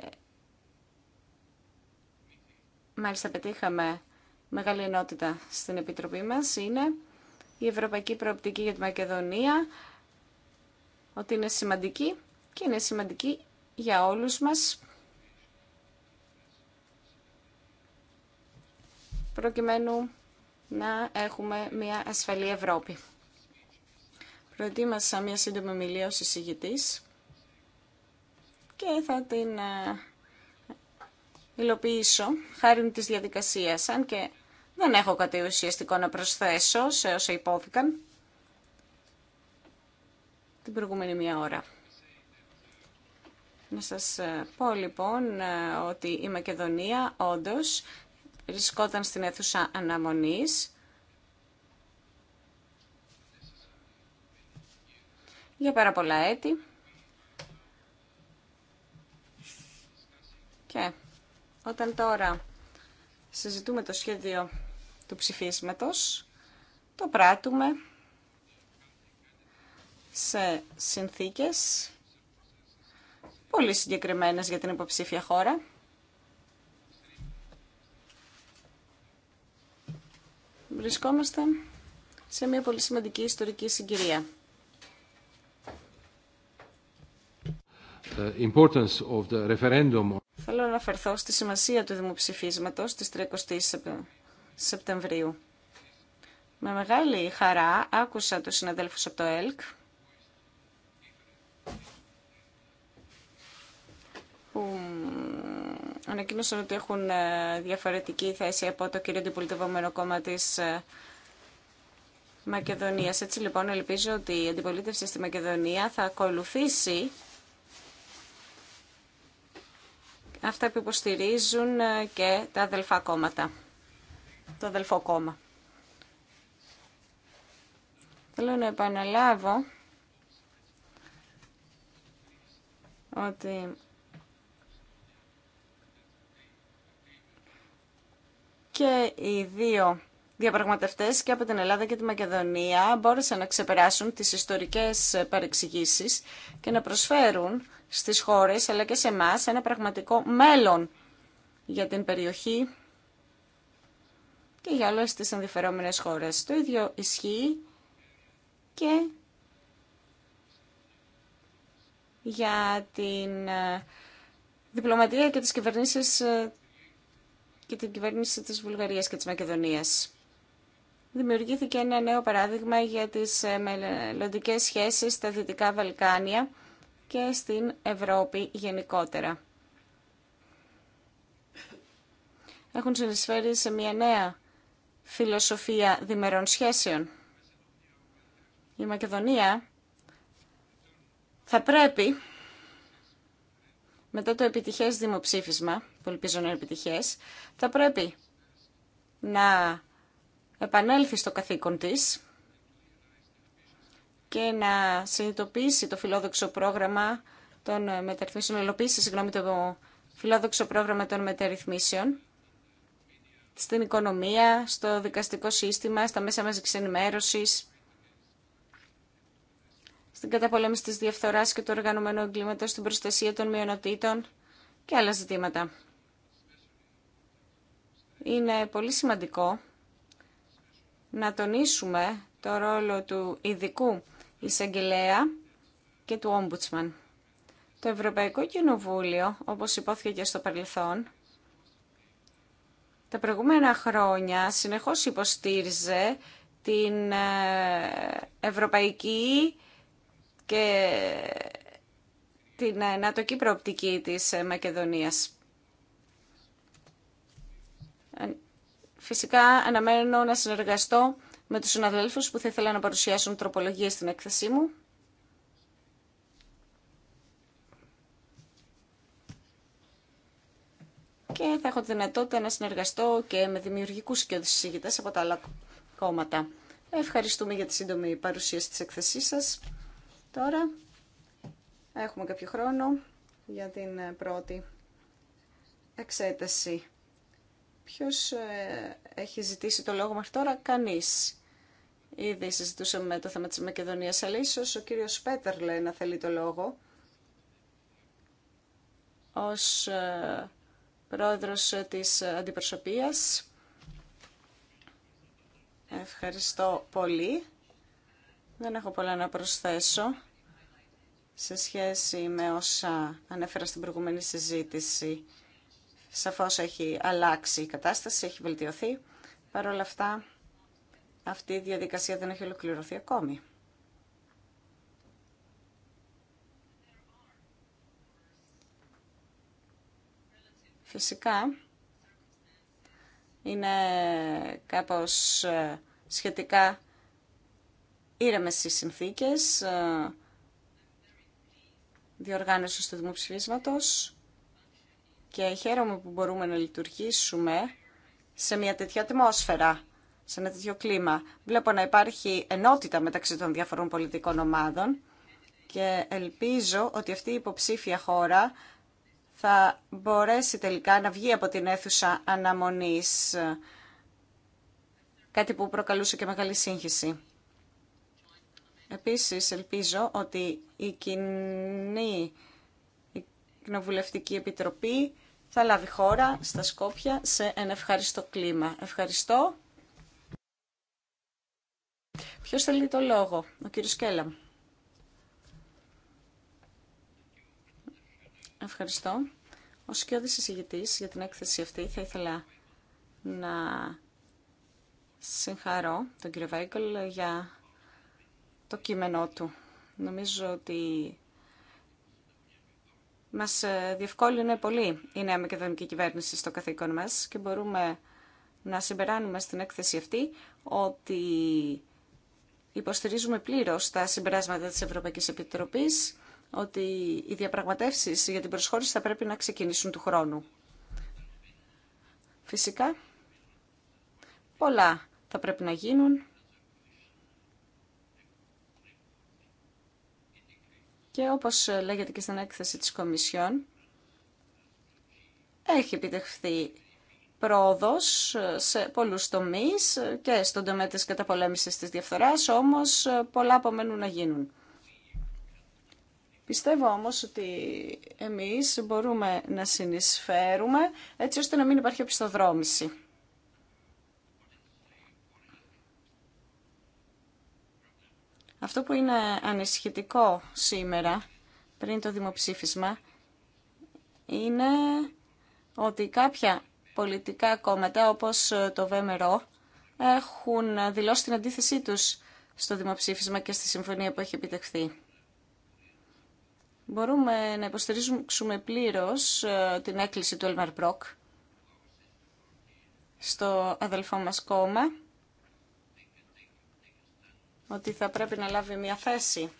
μάλιστα πετύχαμε μεγάλη ενότητα στην Επιτροπή μας είναι η ευρωπαϊκή προοπτική για τη Μακεδονία, ότι είναι σημαντική και είναι σημαντική για όλους μας. προκειμένου να έχουμε μια ασφαλή Ευρώπη. Προετοίμασα μια σύντομη ομιλία ως εισηγητής και θα την ε, υλοποιήσω χάρη της διαδικασίας, αν και δεν έχω κάτι ουσιαστικό να προσθέσω σε όσα υπόθηκαν την προηγούμενη μία ώρα. Να σας ε, πω λοιπόν ε, ότι η Μακεδονία όντως βρισκόταν στην αίθουσα αναμονής. για πάρα πολλά έτη. Και όταν τώρα συζητούμε το σχέδιο του ψηφίσματος το πράττουμε σε συνθήκες πολύ συγκεκριμένες για την υποψήφια χώρα. Βρισκόμαστε σε μια πολύ σημαντική ιστορική συγκυρία. Θέλω να αναφερθώ στη σημασία του δημοψηφίσματος της 30ης Σεπτεμβρίου. Με μεγάλη χαρά άκουσα τους συναδέλφους από το ΕΛΚ που ανακοίνωσαν ότι έχουν ε, διαφορετική θέση από το κύριο αντιπολιτευόμενο κόμμα της ε, Μακεδονίας. Έτσι λοιπόν ελπίζω ότι η αντιπολίτευση στη Μακεδονία θα ακολουθήσει αυτά που υποστηρίζουν ε, και τα αδελφά κόμματα το αδελφό κόμμα. Θέλω να επαναλάβω ότι και οι δύο διαπραγματευτές και από την Ελλάδα και τη Μακεδονία μπόρεσαν να ξεπεράσουν τις ιστορικές παρεξηγήσεις και να προσφέρουν στις χώρες αλλά και σε εμά ένα πραγματικό μέλλον για την περιοχή και για όλες τις ενδιαφερόμενες χώρες. Το ίδιο ισχύει και για την ε, διπλωματία και τις κυβερνήσεις ε, και την κυβέρνηση της Βουλγαρίας και της Μακεδονίας. Δημιουργήθηκε ένα νέο παράδειγμα για τις ε, μελλοντικέ σχέσεις στα Δυτικά Βαλκάνια και στην Ευρώπη γενικότερα. Έχουν συνεισφέρει σε μια νέα φιλοσοφία διμερών σχέσεων. Η Μακεδονία θα πρέπει μετά το επιτυχές δημοψήφισμα, που ελπίζω να είναι επιτυχές, θα πρέπει να επανέλθει στο καθήκον της και να συνειδητοποιήσει το φιλόδοξο πρόγραμμα των μεταρρυθμίσεων, το φιλόδοξο πρόγραμμα των μεταρρυθμίσεων στην οικονομία, στο δικαστικό σύστημα, στα μέσα μαζικής ενημέρωσης, στην καταπολέμηση της διαφθοράς και του οργανωμένου εγκλήματος, στην προστασία των μειονοτήτων και άλλα ζητήματα. Είναι πολύ σημαντικό να τονίσουμε το ρόλο του ειδικού εισαγγελέα και του ομπούτσμαν. Το Ευρωπαϊκό Κοινοβούλιο, όπως υπόθηκε και στο παρελθόν, τα προηγούμενα χρόνια συνεχώς υποστήριζε την ε, ευρωπαϊκή και την ε, νατοκή προοπτική της ε, Μακεδονίας. Φυσικά αναμένω να συνεργαστώ με τους συναδέλφους που θα ήθελα να παρουσιάσουν τροπολογίες στην έκθεσή μου και θα έχω τη δυνατότητα να συνεργαστώ και με δημιουργικού και οδησυγητές από τα άλλα κόμματα. Ευχαριστούμε για τη σύντομη παρουσίαση τη εκθεσή σας. Τώρα έχουμε κάποιο χρόνο για την ε, πρώτη εξέταση. Ποιος ε, έχει ζητήσει το λόγο μέχρι τώρα, κανείς. Ήδη συζητούσαμε το θέμα της μακεδονία αλλά ίσως ο κύριος Πέτερ λέει να θέλει το λόγο ως ε, πρόεδρος της αντιπροσωπείας. Ευχαριστώ πολύ. Δεν έχω πολλά να προσθέσω σε σχέση με όσα ανέφερα στην προηγούμενη συζήτηση. Σαφώς έχει αλλάξει η κατάσταση, έχει βελτιωθεί. Παρ' όλα αυτά, αυτή η διαδικασία δεν έχει ολοκληρωθεί ακόμη. Φυσικά είναι κάπως ε, σχετικά ήρεμες οι συνθήκες ε, διοργάνωσης του δημοψηφίσματος και χαίρομαι που μπορούμε να λειτουργήσουμε σε μια τέτοια ατμόσφαιρα, σε ένα τέτοιο κλίμα. Βλέπω να υπάρχει ενότητα μεταξύ των διαφορών πολιτικών ομάδων και ελπίζω ότι αυτή η υποψήφια χώρα θα μπορέσει τελικά να βγει από την αίθουσα αναμονής. Κάτι που προκαλούσε και μεγάλη σύγχυση. Επίσης, ελπίζω ότι η κοινή η Κοινοβουλευτική Επιτροπή θα λάβει χώρα στα Σκόπια σε ένα ευχαριστό κλίμα. Ευχαριστώ. Ποιος θέλει το λόγο, ο κύριος Κέλαμ. Ευχαριστώ. Ω σκιώδης εισηγητής για την έκθεση αυτή θα ήθελα να συγχαρώ τον κύριο Βάικολ για το κείμενό του. Νομίζω ότι μας διευκόλυνε πολύ η νέα Μακεδονική κυβέρνηση στο καθήκον μας και μπορούμε να συμπεράνουμε στην έκθεση αυτή ότι υποστηρίζουμε πλήρως τα συμπεράσματα της Ευρωπαϊκής Επιτροπής ότι οι διαπραγματεύσεις για την προσχώρηση θα πρέπει να ξεκινήσουν του χρόνου. Φυσικά, πολλά θα πρέπει να γίνουν και όπως λέγεται και στην έκθεση της Κομισιόν, έχει επιτευχθεί πρόοδος σε πολλούς τομείς και στον τομέα της καταπολέμησης της διαφθοράς, όμως πολλά απομένουν να γίνουν. Πιστεύω όμως ότι εμείς μπορούμε να συνεισφέρουμε έτσι ώστε να μην υπάρχει οπισθοδρόμηση. Αυτό που είναι ανησυχητικό σήμερα πριν το δημοψήφισμα είναι ότι κάποια πολιτικά κόμματα όπως το ΒΜΡΟ έχουν δηλώσει την αντίθεσή τους στο δημοψήφισμα και στη συμφωνία που έχει επιτευχθεί μπορούμε να υποστηρίξουμε πλήρως ε, την έκκληση του Έλμαρ Μπρόκ στο αδελφό μας κόμμα ότι θα πρέπει να λάβει μια θέση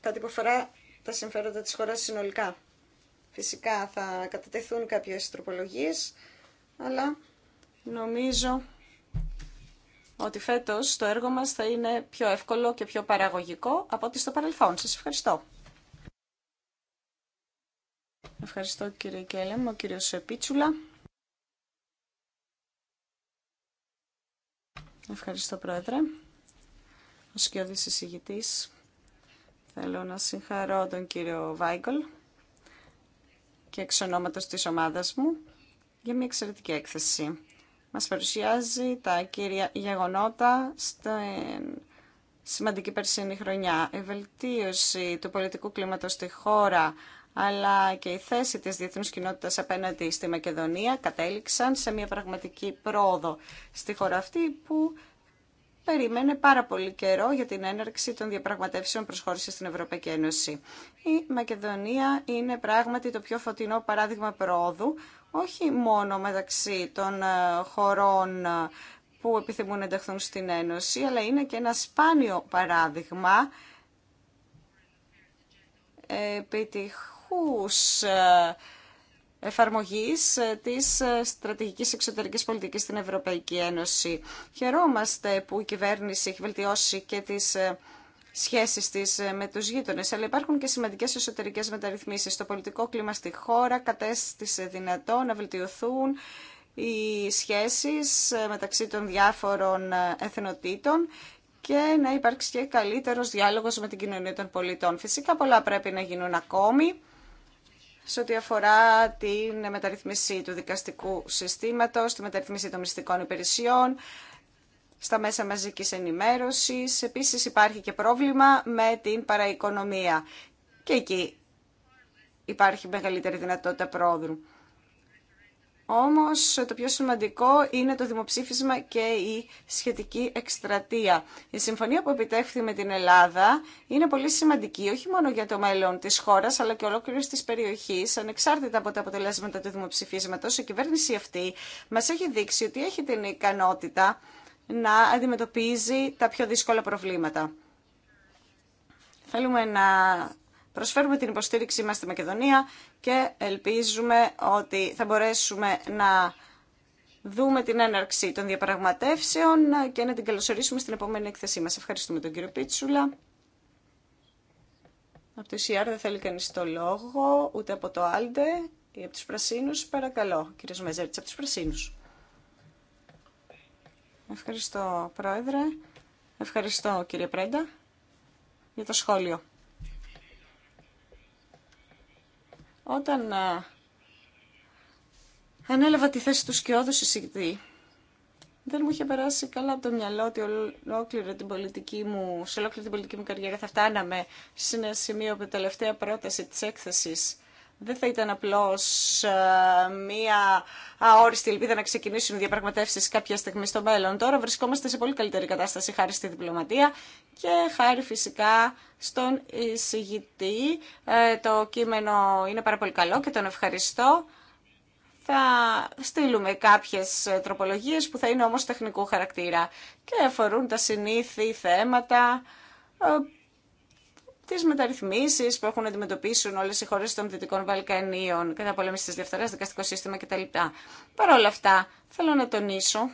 κάτι που αφορά τα συμφέροντα της χώρας συνολικά. Φυσικά θα κατατεθούν κάποιες τροπολογίες, αλλά νομίζω ότι φέτος το έργο μας θα είναι πιο εύκολο και πιο παραγωγικό από ό,τι στο παρελθόν. Σας ευχαριστώ. Ευχαριστώ κύριε Κέλεμ, ο κύριος Πίτσουλα. Ευχαριστώ πρόεδρε. Ο σκιώδης εισηγητής. Θέλω να συγχαρώ τον κύριο Βάικολ και εξ ονόματος της ομάδας μου για μια εξαιρετική έκθεση μας παρουσιάζει τα κύρια γεγονότα στην σημαντική περσίνη χρονιά. Η βελτίωση του πολιτικού κλίματος στη χώρα αλλά και η θέση της διεθνούς κοινότητας απέναντι στη Μακεδονία κατέληξαν σε μια πραγματική πρόοδο στη χώρα αυτή που περίμενε πάρα πολύ καιρό για την έναρξη των διαπραγματεύσεων προσχώρηση στην Ευρωπαϊκή Ένωση. Η Μακεδονία είναι πράγματι το πιο φωτεινό παράδειγμα πρόοδου όχι μόνο μεταξύ των ε, χωρών ε, που επιθυμούν να ενταχθούν στην Ένωση, αλλά είναι και ένα σπάνιο παράδειγμα επιτυχούς ε, εφαρμογής της στρατηγικής εξωτερικής πολιτικής στην Ευρωπαϊκή Ένωση. Χαιρόμαστε που η κυβέρνηση έχει βελτιώσει και τις σχέσεις της ε, με τους γείτονες, αλλά υπάρχουν και σημαντικές εσωτερικές μεταρρυθμίσεις. Το πολιτικό κλίμα στη χώρα κατέστησε δυνατό να βελτιωθούν οι σχέσεις ε, μεταξύ των διάφορων ε, εθνοτήτων και να υπάρξει και καλύτερος διάλογος με την κοινωνία των πολιτών. Φυσικά πολλά πρέπει να γίνουν ακόμη σε ό,τι αφορά την μεταρρυθμίση του δικαστικού συστήματος, τη μεταρρυθμίση των μυστικών υπηρεσιών, στα μέσα μαζικής ενημέρωσης. Επίσης υπάρχει και πρόβλημα με την παραοικονομία. Και εκεί υπάρχει μεγαλύτερη δυνατότητα πρόοδου. Όμως το πιο σημαντικό είναι το δημοψήφισμα και η σχετική εκστρατεία. Η συμφωνία που επιτεύχθη με την Ελλάδα είναι πολύ σημαντική όχι μόνο για το μέλλον της χώρας αλλά και ολόκληρης της περιοχής ανεξάρτητα από τα αποτελέσματα του δημοψηφίσματος. Η κυβέρνηση αυτή μας έχει δείξει ότι έχει την ικανότητα να αντιμετωπίζει τα πιο δύσκολα προβλήματα. Θέλουμε να προσφέρουμε την υποστήριξή μας στη Μακεδονία και ελπίζουμε ότι θα μπορέσουμε να δούμε την έναρξη των διαπραγματεύσεων και να την καλωσορίσουμε στην επόμενη εκθεσή μας. Ευχαριστούμε τον κύριο Πίτσουλα. Από το ΙΣΙΑΡ δεν θέλει κανείς το λόγο, ούτε από το ΑΛΔΕ ή από τους Πρασίνους. Παρακαλώ, κύριος Μεζέρτης, από τους Πρασίνους. Ευχαριστώ, Πρόεδρε. Ευχαριστώ, κύριε Πρέντα, για το σχόλιο. Όταν ανέλαβα τη θέση του σκιώδου συζητητή, δεν μου είχε περάσει καλά από το μυαλό ότι ολόκληρη την πολιτική μου, σε ολόκληρη την πολιτική μου καριέρα θα φτάναμε σε ένα σημείο που τελευταία πρόταση της έκθεσης δεν θα ήταν απλώς ε, μία αόριστη ελπίδα να ξεκινήσουν οι διαπραγματεύσεις κάποια στιγμή στο μέλλον. Τώρα βρισκόμαστε σε πολύ καλύτερη κατάσταση χάρη στη διπλωματία και χάρη φυσικά στον εισηγητή. Ε, το κείμενο είναι πάρα πολύ καλό και τον ευχαριστώ. Θα στείλουμε κάποιες ε, τροπολογίες που θα είναι όμως τεχνικού χαρακτήρα και αφορούν τα συνήθη θέματα τι μεταρρυθμίσει που έχουν να αντιμετωπίσουν όλε οι χώρε των Δυτικών Βαλκανίων, κατά πολέμηση τη διαφθορά, δικαστικό σύστημα κτλ. Παρ' όλα αυτά, θέλω να τονίσω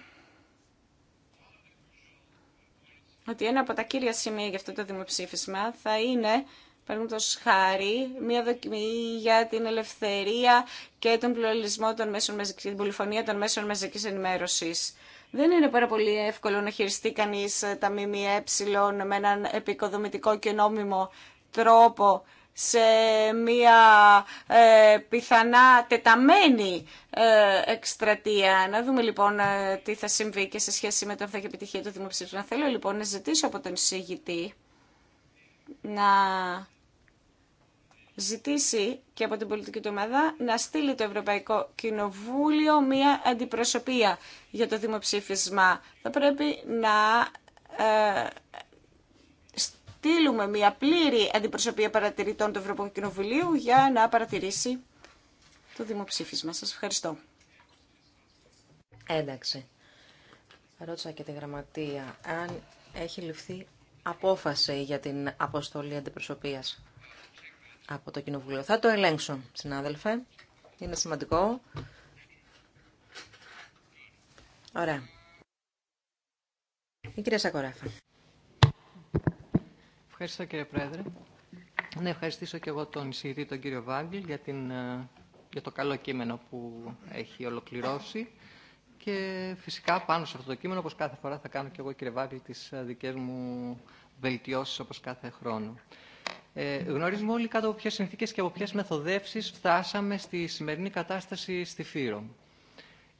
ότι ένα από τα κύρια σημεία για αυτό το δημοψήφισμα θα είναι παραδείγματο χάρη, μια δοκιμή για την ελευθερία και τον πλουραλισμό των την πολυφωνία των μέσων μαζική ενημέρωση. Δεν είναι πάρα πολύ εύκολο να χειριστεί κανείς ε, τα ΜΜΕ με έναν επικοδομητικό και νόμιμο τρόπο σε μια ε, πιθανά τεταμένη ε, εκστρατεία. Να δούμε λοιπόν τι θα συμβεί και σε σχέση με το αν θα έχει επιτυχία το δημοψήφισμα. Θέλω λοιπόν να ζητήσω από τον εισηγητή να ζητήσει και από την πολιτική του ομάδα να στείλει το Ευρωπαϊκό Κοινοβούλιο μία αντιπροσωπεία για το δημοψήφισμα. Θα πρέπει να ε, στείλουμε μία πλήρη αντιπροσωπεία παρατηρητών του Ευρωπαϊκού Κοινοβουλίου για να παρατηρήσει το δημοψήφισμα. Σας ευχαριστώ. Ένταξε. Ρώτησα και τη γραμματεία αν έχει ληφθεί απόφαση για την αποστολή αντιπροσωπείας από το Κοινοβουλίο. Θα το ελέγξω, συνάδελφε. Είναι σημαντικό. Ωραία. Η κυρία Σακοράφα. Ευχαριστώ κύριε Πρόεδρε. Να ευχαριστήσω και εγώ τον εισηγητή τον κύριο Βάγγελ, για, την, ε, για το καλό κείμενο που έχει ολοκληρώσει και φυσικά πάνω σε αυτό το κείμενο όπως κάθε φορά θα κάνω και εγώ κύριε Βάγγελ, τις ε, δικές μου βελτιώσεις όπως κάθε χρόνο. Ε, γνωρίζουμε όλοι κάτω από ποιε συνθήκε και από ποιε μεθοδεύσει φτάσαμε στη σημερινή κατάσταση στη Φύρο.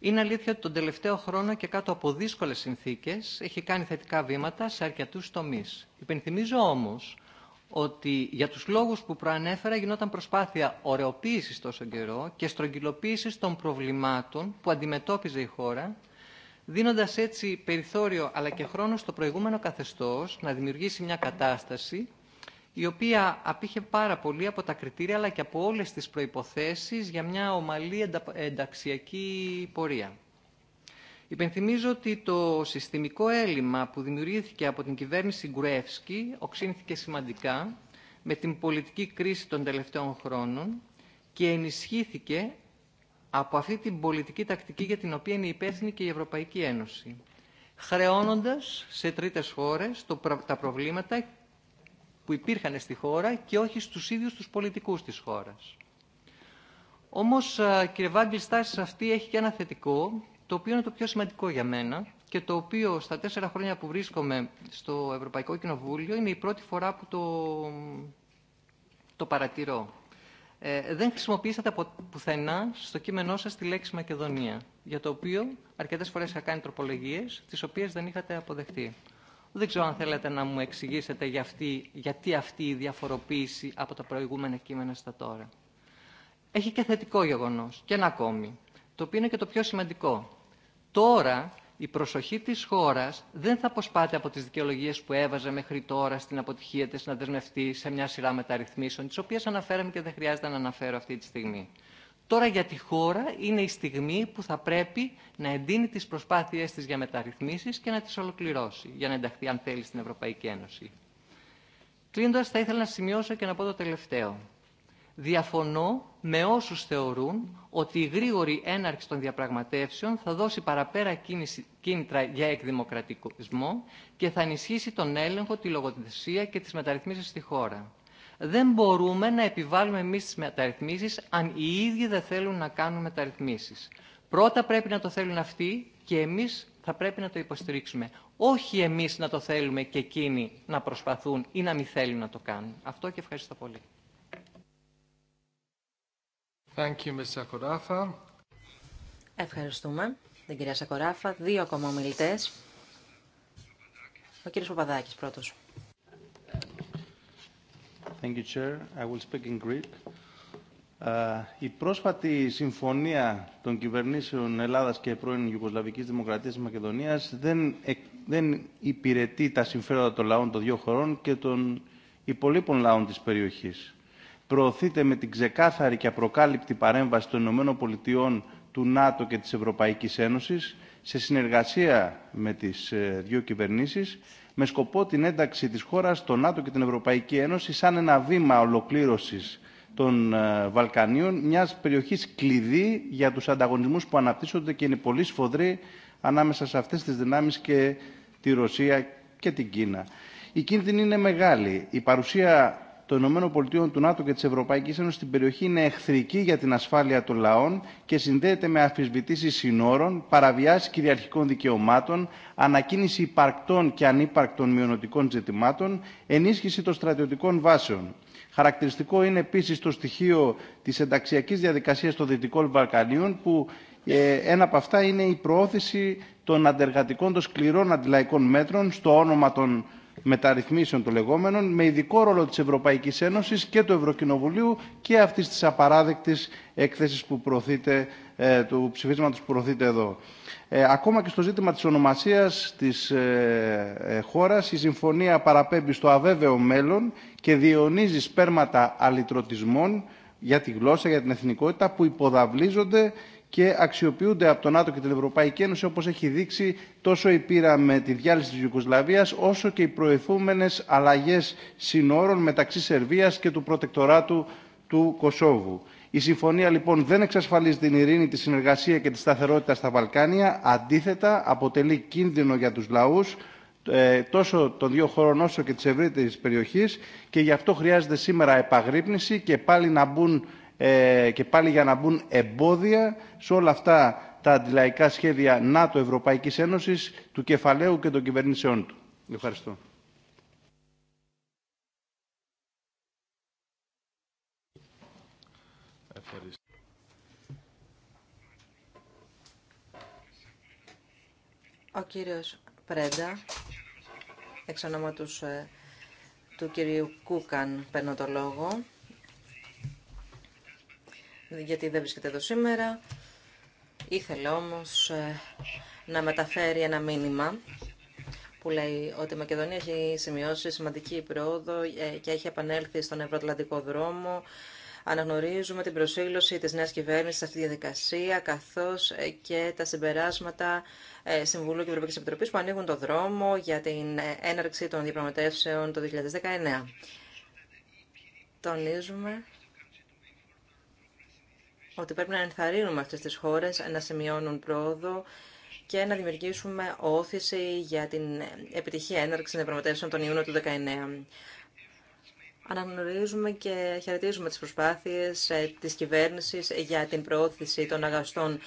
Είναι αλήθεια ότι τον τελευταίο χρόνο και κάτω από δύσκολε συνθήκε έχει κάνει θετικά βήματα σε αρκετού τομεί. Υπενθυμίζω όμω ότι για τους λόγου που προανέφερα γινόταν προσπάθεια ωρεοποίηση τόσο καιρό και στρογγυλοποίηση των προβλημάτων που αντιμετώπιζε η χώρα, δίνοντα έτσι περιθώριο αλλά και χρόνο στο προηγούμενο καθεστώ να δημιουργήσει μια κατάσταση η οποία απήχε πάρα πολύ από τα κριτήρια αλλά και από όλες τις προϋποθέσεις για μια ομαλή ενταξιακή πορεία. Υπενθυμίζω ότι το συστημικό έλλειμμα που δημιουργήθηκε από την κυβέρνηση Γκουρεύσκη οξύνθηκε σημαντικά με την πολιτική κρίση των τελευταίων χρόνων και ενισχύθηκε από αυτή την πολιτική τακτική για την οποία είναι υπεύθυνη και η Ευρωπαϊκή Ένωση, χρεώνοντας σε τρίτες χώρες τα προβλήματα που υπήρχαν στη χώρα και όχι στους ίδιους τους πολιτικούς της χώρας. Όμως, ε, κύριε Βάγκλη, στάση αυτή έχει και ένα θετικό, το οποίο είναι το πιο σημαντικό για μένα και το οποίο στα τέσσερα χρόνια που βρίσκομαι στο Ευρωπαϊκό Κοινοβούλιο είναι η πρώτη φορά που το, το παρατηρώ. Ε, δεν χρησιμοποιήσατε από πουθενά στο κείμενό σας τη λέξη Μακεδονία, για το οποίο αρκετές φορές είχα κάνει τροπολογίες, τις οποίες δεν είχατε αποδεχτεί. Δεν ξέρω αν θέλετε να μου εξηγήσετε για αυτή, γιατί αυτή η διαφοροποίηση από τα προηγούμενα κείμενα στα τώρα. Έχει και θετικό γεγονός, και ένα ακόμη, το οποίο είναι και το πιο σημαντικό. Τώρα η προσοχή της χώρας δεν θα αποσπάται από τις δικαιολογίε που έβαζε μέχρι τώρα στην αποτυχία της να δεσμευτεί σε μια σειρά μεταρρυθμίσεων, τις οποίες αναφέραμε και δεν χρειάζεται να αναφέρω αυτή τη στιγμή. Τώρα για τη χώρα είναι η στιγμή που θα πρέπει να εντείνει τις προσπάθειές της για μεταρρυθμίσεις και να τις ολοκληρώσει για να ενταχθεί αν θέλει στην Ευρωπαϊκή Ένωση. Κλείνοντα, θα ήθελα να σημειώσω και να πω το τελευταίο. Διαφωνώ με όσους θεωρούν ότι η γρήγορη έναρξη των διαπραγματεύσεων θα δώσει παραπέρα κίνητρα για εκδημοκρατισμό και θα ενισχύσει τον έλεγχο, τη λογοδοσία και τις μεταρρυθμίσεις στη χώρα δεν μπορούμε να επιβάλλουμε εμείς τις μεταρρυθμίσεις αν οι ίδιοι δεν θέλουν να κάνουν μεταρρυθμίσεις. Πρώτα πρέπει να το θέλουν αυτοί και εμείς θα πρέπει να το υποστηρίξουμε. Όχι εμείς να το θέλουμε και εκείνοι να προσπαθούν ή να μην θέλουν να το κάνουν. Αυτό και ευχαριστώ πολύ. Thank you, Ευχαριστούμε την κυρία Σακοράφα. Δύο ακόμα ομιλητέ. Ο κύριος πρώτος. Thank you, Chair. I will speak in Greek. Uh, η πρόσφατη συμφωνία των κυβερνήσεων Ελλάδας και πρώην Ιουγκοσλαβικής Δημοκρατίας της Μακεδονίας δεν, ε, δεν υπηρετεί τα συμφέροντα των λαών των δύο χωρών και των υπολείπων λαών της περιοχής. Προωθείται με την ξεκάθαρη και απροκάλυπτη παρέμβαση των ΗΠΑ, του ΝΑΤΟ και της Ευρωπαϊκής Ένωσης σε συνεργασία με τις ε, δύο κυβερνήσεις με σκοπό την ένταξη της χώρας στο ΝΑΤΟ και την Ευρωπαϊκή Ένωση σαν ένα βήμα ολοκλήρωσης των ε, Βαλκανίων, μιας περιοχής κλειδί για τους ανταγωνισμούς που αναπτύσσονται και είναι πολύ σφοδροί ανάμεσα σε αυτές τις δυνάμεις και τη Ρωσία και την Κίνα. Η κίνδυνη είναι μεγάλη. Η παρουσία των ΗΠΑ, του ΝΑΤΟ και τη Ευρωπαϊκή Ένωση στην περιοχή είναι εχθρική για την ασφάλεια των λαών και συνδέεται με αφισβητήσει συνόρων, παραβιάσει κυριαρχικών δικαιωμάτων, ανακίνηση υπαρκτών και ανύπαρκτων μειωνοτικών ζητημάτων, ενίσχυση των στρατιωτικών βάσεων. Χαρακτηριστικό είναι επίση το στοιχείο τη ενταξιακή διαδικασία των Δυτικών Βαλκανίων, που ε, ένα από αυτά είναι η προώθηση των αντεργατικών, των σκληρών αντιλαϊκών μέτρων στο όνομα των μεταρρυθμίσεων των λεγόμενων, με ειδικό ρόλο της Ευρωπαϊκής Ένωσης και του Ευρωκοινοβουλίου και αυτής της απαράδεκτης έκθεσης που ε, του ψηφίσματος που προωθείται εδώ. Ε, ακόμα και στο ζήτημα της ονομασίας της ε, ε, χώρας, η συμφωνία παραπέμπει στο αβέβαιο μέλλον και διαιωνίζει σπέρματα αλυτρωτισμών για τη γλώσσα, για την εθνικότητα που υποδαβλίζονται και αξιοποιούνται από τον ΝΑΤΟ και την Ευρωπαϊκή Ένωση όπω έχει δείξει τόσο η πείρα με τη διάλυση τη Ιουγκοσλαβία, όσο και οι προεθούμενες αλλαγέ συνόρων μεταξύ Σερβία και του προτεκτοράτου του Κωσόβου. Η συμφωνία λοιπόν δεν εξασφαλίζει την ειρήνη, τη συνεργασία και τη σταθερότητα στα Βαλκάνια. Αντίθετα, αποτελεί κίνδυνο για του λαού ε, τόσο των δύο χωρών όσο και της ευρύτερης περιοχής και γι' αυτό χρειάζεται σήμερα επαγρύπνηση και πάλι να μπουν ε, και πάλι για να μπουν εμπόδια σε όλα αυτά τα αντιλαϊκά σχέδια ΝΑΤΟ Ευρωπαϊκής Ένωσης του κεφαλαίου και των κυβερνήσεών του. Ευχαριστώ. Ο κύριος Πρέντα, εξ ονόματος ε, του κυρίου Κούκαν, παίρνω το λόγο γιατί δεν βρίσκεται εδώ σήμερα. Ήθελε όμως ε, να μεταφέρει ένα μήνυμα που λέει ότι η Μακεδονία έχει σημειώσει σημαντική πρόοδο ε, και έχει επανέλθει στον ευρωατλαντικό δρόμο. Αναγνωρίζουμε την προσήλωση της νέας κυβέρνησης σε αυτή τη διαδικασία, καθώς ε, και τα συμπεράσματα Συμβουλού και Ευρωπαϊκής Επιτροπής που ανοίγουν το δρόμο για την έναρξη των διαπραγματεύσεων το 2019. Τονίζουμε ότι πρέπει να ενθαρρύνουμε αυτές τις χώρες να σημειώνουν πρόοδο και να δημιουργήσουμε όθηση για την επιτυχή έναρξη των διαπραγματεύσεων τον Ιούνιο του 2019. Αναγνωρίζουμε και χαιρετίζουμε τις προσπάθειες ε, της κυβέρνησης για την προώθηση των αγαστών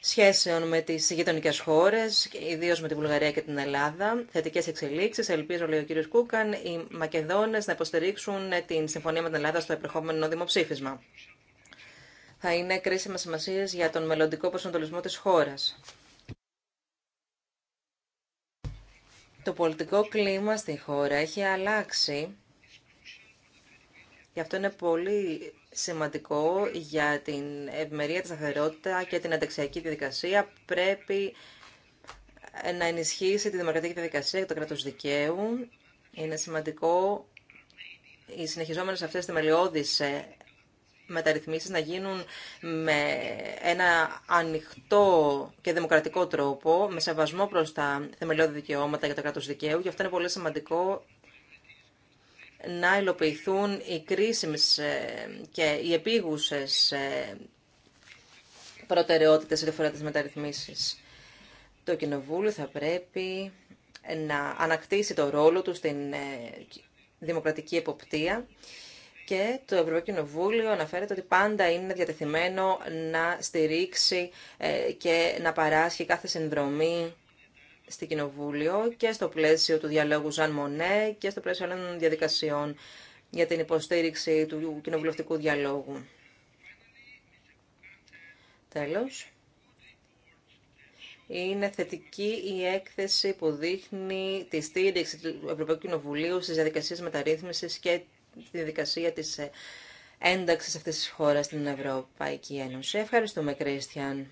σχέσεων με τις γειτονικέ χώρες, ιδίως με τη Βουλγαρία και την Ελλάδα. Θετικές εξελίξεις, ελπίζω, λέει ο κ. Κούκαν, οι Μακεδόνες να υποστηρίξουν την συμφωνία με την Ελλάδα στο επερχόμενο δημοψήφισμα θα είναι κρίσιμα σημασία για τον μελλοντικό προσανατολισμό της χώρας. Το πολιτικό κλίμα στη χώρα έχει αλλάξει Γι' αυτό είναι πολύ σημαντικό για την ευμερία, της σταθερότητα και την ανταξιακή διαδικασία. Πρέπει να ενισχύσει τη δημοκρατική διαδικασία και το κράτος δικαίου. Είναι σημαντικό οι συνεχιζόμενες αυτές θεμελιώδεις μεταρρυθμίσεις να γίνουν με ένα ανοιχτό και δημοκρατικό τρόπο, με σεβασμό προς τα θεμελιώδη δικαιώματα για το κράτος δικαίου. Γι' αυτό είναι πολύ σημαντικό να υλοποιηθούν οι κρίσιμες ε, και οι επίγουσες ε, προτεραιότητες σε φορά τις μεταρρυθμίσεις. Το Κοινοβούλιο θα πρέπει να ανακτήσει το ρόλο του στην ε, δημοκρατική εποπτεία και το Ευρωπαϊκό Κοινοβούλιο αναφέρεται ότι πάντα είναι διατεθειμένο να στηρίξει ε, και να παράσχει κάθε συνδρομή στη Κοινοβούλιο και στο πλαίσιο του διαλόγου Ζαν Μονέ και στο πλαίσιο άλλων διαδικασιών για την υποστήριξη του κοινοβουλευτικού διαλόγου. Τέλος. Είναι θετική η έκθεση που δείχνει τη στήριξη του Ευρωπαϊκού Κοινοβουλίου στις διαδικασίες μεταρρύθμισης και τη διαδικασία της ε, ένταξης αυτής της χώρας στην Ευρωπαϊκή Ένωση. Ευχαριστούμε, Κρίστιαν.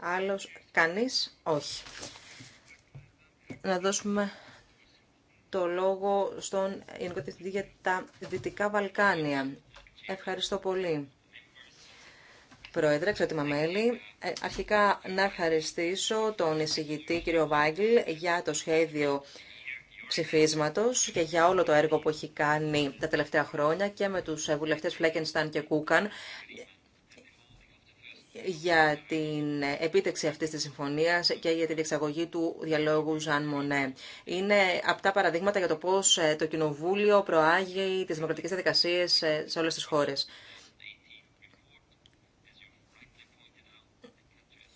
Άλλος, κανείς, όχι. Να δώσουμε το λόγο στον Γενικό Διευθυντή για τα Δυτικά Βαλκάνια. Ευχαριστώ πολύ. Πρόεδρε, εξότιμα μέλη, ε, αρχικά να ευχαριστήσω τον εισηγητή κύριο Βάγκλ για το σχέδιο ψηφίσματος και για όλο το έργο που έχει κάνει τα τελευταία χρόνια και με τους βουλευτές Φλέκενσταν και Κούκαν για την επίτευξη αυτής της συμφωνίας και για τη διεξαγωγή του διαλόγου Ζαν Μονέ. Είναι αυτά παραδείγματα για το πώς το Κοινοβούλιο προάγει τις δημοκρατικές διαδικασίες σε όλες τις χώρες.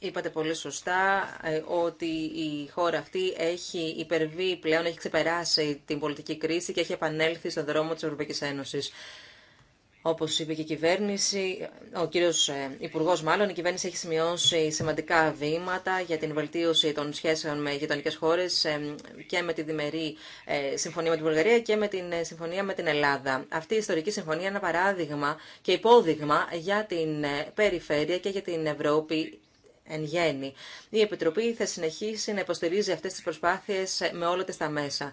Είπατε πολύ σωστά ε, ότι η χώρα αυτή έχει υπερβεί πλέον, έχει ξεπεράσει την πολιτική κρίση και έχει επανέλθει στον δρόμο της Ευρωπαϊκής Ένωσης. Όπως είπε και η κυβέρνηση, ο κύριος ε, Υπουργός μάλλον, η κυβέρνηση έχει σημειώσει σημαντικά βήματα για την βελτίωση των σχέσεων με γειτονικέ χώρες ε, και με τη διμερή συμφωνία με την Βουλγαρία και με την συμφωνία με την Ελλάδα. Αυτή η ιστορική συμφωνία είναι ένα παράδειγμα και υπόδειγμα για την περιφέρεια και για την Ευρώπη εν γέννη. Η Επιτροπή θα συνεχίσει να υποστηρίζει αυτές τις προσπάθειες με όλα τα μέσα.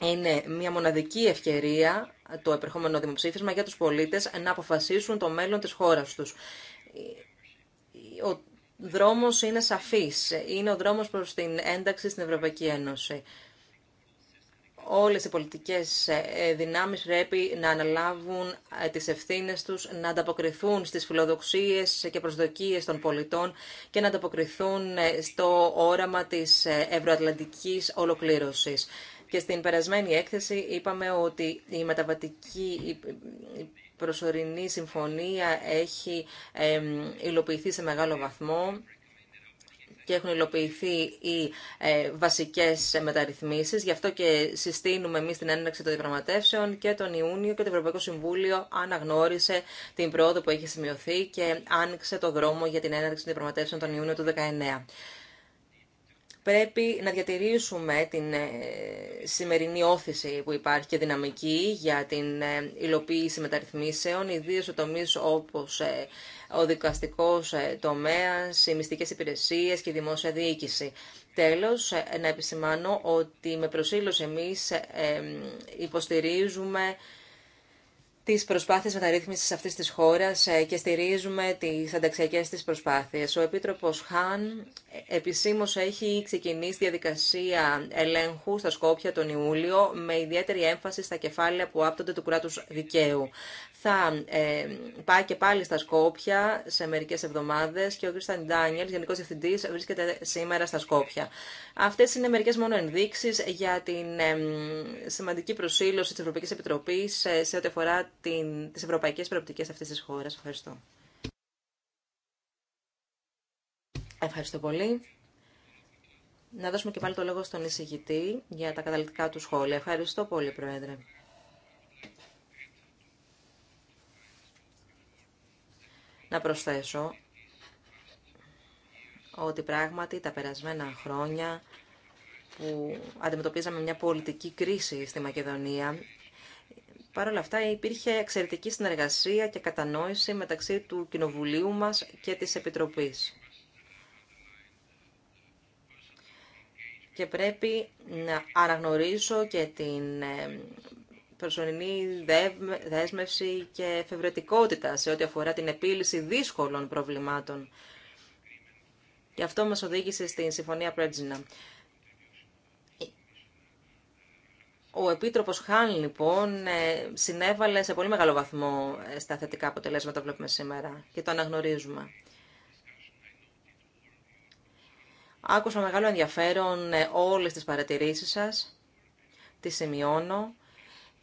Είναι μια μοναδική ευκαιρία το επερχόμενο δημοψήφισμα για τους πολίτες να αποφασίσουν το μέλλον της χώρας τους. Ο δρόμος είναι σαφής. Είναι ο δρόμος προς την ένταξη στην Ευρωπαϊκή Ένωση όλες οι πολιτικές ε, ε, δυνάμεις πρέπει να αναλάβουν ε, τις ευθύνες τους, να ανταποκριθούν στις φιλοδοξίες και προσδοκίες των πολιτών και να ανταποκριθούν στο όραμα της ευρωατλαντικής ολοκλήρωσης. Και στην περασμένη έκθεση είπαμε ότι η μεταβατική προσωρινή συμφωνία έχει υλοποιηθεί σε μεγάλο βαθμό και έχουν υλοποιηθεί οι ε, βασικές μεταρρυθμίσεις. Γι' αυτό και συστήνουμε εμεί την έναρξη των διαπραγματεύσεων και τον Ιούνιο και το Ευρωπαϊκό Συμβούλιο αναγνώρισε την πρόοδο που έχει σημειωθεί και άνοιξε το δρόμο για την έναρξη των διαπραγματεύσεων τον Ιούνιο του 2019 πρέπει να διατηρήσουμε την ε, σημερινή όθηση που υπάρχει και δυναμική για την ε, υλοποίηση μεταρρυθμίσεων, ιδίως σε τομείς όπως ο δικαστικός ε, τομέας, οι μυστικές υπηρεσίες και η δημόσια διοίκηση. Τέλος, ε, να επισημάνω ότι με προσήλωση εμείς ε, υποστηρίζουμε τις προσπάθειες μεταρρύθμισης αυτής της χώρας και στηρίζουμε τις ανταξιακές της προσπάθειες. Ο Επίτροπος Χάν επισήμως έχει ξεκινήσει διαδικασία ελέγχου στα Σκόπια τον Ιούλιο με ιδιαίτερη έμφαση στα κεφάλαια που άπτονται του κράτους δικαίου θα ε, πάει και πάλι στα Σκόπια σε μερικέ εβδομάδε και ο Κρίσταν Ντάνιελ, Γενικό Διευθυντή, βρίσκεται σήμερα στα Σκόπια. Αυτέ είναι μερικέ μόνο ενδείξει για την ε, σημαντική προσήλωση τη Ευρωπαϊκή Επιτροπή σε ό,τι αφορά τι ευρωπαϊκέ ευρωπαϊκές προοπτικές αυτής της Ευχαριστώ. Ευχαριστώ πολύ. Να δώσουμε και πάλι το λόγο στον εισηγητή για τα καταληκτικά του σχόλια. Ευχαριστώ πολύ, Πρόεδρε. Να προσθέσω ότι πράγματι τα περασμένα χρόνια που αντιμετωπίζαμε μια πολιτική κρίση στη Μακεδονία, παρόλα αυτά υπήρχε εξαιρετική συνεργασία και κατανόηση μεταξύ του Κοινοβουλίου μας και της Επιτροπής. Και πρέπει να αναγνωρίσω και την ε, προσωρινή δέσμευση και εφευρετικότητα σε ό,τι αφορά την επίλυση δύσκολων προβλημάτων. Και αυτό μας οδήγησε στην Συμφωνία Πρέτζινα. Ο Επίτροπος Χάν, λοιπόν, ε, συνέβαλε σε πολύ μεγάλο βαθμό ε, στα θετικά αποτελέσματα που βλέπουμε σήμερα και το αναγνωρίζουμε. Άκουσα μεγάλο ενδιαφέρον ε, όλες τις παρατηρήσεις σας, τις σημειώνω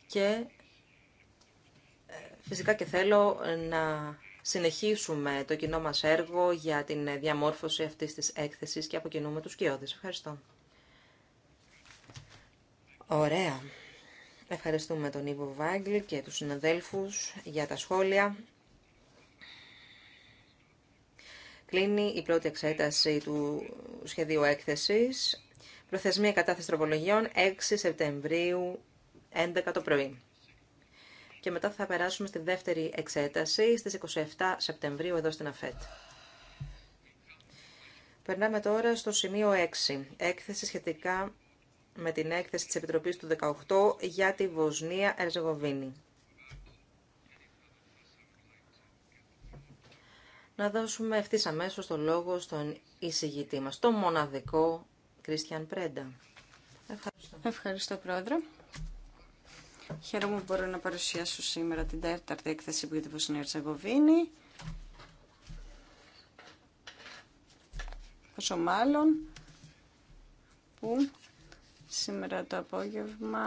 και ε, φυσικά και θέλω να συνεχίσουμε το κοινό μας έργο για την διαμόρφωση αυτής της έκθεσης και αποκοινούμε τους κοιόδες. Ευχαριστώ. Ωραία. Ευχαριστούμε τον Ιβο Βάγκλ και τους συναδέλφους για τα σχόλια. Κλείνει η πρώτη εξέταση του σχεδίου έκθεσης. Προθεσμία κατάθεση τροπολογιών 6 Σεπτεμβρίου 11 το πρωί. Και μετά θα περάσουμε στη δεύτερη εξέταση στις 27 Σεπτεμβρίου εδώ στην ΑΦΕΤ. Περνάμε τώρα στο σημείο 6. Έκθεση σχετικά με την έκθεση της Επιτροπής του 18 για τη Βοσνία Ερζεγοβίνη. Να δώσουμε ευθύ αμέσω το λόγο στον εισηγητή μας, τον μοναδικό Κρίστιαν Πρέντα. Ευχαριστώ. Ευχαριστώ, Πρόεδρο. Χαίρομαι που μπορώ να παρουσιάσω σήμερα την τέταρτη έκθεση που για τη η Ερτσεγοβίνη. Πόσο μάλλον που σήμερα το απόγευμα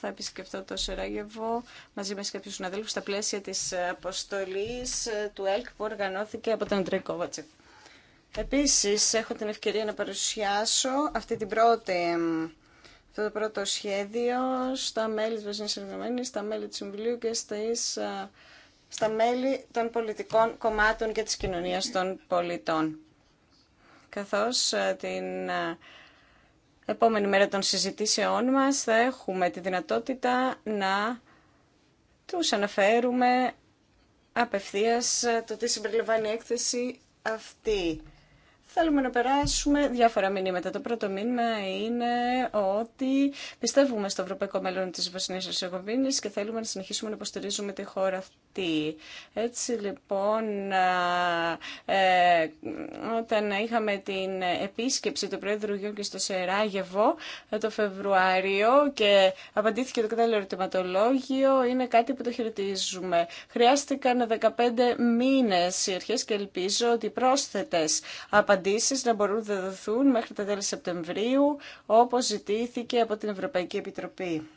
θα επισκεφτώ το Σεράγεβο μαζί με κάποιους συναδέλφους στα πλαίσια της αποστολής του ΕΛΚ που οργανώθηκε από τον Αντρέν Κόβατσεκ. Επίσης, έχω την ευκαιρία να παρουσιάσω αυτή την πρώτη το πρώτο σχέδιο στα μέλη της Βασίλισσας Ενωμένης, στα μέλη του Συμβουλίου και στα μέλη των πολιτικών κομμάτων και της κοινωνίας των πολιτών. Καθώς την επόμενη μέρα των συζητήσεών μας θα έχουμε τη δυνατότητα να τους αναφέρουμε απευθείας το τι συμπεριλαμβάνει η έκθεση αυτή. Θέλουμε να περάσουμε διάφορα μηνύματα. Το πρώτο μήνυμα είναι ότι πιστεύουμε στο ευρωπαϊκό μέλλον τη Βοσνία Ερσεγοβίνη και θέλουμε να συνεχίσουμε να υποστηρίζουμε τη χώρα αυτή. Έτσι λοιπόν, ε, όταν είχαμε την επίσκεψη του Πρόεδρου Γιούγκη στο Σεράγεβο ε, το Φεβρουάριο και απαντήθηκε το κατάλληλο ερωτηματολόγιο, είναι κάτι που το χαιρετίζουμε. Χρειάστηκαν 15 μήνε οι αρχέ και ελπίζω ότι πρόσθετε απαντήσει απαντήσεις να μπορούν να δοθούν μέχρι τα τέλη Σεπτεμβρίου, όπως ζητήθηκε από την Ευρωπαϊκή Επιτροπή.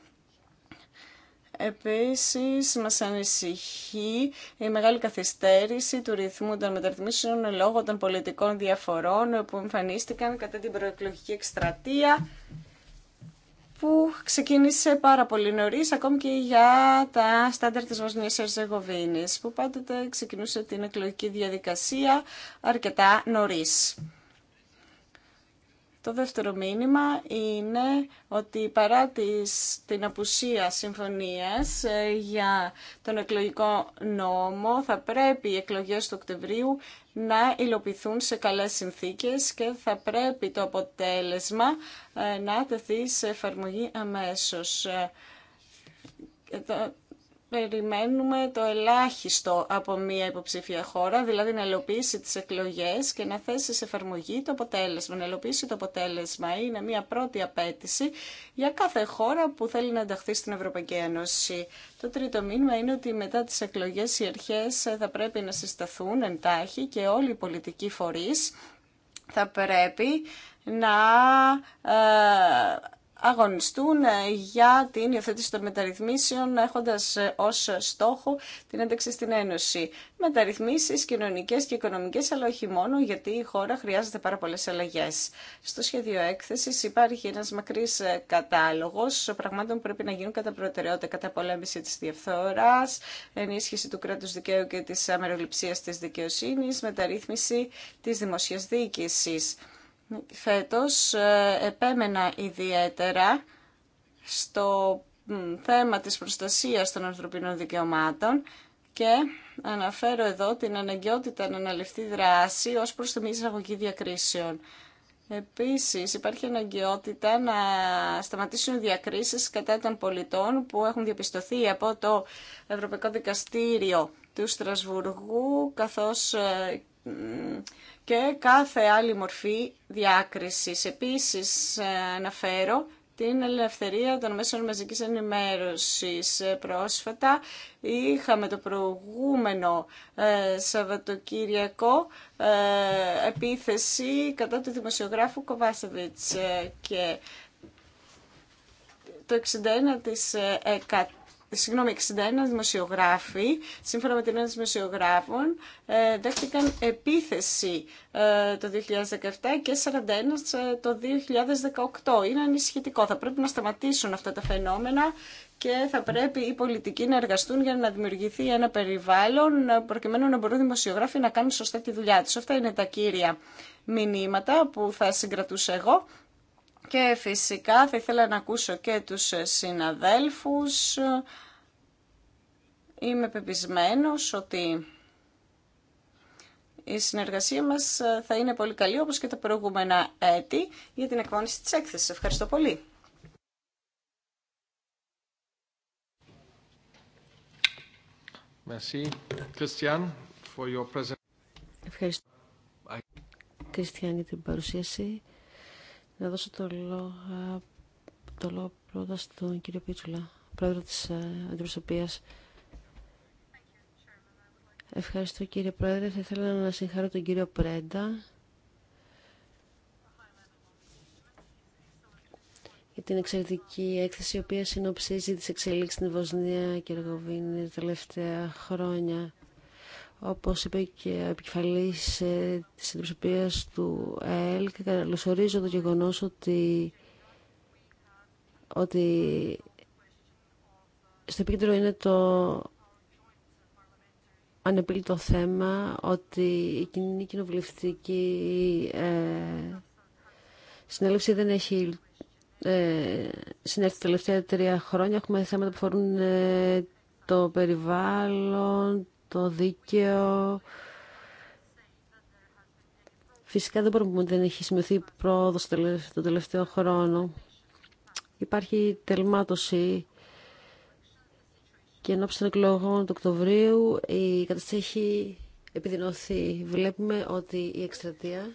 Επίσης, μας ανησυχεί η μεγάλη καθυστέρηση του ρυθμού των μεταρρυθμίσεων λόγω των πολιτικών διαφορών που εμφανίστηκαν κατά την προεκλογική εκστρατεία που ξεκίνησε πάρα πολύ νωρί ακόμη και για τα στάνταρ τη Βοσνία Ερζεγοβίνη, που πάντοτε ξεκινούσε την εκλογική διαδικασία αρκετά νωρί. Το δεύτερο μήνυμα είναι ότι παρά την απουσία συμφωνίας ε, για τον εκλογικό νόμο θα πρέπει οι εκλογές του Οκτωβρίου να υλοποιηθούν σε καλές συνθήκες και θα πρέπει το αποτέλεσμα ε, να τεθεί σε εφαρμογή αμέσως. Ε, περιμένουμε το ελάχιστο από μια υποψήφια χώρα, δηλαδή να ελοπίσει τις εκλογές και να θέσει σε εφαρμογή το αποτέλεσμα. Να ελοπίσει το αποτέλεσμα είναι μια πρώτη απέτηση για κάθε χώρα που θέλει να ενταχθεί στην Ευρωπαϊκή Ένωση. Το τρίτο μήνυμα είναι ότι μετά τις εκλογές οι αρχές θα πρέπει να συσταθούν εντάχει και όλοι οι πολιτικοί φορείς θα πρέπει να ε, αγωνιστούν ε, για την υιοθέτηση των μεταρρυθμίσεων έχοντας ε, ως στόχο την ένταξη στην Ένωση. Μεταρρυθμίσεις κοινωνικές και οικονομικές αλλά όχι μόνο γιατί η χώρα χρειάζεται πάρα πολλές αλλαγές. Στο σχέδιο έκθεσης υπάρχει ένας μακρύς ε, κατάλογος πραγμάτων που πρέπει να γίνουν κατά προτεραιότητα κατά πολέμηση της διαφθοράς, ενίσχυση του κράτους δικαίου και της αμεροληψίας της δικαιοσύνης, μεταρρύθμιση της δημοσίας διοίκησης φέτος ε, επέμενα ιδιαίτερα στο θέμα της προστασίας των ανθρωπίνων δικαιωμάτων και αναφέρω εδώ την αναγκαιότητα να αναλυφθεί δράση ως προς τη μη εισαγωγή διακρίσεων. Επίσης υπάρχει αναγκαιότητα να σταματήσουν διακρίσεις κατά των πολιτών που έχουν διαπιστωθεί από το Ευρωπαϊκό Δικαστήριο του Στρασβουργού καθώς ε, και κάθε άλλη μορφή διάκρισης. Επίσης, ε, αναφέρω την ελευθερία των μέσων μαζικής ενημέρωσης. Ε, πρόσφατα είχαμε το προηγούμενο ε, Σαββατοκύριακο ε, επίθεση κατά του δημοσιογράφου Κοβάσεβιτς και το 61% συγγνώμη, 61 δημοσιογράφοι, σύμφωνα με την Ένωση Δημοσιογράφων, ε, δέχτηκαν επίθεση ε, το 2017 και 41 ε, το 2018. Είναι ανησυχητικό. Θα πρέπει να σταματήσουν αυτά τα φαινόμενα και θα πρέπει οι πολιτικοί να εργαστούν για να δημιουργηθεί ένα περιβάλλον προκειμένου να μπορούν οι δημοσιογράφοι να κάνουν σωστά τη δουλειά τους. Αυτά είναι τα κύρια μηνύματα που θα συγκρατούσα εγώ και φυσικά θα ήθελα να ακούσω και τους συναδέλφους. Είμαι πεπισμένος ότι η συνεργασία μας θα είναι πολύ καλή όπως και τα προηγούμενα έτη για την εκπόνηση της έκθεσης. Ευχαριστώ πολύ. Merci. Christian, for your Ευχαριστώ. Κριστιαν για την παρουσίαση. Να δώσω το λόγο, το λόγο πρώτα στον κύριο Πίτσουλα, πρόεδρο της ε, αντιπροσωπείας. Ευχαριστώ κύριε Πρόεδρε. Θα ήθελα να συγχαρώ τον κύριο Πρέντα για την εξαιρετική έκθεση η οποία συνοψίζει τις εξελίξεις στην Βοσνία και Εργοβίνη τα τελευταία χρόνια. Όπως είπε και ο επικεφαλής ε, της αντιπροσωπείας του ΕΕΛ και καλωσορίζω το γεγονός ότι, ότι στο επίκεντρο είναι το ανεπίλητο θέμα ότι η κοινή κοινοβουλευτική ε, συνέλευση δεν έχει ε, συνέλθει τα τελευταία τρία χρόνια. Έχουμε θέματα που φορούν ε, το περιβάλλον, το δίκαιο. Φυσικά δεν μπορούμε να πούμε ότι δεν έχει σημειωθεί πρόοδο το τελευταίο χρόνο. Υπάρχει τελμάτωση και ενώπιση των εκλογών του Οκτωβρίου η κατάσταση έχει επιδεινωθεί. Βλέπουμε ότι η εκστρατεία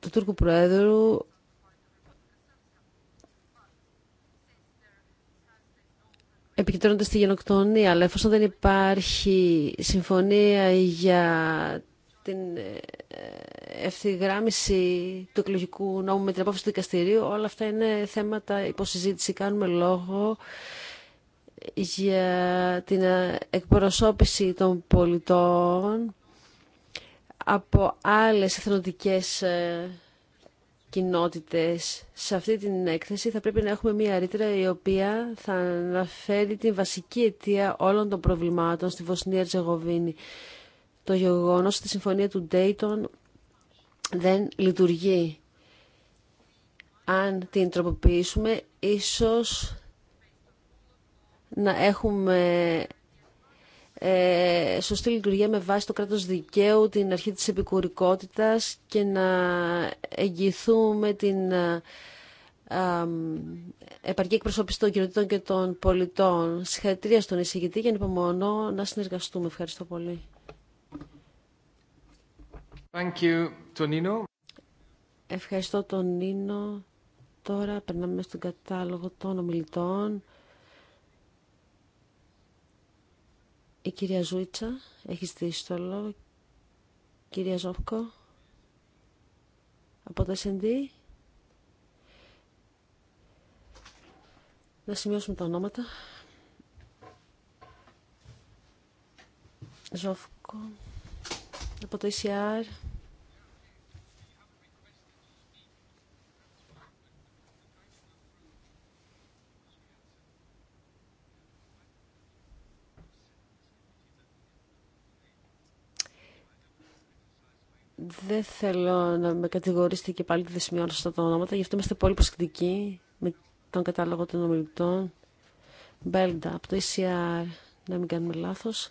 του Τούρκου Προέδρου επικεντρώνονται στη γενοκτονία, αλλά εφόσον δεν υπάρχει συμφωνία για την ε, ευθυγράμμιση του εκλογικού νόμου με την απόφαση του δικαστηρίου, όλα αυτά είναι θέματα υποσυζήτηση. Κάνουμε λόγο για την ε, εκπροσώπηση των πολιτών από άλλες εθνοτικές ε, κοινότητες. Σε αυτή την έκθεση θα πρέπει να έχουμε μια ρήτρα η οποία θα αναφέρει την βασική αιτία όλων των προβλημάτων στη Βοσνία Ερζεγοβίνη. Το γεγονός ότι η συμφωνία του Ντέιτον δεν λειτουργεί. Αν την τροποποιήσουμε, ίσως να έχουμε ε, σωστή λειτουργία με βάση το κράτος δικαίου, την αρχή της επικουρικότητας και να εγγυηθούμε την ε, επαρκή εκπροσώπηση των κοινωτήτων και των πολιτών. Συγχαρητήρια στον εισηγητή και ανυπομονώ να συνεργαστούμε. Ευχαριστώ πολύ. Thank you, Tonino. Ευχαριστώ τον Νίνο. Τώρα περνάμε στον κατάλογο των ομιλητών. Η κυρία Ζούιτσα έχει στήσει το λόγο. Κυρία Ζόφκο. Από το S&D. Να σημειώσουμε τα ονόματα. Ζόφκο. Από το ECR. Δεν θέλω να με κατηγορήσετε και πάλι ότι δεν σημειώνω αυτά τα ονόματα, γι' αυτό είμαστε πολύ προσεκτικοί με τον κατάλογο των ομιλητών. Μπέλντα, από το ECR, να μην κάνουμε λάθος.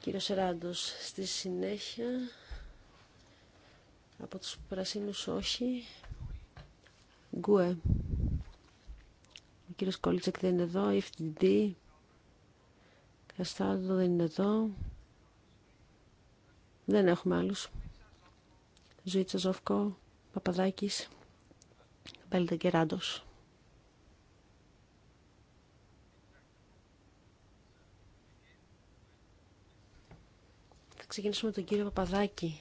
Κύριο Σεράντος, στη συνέχεια, από τους πρασίνους όχι. Γκουε. Ο κύριος Κόλιτσεκ δεν είναι εδώ, FDD. Καστάδο δεν είναι εδώ. Δεν έχουμε άλλους. Ζήτσα Ζόφκο, Παπαδάκης, Μπέλτα Θα ξεκινήσουμε τον κύριο Παπαδάκη.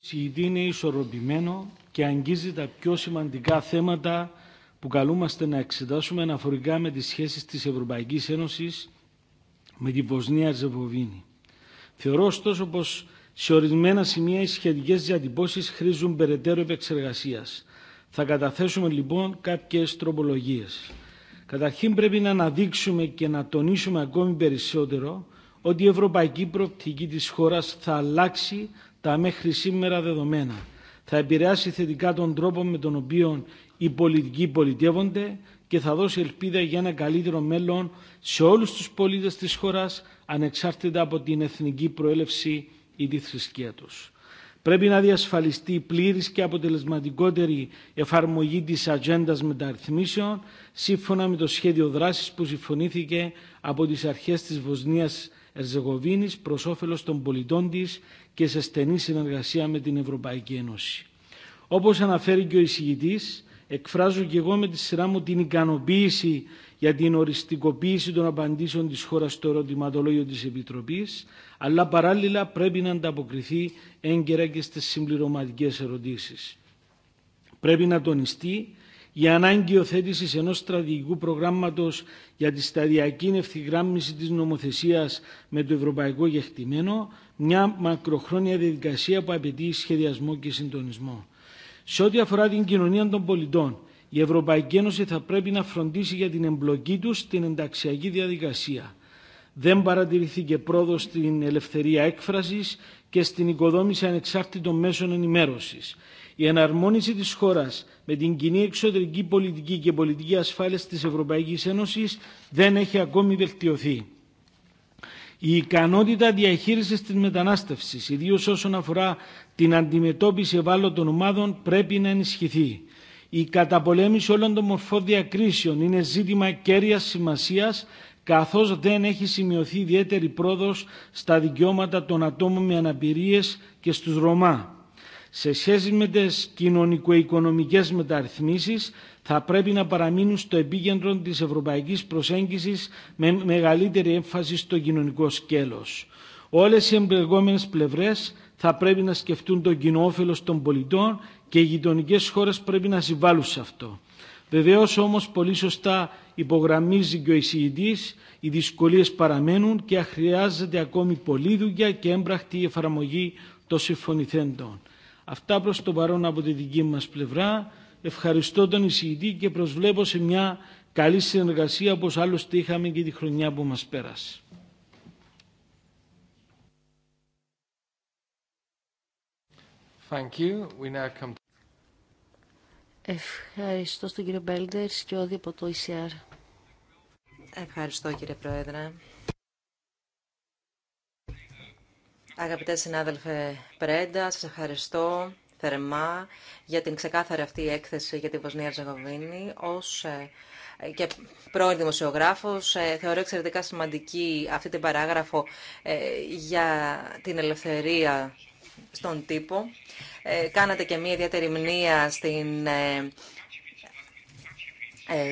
Συγητή είναι ισορροπημένο και αγγίζει τα πιο σημαντικά θέματα που καλούμαστε να εξετάσουμε αναφορικά με τις σχέσεις της Ευρωπαϊκής Ένωσης με την Βοσνία Ζεβοβίνη. Θεωρώ ωστόσο πως σε ορισμένα σημεία οι σχετικές διατυπώσεις χρήζουν περαιτέρω επεξεργασίας. Θα καταθέσουμε λοιπόν κάποιες τροπολογίες. Καταρχήν πρέπει να αναδείξουμε και να τονίσουμε ακόμη περισσότερο ότι η ευρωπαϊκή προοπτική της χώρας θα αλλάξει τα μέχρι σήμερα δεδομένα. Θα επηρεάσει θετικά τον τρόπο με τον οποίο οι πολιτικοί πολιτεύονται, και θα δώσει ελπίδα για ένα καλύτερο μέλλον σε όλους τους πολίτες της χώρας, ανεξάρτητα από την εθνική προέλευση ή τη θρησκεία τους. Πρέπει να διασφαλιστεί πλήρης και αποτελεσματικότερη εφαρμογή της ατζέντα μεταρρυθμίσεων, σύμφωνα με το σχέδιο δράσης που συμφωνήθηκε από τις αρχές της Βοσνίας Ερζεγοβίνης προς όφελος των πολιτών της και σε στενή συνεργασία με την Ευρωπαϊκή Ένωση. Όπως αναφέρει και ο εισηγητής, εκφράζω και εγώ με τη σειρά μου την ικανοποίηση για την οριστικοποίηση των απαντήσεων της χώρας στο ερωτηματολόγιο της Επιτροπής, αλλά παράλληλα πρέπει να ανταποκριθεί έγκαιρα και στις συμπληρωματικές ερωτήσεις. Πρέπει να τονιστεί η ανάγκη οθέτησης ενός στρατηγικού προγράμματος για τη σταδιακή ευθυγράμμιση της νομοθεσίας με το ευρωπαϊκό γεχτημένο, μια μακροχρόνια διαδικασία που απαιτεί σχεδιασμό και συντονισμό. Σε ό,τι αφορά την κοινωνία των πολιτών, η Ευρωπαϊκή Ένωση θα πρέπει να φροντίσει για την εμπλοκή του στην ενταξιακή διαδικασία. Δεν παρατηρηθήκε πρόοδο στην ελευθερία έκφραση και στην οικοδόμηση ανεξάρτητων μέσων ενημέρωση. Η εναρμόνιση τη χώρα με την κοινή εξωτερική πολιτική και πολιτική ασφάλεια τη Ευρωπαϊκή Ένωση δεν έχει ακόμη βελτιωθεί. Η ικανότητα διαχείρισης της μετανάστευσης, ιδίως όσον αφορά την αντιμετώπιση ευάλωτων ομάδων, πρέπει να ενισχυθεί. Η καταπολέμηση όλων των μορφών διακρίσεων είναι ζήτημα κέρια σημασίας, καθώς δεν έχει σημειωθεί ιδιαίτερη πρόοδος στα δικαιώματα των ατόμων με αναπηρίες και στους Ρωμά σε σχέση με τις κοινωνικο-οικονομικές μεταρρυθμίσεις θα πρέπει να παραμείνουν στο επίκεντρο της ευρωπαϊκής προσέγγισης με μεγαλύτερη έμφαση στο κοινωνικό σκέλος. Όλες οι εμπλεγόμενες πλευρές θα πρέπει να σκεφτούν το κοινό όφελος των πολιτών και οι γειτονικέ χώρες πρέπει να συμβάλλουν σε αυτό. Βεβαίως όμως πολύ σωστά υπογραμμίζει και ο εισηγητής, οι δυσκολίες παραμένουν και χρειάζεται ακόμη πολλή δουλειά και έμπραχτη εφαρμογή των συμφωνηθέντων. Αυτά προς το παρόν από τη δική μας πλευρά. Ευχαριστώ τον εισηγητή και προσβλέπω σε μια καλή συνεργασία όπως άλλωστε είχαμε και τη χρονιά που μας πέρασε. Thank you. We now come Ευχαριστώ στον κύριο Μπέλντερ και όδη από το ECR. Ευχαριστώ κύριε Πρόεδρε. Αγαπητέ συνάδελφε Πρέντα, σας ευχαριστώ θερμά για την ξεκάθαρη αυτή έκθεση για τη Βοσνία Ζεγοβίνη. ω ε, και πρώην δημοσιογράφο. Ε, θεωρώ εξαιρετικά σημαντική αυτή την παράγραφο ε, για την ελευθερία στον τύπο. Κάνατε και μία ιδιαίτερη μνήμα στην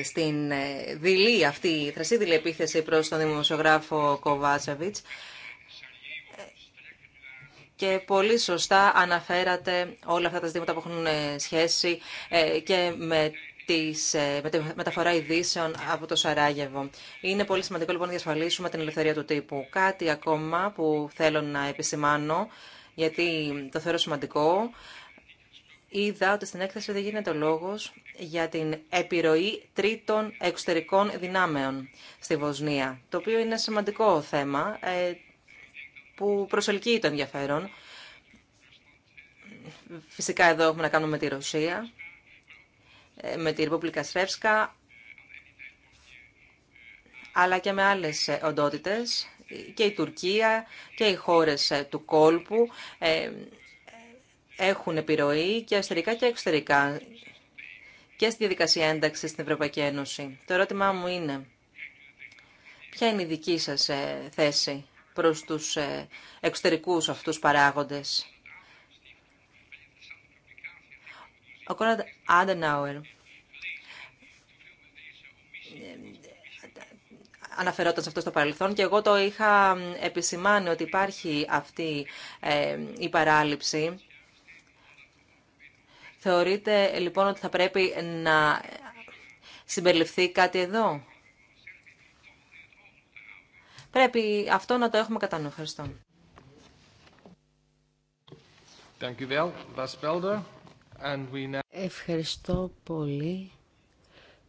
στην δειλή αυτή, η θρασίδηλη επίθεση προς τον δημοσιογράφο Κοβάτσαβιτς και πολύ σωστά αναφέρατε όλα αυτά τα ζητήματα που έχουν ε, σχέση ε, και ε, με τη μεταφορά ειδήσεων από το Σαράγεβο. Είναι πολύ σημαντικό λοιπόν να διασφαλίσουμε την ελευθερία του τύπου. Κάτι ακόμα που θέλω να επισημάνω, γιατί το θεωρώ σημαντικό, είδα ότι στην έκθεση δεν γίνεται λόγος για την επιρροή τρίτων εξωτερικών δυνάμεων στη Βοσνία, το οποίο είναι σημαντικό θέμα, που προσελκύει το ενδιαφέρον. Φυσικά εδώ έχουμε να κάνουμε με τη Ρωσία, ε, με τη Ρεπούμπλικα Σρεύσκα, αλλά και με άλλες ε, οντότητες, και η Τουρκία και οι χώρες ε, του κόλπου έχουν επιρροή και εσωτερικά και εξωτερικά και στη διαδικασία ένταξης στην Ευρωπαϊκή Ένωση. Το ερώτημά μου είναι, ποια είναι η δική σας θέση προς τους ε, εξωτερικούς αυτούς παράγοντες. Ο Κόναντ Άντενάουερ ε, αναφερόταν σε αυτό στο παρελθόν και εγώ το είχα επισημάνει ότι υπάρχει αυτή ε, η παράληψη. Θεωρείτε λοιπόν ότι θα πρέπει να συμπεριληφθεί κάτι εδώ. Πρέπει αυτό να το έχουμε κατά νου. Ευχαριστώ. Ευχαριστώ πολύ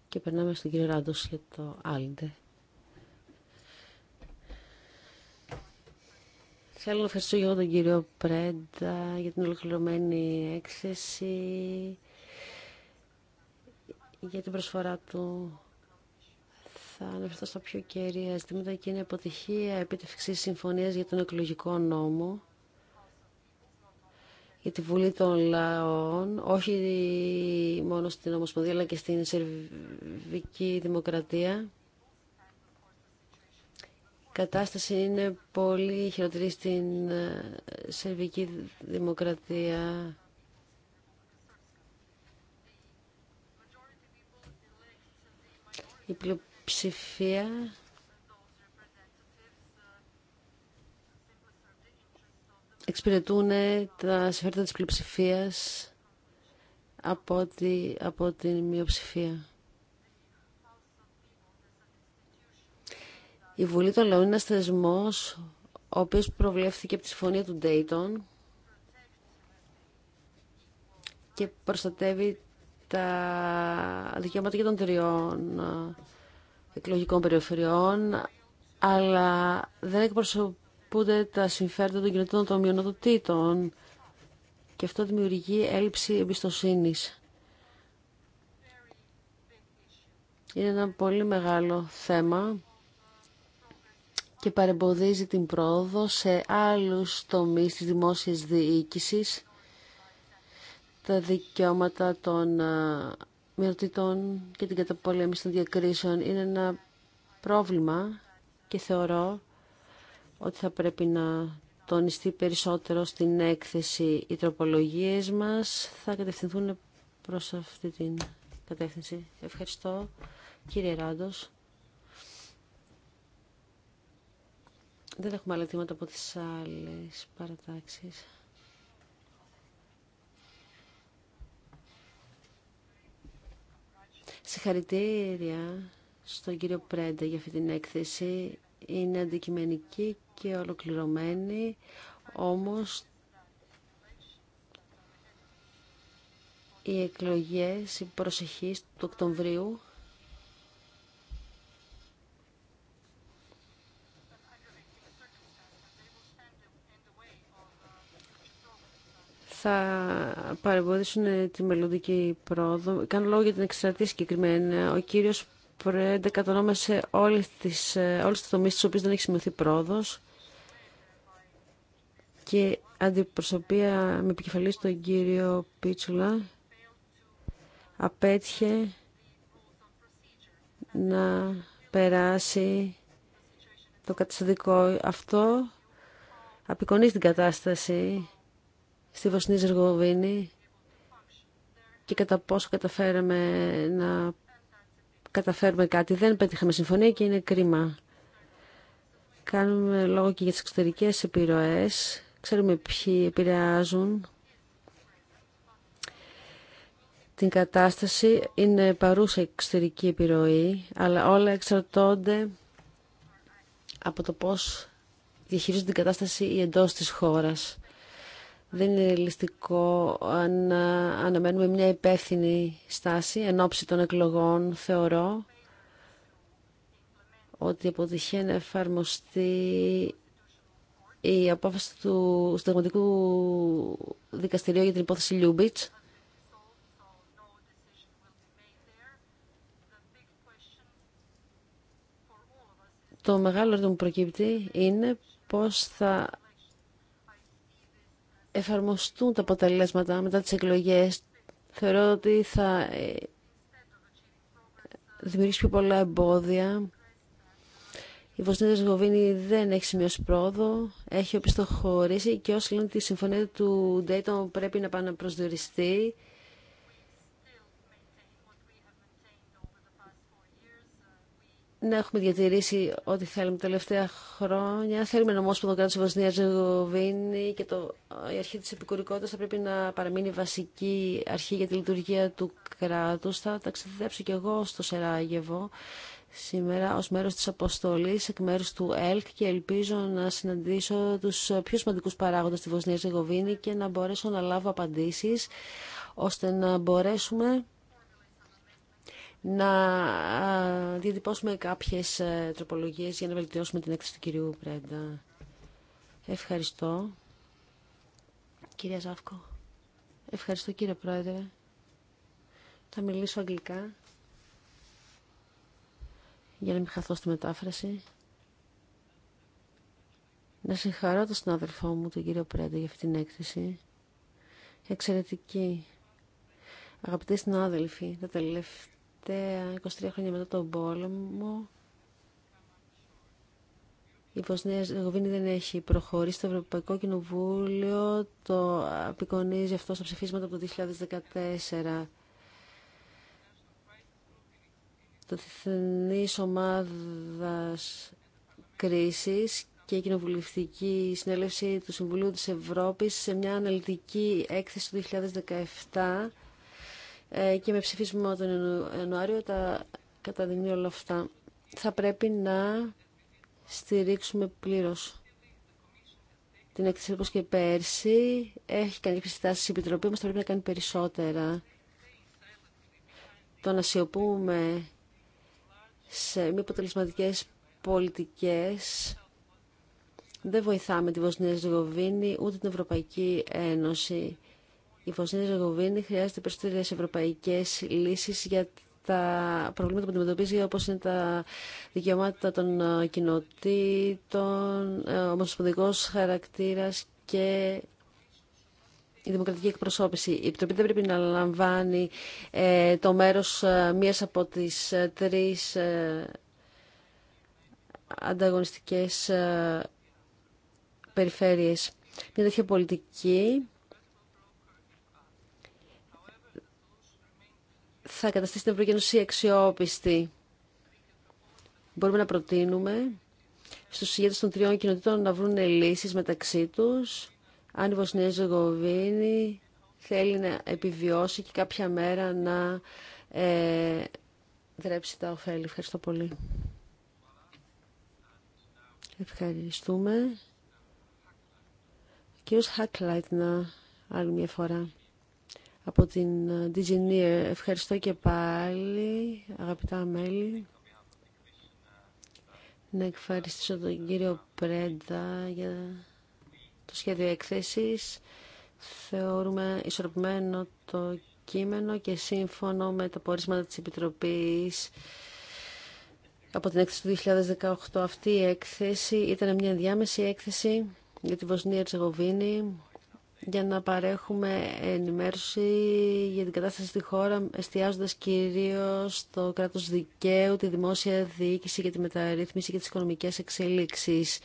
και περνάμε στον κύριο Ράντος για το Άλντε. Θέλω να ευχαριστώ και εγώ τον κύριο Πρέντα για την ολοκληρωμένη έκθεση, για την προσφορά του θα αναφερθώ στα πιο κέρια ζητήματα και είναι αποτυχία επίτευξη συμφωνία για τον εκλογικό νόμο για τη Βουλή των Λαών, όχι μόνο στην Ομοσπονδία αλλά και στην Σερβική Δημοκρατία. Η κατάσταση είναι πολύ χειροτερή στην ε, Σερβική Δημοκρατία. Η ψηφία εξυπηρετούν ε, τα συμφέροντα της πλειοψηφίας από, τη, από την μειοψηφία. Η Βουλή των Λαών είναι ένας θεσμός ο οποίος προβλέφθηκε από τη συμφωνία του Ντέιτον και προστατεύει τα δικαιώματα και των τριών εκλογικών περιφερειών, αλλά δεν εκπροσωπούνται τα συμφέροντα των κοινωνικών των μειονοτήτων και αυτό δημιουργεί έλλειψη εμπιστοσύνης. Είναι ένα πολύ μεγάλο θέμα και παρεμποδίζει την πρόοδο σε άλλους τομείς της δημόσιας διοίκησης, τα δικαιώματα των μειωτητών και την καταπολέμηση των διακρίσεων είναι ένα πρόβλημα και θεωρώ ότι θα πρέπει να τονιστεί περισσότερο στην έκθεση. Οι τροπολογίες μας θα κατευθυνθούν προς αυτή την κατεύθυνση. Ευχαριστώ κύριε Ράντος. Δεν έχουμε άλλα αιτήματα από τις άλλες παρατάξεις. Συγχαρητήρια στον κύριο Πρέντε για αυτή την έκθεση. Είναι αντικειμενική και ολοκληρωμένη, όμως οι εκλογές, η προσεχή του Οκτωβρίου θα παρεμποδίσουν τη μελλοντική πρόοδο. Κάνω λόγο για την εξαρτή συγκεκριμένα. Ο κύριος Πρέντε κατονόμασε όλες τις, όλες τις τομείς στις οποίες δεν έχει σημειωθεί πρόοδος και αντιπροσωπεία με επικεφαλή στον κύριο Πίτσουλα απέτυχε να περάσει το καταστατικό αυτό απεικονίζει την κατάσταση στη Βοσνία Ζεργοβίνη και κατά πόσο καταφέραμε να καταφέρουμε κάτι. Δεν πετύχαμε συμφωνία και είναι κρίμα. Κάνουμε λόγο και για τις εξωτερικές επιρροές. Ξέρουμε ποιοι επηρεάζουν την κατάσταση. Είναι παρούσα εξωτερική επιρροή, αλλά όλα εξαρτώνται από το πώς διαχειρίζονται την κατάσταση ή εντός της χώρας. Δεν είναι ληστικό να ε, αναμένουμε μια υπεύθυνη στάση εν ώψη των εκλογών, θεωρώ ότι αποτυχία να εφαρμοστεί η απόφαση του Συνταγματικού Δικαστηρίου για την υπόθεση Λιούμπιτς. Το μεγάλο ερώτημα που προκύπτει είναι πώς θα εφαρμοστούν τα αποτελέσματα μετά τις εκλογές, θεωρώ ότι θα ε, δημιουργήσει πιο πολλά εμπόδια. Η Βοσνία Γοβίνη δεν έχει σημειώσει πρόοδο, έχει οπισθοχωρήσει και όσοι λένε ότι η συμφωνία του Ντέιτον πρέπει να πάνε να προσδιοριστεί. να έχουμε διατηρήσει ό,τι θέλουμε τελευταία χρόνια. Θέλουμε το κράτο Βοσνία Ζεγοβίνη και το, η αρχή τη επικουρικότητα θα πρέπει να παραμείνει βασική αρχή για τη λειτουργία του κράτου. Θα ταξιδέψω κι εγώ στο Σεράγεβο σήμερα ως μέρος της αποστολής εκ μέρους του ΕΛΚ και ελπίζω να συναντήσω τους πιο σημαντικούς παράγοντες στη Βοσνία Ζεγοβίνη και να μπορέσω να λάβω απαντήσεις ώστε να μπορέσουμε να διατυπώσουμε κάποιες ε, τροπολογίες για να βελτιώσουμε την έκθεση του κυρίου Πρέντα. Ευχαριστώ. Κυρία Ζάφκο. Ευχαριστώ κύριε Πρόεδρε. Θα μιλήσω αγγλικά για να μην χαθώ στη μετάφραση. Να συγχαρώ τον συνάδελφό μου, τον κύριο Πρέντα, για αυτή την έκθεση. Εξαιρετική. Αγαπητοί συνάδελφοι, τα τελευταία τελευταία 23 χρόνια μετά τον πόλεμο η Βοσνία Ζεγοβίνη δεν έχει προχωρήσει στο Ευρωπαϊκό Κοινοβούλιο. Το απεικονίζει αυτό στα ψηφίσματα από το 2014. Το Διεθνής Ομάδας Κρίσης και η Κοινοβουλευτική Συνέλευση του Συμβουλίου της Ευρώπης σε μια αναλυτική έκθεση του 2017 ε, και με ψηφίσμα τον Ιανουάριο τα καταδεικνύει όλα αυτά. Θα πρέπει να στηρίξουμε πλήρως την έκθεση όπως και πέρσι. Έχει κάνει κάποιες στάσεις η Επιτροπή, όμως θα πρέπει να κάνει περισσότερα. Το να σιωπούμε σε μη αποτελεσματικέ πολιτικές δεν βοηθάμε τη Βοσνία Ζεγοβίνη ούτε την Ευρωπαϊκή Ένωση η Βοσνία Ζεγοβίνη χρειάζεται περισσότερες ευρωπαϊκές λύσεις για τα προβλήματα που αντιμετωπίζει όπως είναι τα δικαιώματα των ε, κοινοτήτων, ε, ομοσπονδικός χαρακτήρας και η δημοκρατική εκπροσώπηση. Η Επιτροπή δεν πρέπει να λαμβάνει ε, το μέρος ε, μίας από τις ε, τρεις ανταγωνιστικές περιφέρειες. Μια τέτοια πολιτική θα καταστήσει την Ευρωπαϊκή Ένωση αξιόπιστη. Μπορούμε να προτείνουμε στους ηγέτες των τριών κοινοτήτων να βρουν λύσεις μεταξύ τους. Αν η Βοσνία Ζεγοβίνη θέλει να επιβιώσει και κάποια μέρα να ε, δρέψει τα ωφέλη. Ευχαριστώ πολύ. Ευχαριστούμε. Ο κύριος Χακλάιτνα, άλλη μια φορά από την ε, Digineer. Ευχαριστώ και πάλι, αγαπητά μέλη. Να ευχαριστήσω τον κύριο Πρέντα για το σχέδιο έκθεσης. Θεωρούμε ισορροπημένο το κείμενο και σύμφωνο με τα πορίσματα της Επιτροπής από την έκθεση του 2018. Αυτή η έκθεση ήταν μια διάμεση έκθεση για τη Βοσνία Ερτζεγοβίνη για να παρέχουμε ενημέρωση για την κατάσταση στη χώρα, εστιάζοντας κυρίως στο κράτος δικαίου, τη δημόσια διοίκηση και τη μεταρρύθμιση και τις οικονομικές εξελίξεις.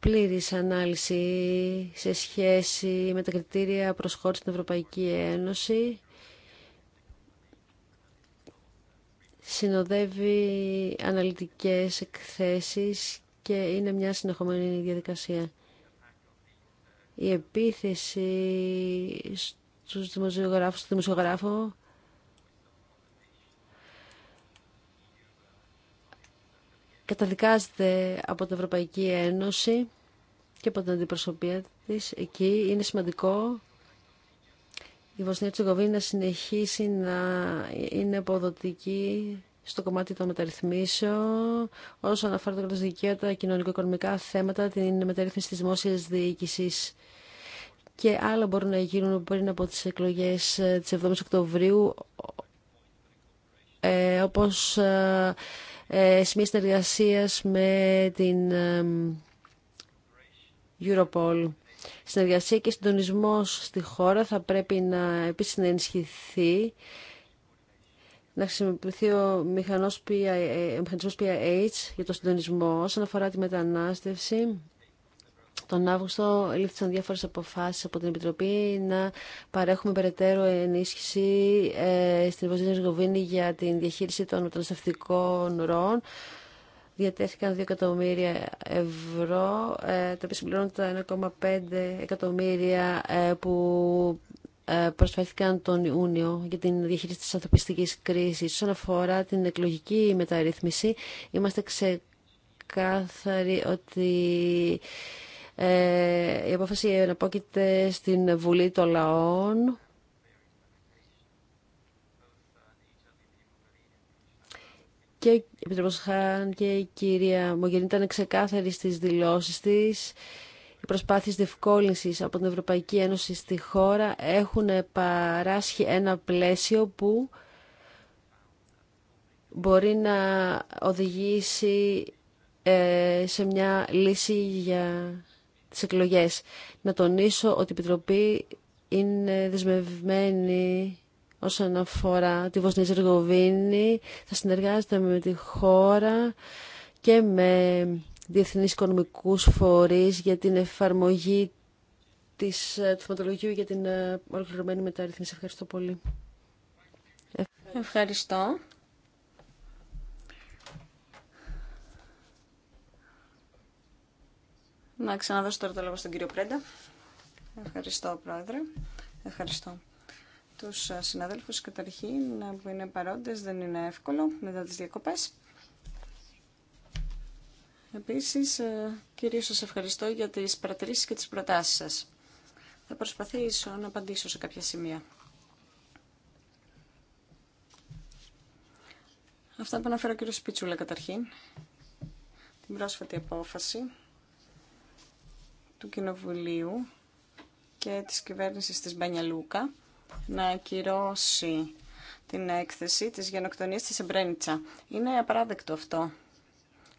Πλήρης ανάλυση σε σχέση με τα κριτήρια προσχώρησης στην Ευρωπαϊκή Ένωση. Συνοδεύει αναλυτικές εκθέσεις και είναι μια συνεχόμενη διαδικασία η επίθεση στους δημοσιογράφους, του δημοσιογράφο καταδικάζεται από την Ευρωπαϊκή Ένωση και από την αντιπροσωπεία της εκεί. Είναι σημαντικό η Βοσνία Τσεγοβίνη να συνεχίσει να είναι αποδοτική στο κομμάτι των μεταρρυθμίσεων, όσον αφορά τα κρατοδικεία, τα κοινωνικο-οικονομικά θέματα, την μεταρρύθμιση της δημόσιας διοίκησης και άλλα μπορούν να γίνουν πριν από τις εκλογές ε, της 7ης Οκτωβρίου, ε, όπως ε, ε, σημεία συνεργασίας με την ε, Europol. Συνεργασία και συντονισμός στη χώρα θα πρέπει να επίσης να ενισχυθεί να χρησιμοποιηθεί ο μηχανός PIH, για το συντονισμό όσον αφορά τη μετανάστευση. Τον Αύγουστο λήφθησαν διάφορες αποφάσεις από την Επιτροπή να παρέχουμε περαιτέρω ενίσχυση ε, στην Βοσνία Γοβίνη για την διαχείριση των μεταναστευτικών ροών. Διατέθηκαν 2 εκατομμύρια ευρώ, ε, τα οποία συμπληρώνουν τα 1,5 εκατομμύρια ε, που ε, προσφέρθηκαν τον Ιούνιο για την διαχείριση της ανθρωπιστικής κρίσης. Όσον αφορά την εκλογική μεταρρύθμιση, είμαστε ξεκάθαροι ότι ε, η απόφαση εναπόκειται στην Βουλή των Λαών. Και η Επιτροπή Χάν και η κυρία Μογγενή ήταν ξεκάθαρη στις δηλώσεις της. Οι προσπάθειες διευκόλυνσης από την Ευρωπαϊκή Ένωση στη χώρα έχουν παράσχει ένα πλαίσιο που μπορεί να οδηγήσει ε, σε μια λύση για τις εκλογές. Να τονίσω ότι η Επιτροπή είναι δεσμευμένη όσον αφορά τη Βοσνία Ζεργοβίνη, θα συνεργάζεται με τη χώρα και με διεθνείς οικονομικούς φορείς για την εφαρμογή της, ε, του θεματολογίου για την ε, ολοκληρωμένη μεταρρύθμιση. Ευχαριστώ πολύ. Ευχαριστώ. Να ξαναδώσω τώρα το λόγο στον κύριο Πρέντα. Ευχαριστώ, Πρόεδρε. Ευχαριστώ τους ε, συναδέλφους καταρχήν που είναι παρόντες. Δεν είναι εύκολο μετά τις διακοπές. Επίσης, ε, κυρίως σας ευχαριστώ για τις παρατηρήσεις και τις προτάσεις σας. Θα προσπαθήσω να απαντήσω σε κάποια σημεία. Αυτά που αναφέρω κύριο Σπιτσούλα, καταρχήν, την πρόσφατη απόφαση του Κοινοβουλίου και της κυβέρνησης της Μπανιαλούκα να ακυρώσει την έκθεση της γενοκτονίας της Εμπρένιτσα. Είναι απαράδεκτο αυτό.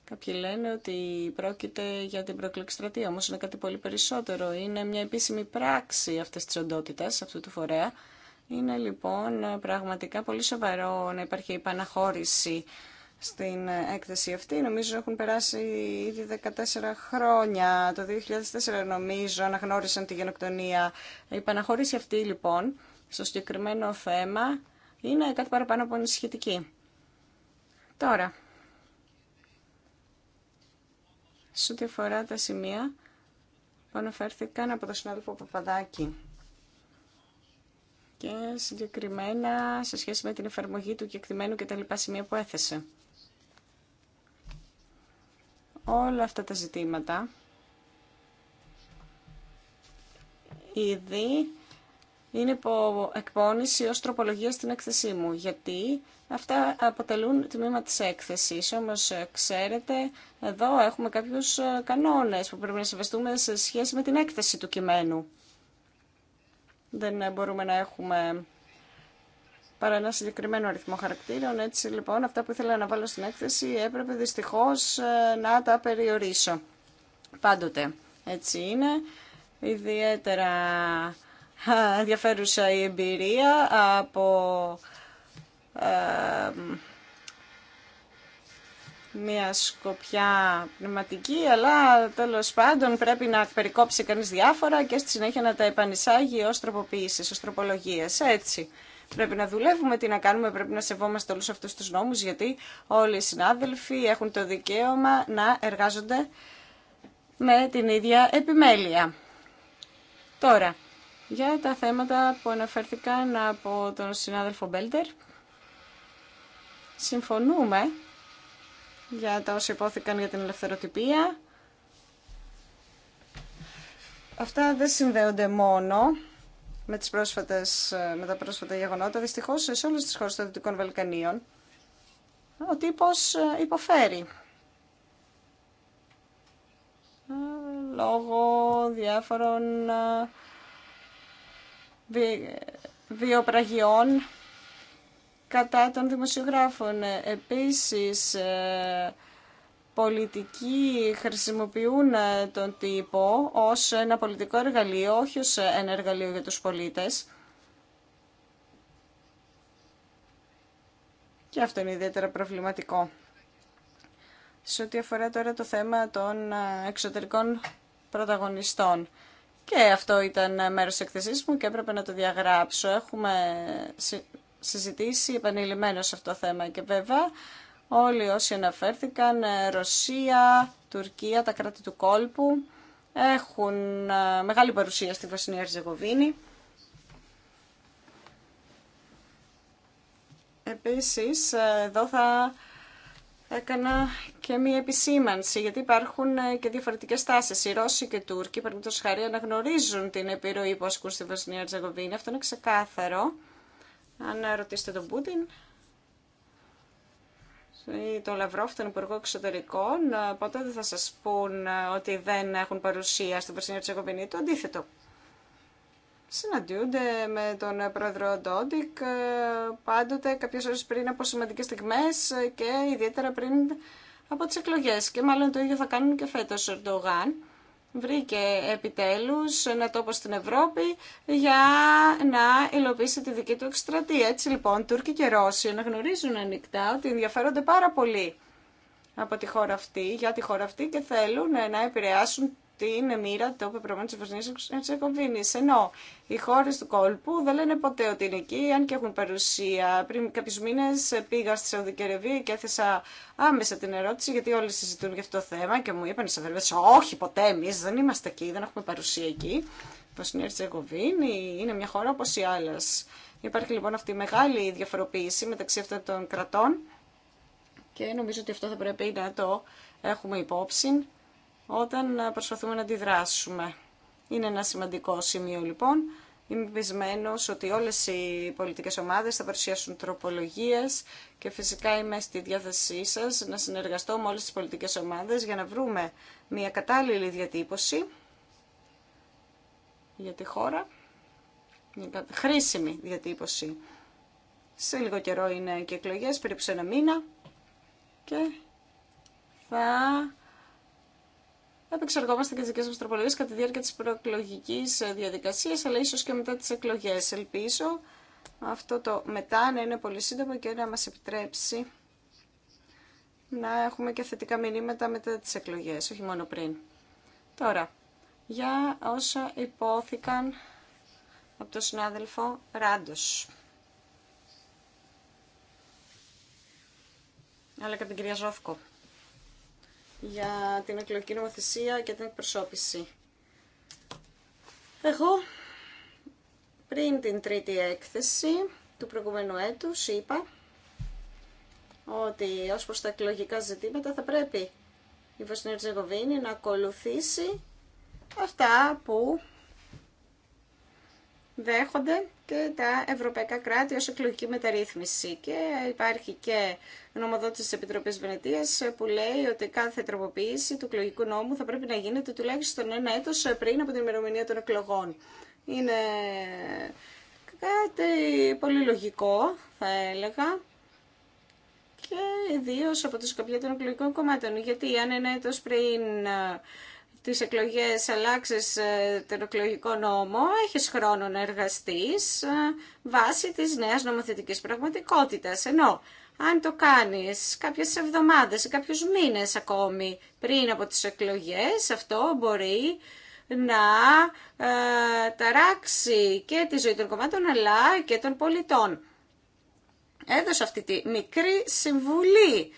Κάποιοι λένε ότι πρόκειται για την προεκλογική όμως είναι κάτι πολύ περισσότερο. Είναι μια επίσημη πράξη αυτής της οντότητας, αυτού του φορέα. Είναι λοιπόν πραγματικά πολύ σοβαρό να υπάρχει επαναχώρηση στην έκθεση αυτή. Νομίζω έχουν περάσει ήδη 14 χρόνια. Το 2004 νομίζω αναγνώρισαν τη γενοκτονία. Η επαναχώρηση αυτή λοιπόν στο συγκεκριμένο θέμα είναι κάτι παραπάνω από ανησυχητική. Τώρα, σε ό,τι αφορά τα σημεία που αναφέρθηκαν από το συνάδελφο Παπαδάκη και συγκεκριμένα σε σχέση με την εφαρμογή του κεκτημένου και τα λοιπά σημεία που έθεσε. Όλα αυτά τα ζητήματα ήδη είναι υπό εκπόνηση ως τροπολογία στην έκθεσή μου, γιατί αυτά αποτελούν τμήμα της έκθεσης. Όμως, ε, ξέρετε, εδώ έχουμε κάποιους ε, κανόνες που πρέπει να συμβεστούμε σε σχέση με την έκθεση του κειμένου. Δεν ε, μπορούμε να έχουμε παρά ένα συγκεκριμένο αριθμό χαρακτήρων. Έτσι, λοιπόν, αυτά που ήθελα να βάλω στην έκθεση έπρεπε δυστυχώς να τα περιορίσω. Πάντοτε, έτσι είναι. Ιδιαίτερα ενδιαφέρουσα η εμπειρία από μια σκοπιά πνευματική, αλλά τέλος πάντων πρέπει να περικόψει κανείς διάφορα και στη συνέχεια να τα επανεισάγει ως τροποποίησης, ως τροπολογίες. Έτσι. Πρέπει να δουλεύουμε, τι να κάνουμε, πρέπει να σεβόμαστε όλους αυτούς τους νόμους, γιατί όλοι οι συνάδελφοι έχουν το δικαίωμα να εργάζονται με την ίδια επιμέλεια. Τώρα, για τα θέματα που αναφέρθηκαν από τον συνάδελφο Μπέλτερ. Συμφωνούμε για τα όσα υπόθηκαν για την ελευθεροτυπία. Αυτά δεν συνδέονται μόνο με, τις πρόσφατες, με τα πρόσφατα γεγονότα. Δυστυχώς σε όλες τις χώρες των Δυτικών Βαλκανίων ο τύπος ε, υποφέρει. Ε, λόγω διάφορων ε, βιοπραγιών κατά των δημοσιογράφων. Επίσης, ε, πολιτικοί χρησιμοποιούν ε, τον τύπο ως ένα πολιτικό εργαλείο, όχι ως ένα εργαλείο για τους πολίτες. Και αυτό είναι ιδιαίτερα προβληματικό. Σε ό,τι αφορά τώρα το θέμα των ε, εξωτερικών πρωταγωνιστών. Και αυτό ήταν μέρος της εκθεσής μου και έπρεπε να το διαγράψω. Έχουμε συζητήσει επανειλημμένως σε αυτό το θέμα και βέβαια όλοι όσοι αναφέρθηκαν, ε, Ρωσία, Τουρκία, τα κράτη του κόλπου, έχουν ε, μεγάλη παρουσία στη Βασιλεία Ερζεγοβίνη. Επίσης, ε, εδώ θα έκανα και μία επισήμανση, γιατί υπάρχουν ε, και διαφορετικές στάσεις. Οι Ρώσοι και οι Τούρκοι, παραδείγματος χάρη, αναγνωρίζουν την επιρροή που ασκούν στη Βοσνία Ερζεγοβίνη. Αυτό είναι ξεκάθαρο. Αν ρωτήσετε τον Πούτιν ή τον Λαυρόφ, τον Υπουργό Εξωτερικών, ε, ποτέ δεν θα σας πούν ε, ότι δεν έχουν παρουσία στη Βοσνία Το αντίθετο συναντιούνται με τον πρόεδρο Ντόντικ ε, πάντοτε κάποιες ώρες πριν από σημαντικές στιγμές και ιδιαίτερα πριν από τις εκλογές. Και μάλλον το ίδιο θα κάνουν και φέτος ο Ερντογάν. Βρήκε επιτέλους ένα τόπο στην Ευρώπη για να υλοποιήσει τη δική του εκστρατεία. Έτσι λοιπόν, Τούρκοι και Ρώσοι αναγνωρίζουν ανοιχτά ότι ενδιαφέρονται πάρα πολύ από τη χώρα αυτή, για τη χώρα αυτή και θέλουν να επηρεάσουν είναι μοίρα είπε πεπρωμένων τη Βοσνία Ερτσεκοβίνη. Ενώ οι χώρε του κόλπου δεν λένε ποτέ ότι είναι εκεί, αν και έχουν παρουσία. Πριν κάποιου μήνε πήγα στη Σαουδική Αραβία και έθεσα άμεσα την ερώτηση, γιατί όλοι συζητούν για αυτό το θέμα και μου είπαν οι αδερφέ, Όχι, ποτέ εμεί δεν είμαστε εκεί, δεν έχουμε παρουσία εκεί. Η Βοσνία είναι μια χώρα όπω οι άλλε. Υπάρχει λοιπόν αυτή η μεγάλη διαφοροποίηση μεταξύ αυτών των κρατών και νομίζω ότι αυτό θα πρέπει να το έχουμε υπόψη όταν προσπαθούμε να αντιδράσουμε. Είναι ένα σημαντικό σημείο λοιπόν. Είμαι πεισμένο ότι όλες οι πολιτικές ομάδες θα παρουσιάσουν τροπολογίες και φυσικά είμαι στη διάθεσή σας να συνεργαστώ με όλες τις πολιτικές ομάδες για να βρούμε μια κατάλληλη διατύπωση για τη χώρα, μια χρήσιμη διατύπωση. Σε λίγο καιρό είναι και εκλογές, περίπου σε ένα μήνα και θα επεξεργόμαστε και τι δικέ μα τροπολογίε κατά τη διάρκεια τη προεκλογική ε, διαδικασία, αλλά ίσω και μετά τι εκλογέ. Ελπίζω αυτό το μετά να είναι πολύ σύντομο και να μα επιτρέψει να έχουμε και θετικά μηνύματα μετά τι εκλογέ, όχι μόνο πριν. Τώρα, για όσα υπόθηκαν από τον συνάδελφο Ράντο. Αλλά και από την κυρία Ζόφκο για την εκλογική νομοθεσία και την εκπροσώπηση. Εγώ πριν την τρίτη έκθεση του προηγούμενου έτους είπα ότι ως προς τα εκλογικά ζητήματα θα πρέπει η Βοσνία να ακολουθήσει αυτά που δέχονται και τα ευρωπαϊκά κράτη ως εκλογική μεταρρύθμιση. Και υπάρχει και νομοδότηση της Επιτροπής Βενετίας που λέει ότι κάθε τροποποίηση του εκλογικού νόμου θα πρέπει να γίνεται τουλάχιστον ένα έτος πριν από την ημερομηνία των εκλογών. Είναι κάτι πολύ λογικό θα έλεγα και ιδίω από τους σκοπιά των εκλογικών κομμάτων. Γιατί αν ένα έτος πριν τις εκλογές αλλάξεις ε, τον εκλογικό νόμο, έχεις χρόνο να εργαστείς ε, βάσει της νέας νομοθετικής πραγματικότητας. Ενώ αν το κάνεις κάποιες εβδομάδες ή κάποιους μήνες ακόμη πριν από τις εκλογές, αυτό μπορεί να ε, ταράξει και τη ζωή των κομμάτων αλλά και των πολιτών. Έδωσα αυτή τη μικρή συμβουλή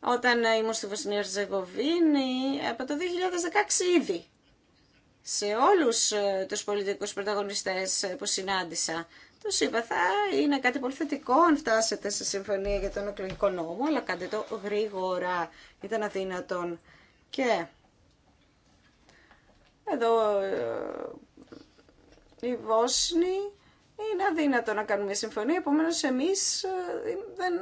όταν ήμουν στη Βοσνία Ζεγοβίνη, ε, από το 2016 ήδη, σε όλους ε, τους πολιτικούς πρωταγωνιστές ε, που συνάντησα, του είπα, θα είναι κάτι πολύ θετικό αν φτάσετε σε συμφωνία για τον εκλογικό νόμο, αλλά κάντε το γρήγορα. Ήταν αδύνατον. Και εδώ η Βόσνη είναι αδύνατο να κάνουμε μια συμφωνία, επομένως εμείς δεν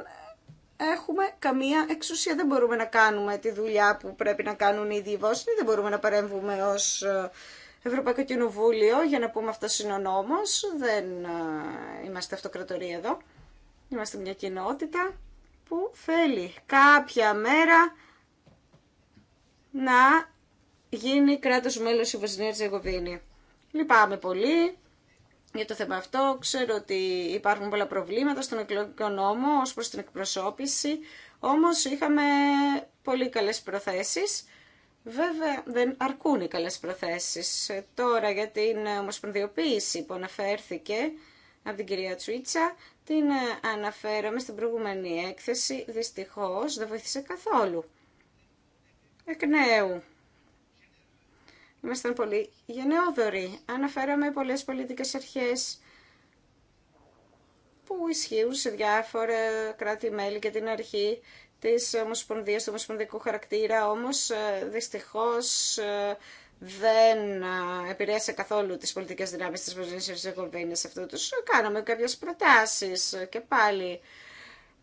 έχουμε καμία εξουσία. Δεν μπορούμε να κάνουμε τη δουλειά που πρέπει να κάνουν οι Βόσνοι. δεν μπορούμε να παρέμβουμε ως ε, Ευρωπαϊκό Κοινοβούλιο για να πούμε αυτό είναι ο νόμος. Δεν ε, είμαστε αυτοκρατορία εδώ. Είμαστε μια κοινότητα που θέλει κάποια μέρα να γίνει κράτος μέλος η Βοσνία Τζεγοβίνη. Λυπάμαι πολύ για το θέμα αυτό. Ξέρω ότι υπάρχουν πολλά προβλήματα στον εκλογικό νόμο ως προς την εκπροσώπηση, όμως είχαμε πολύ καλές προθέσεις. Βέβαια δεν αρκούν οι καλές προθέσεις. Ε, τώρα για την ε, ομοσπονδιοποίηση που αναφέρθηκε από την κυρία Τσουίτσα, την ε, αναφέραμε στην προηγούμενη έκθεση, δυστυχώς δεν βοήθησε καθόλου. Εκ νέου, Είμαστε πολύ γενναιόδοροι. Αναφέραμε πολλές πολιτικές αρχές που ισχύουν σε διάφορα κράτη-μέλη και την αρχή της Ομοσπονδίας, του Ομοσπονδικού χαρακτήρα, όμως ε, δυστυχώς ε, δεν ε, επηρέασε καθόλου τις πολιτικές δυνάμεις της Βοζίνης τη αυτού τους. Κάναμε κάποιες προτάσεις και πάλι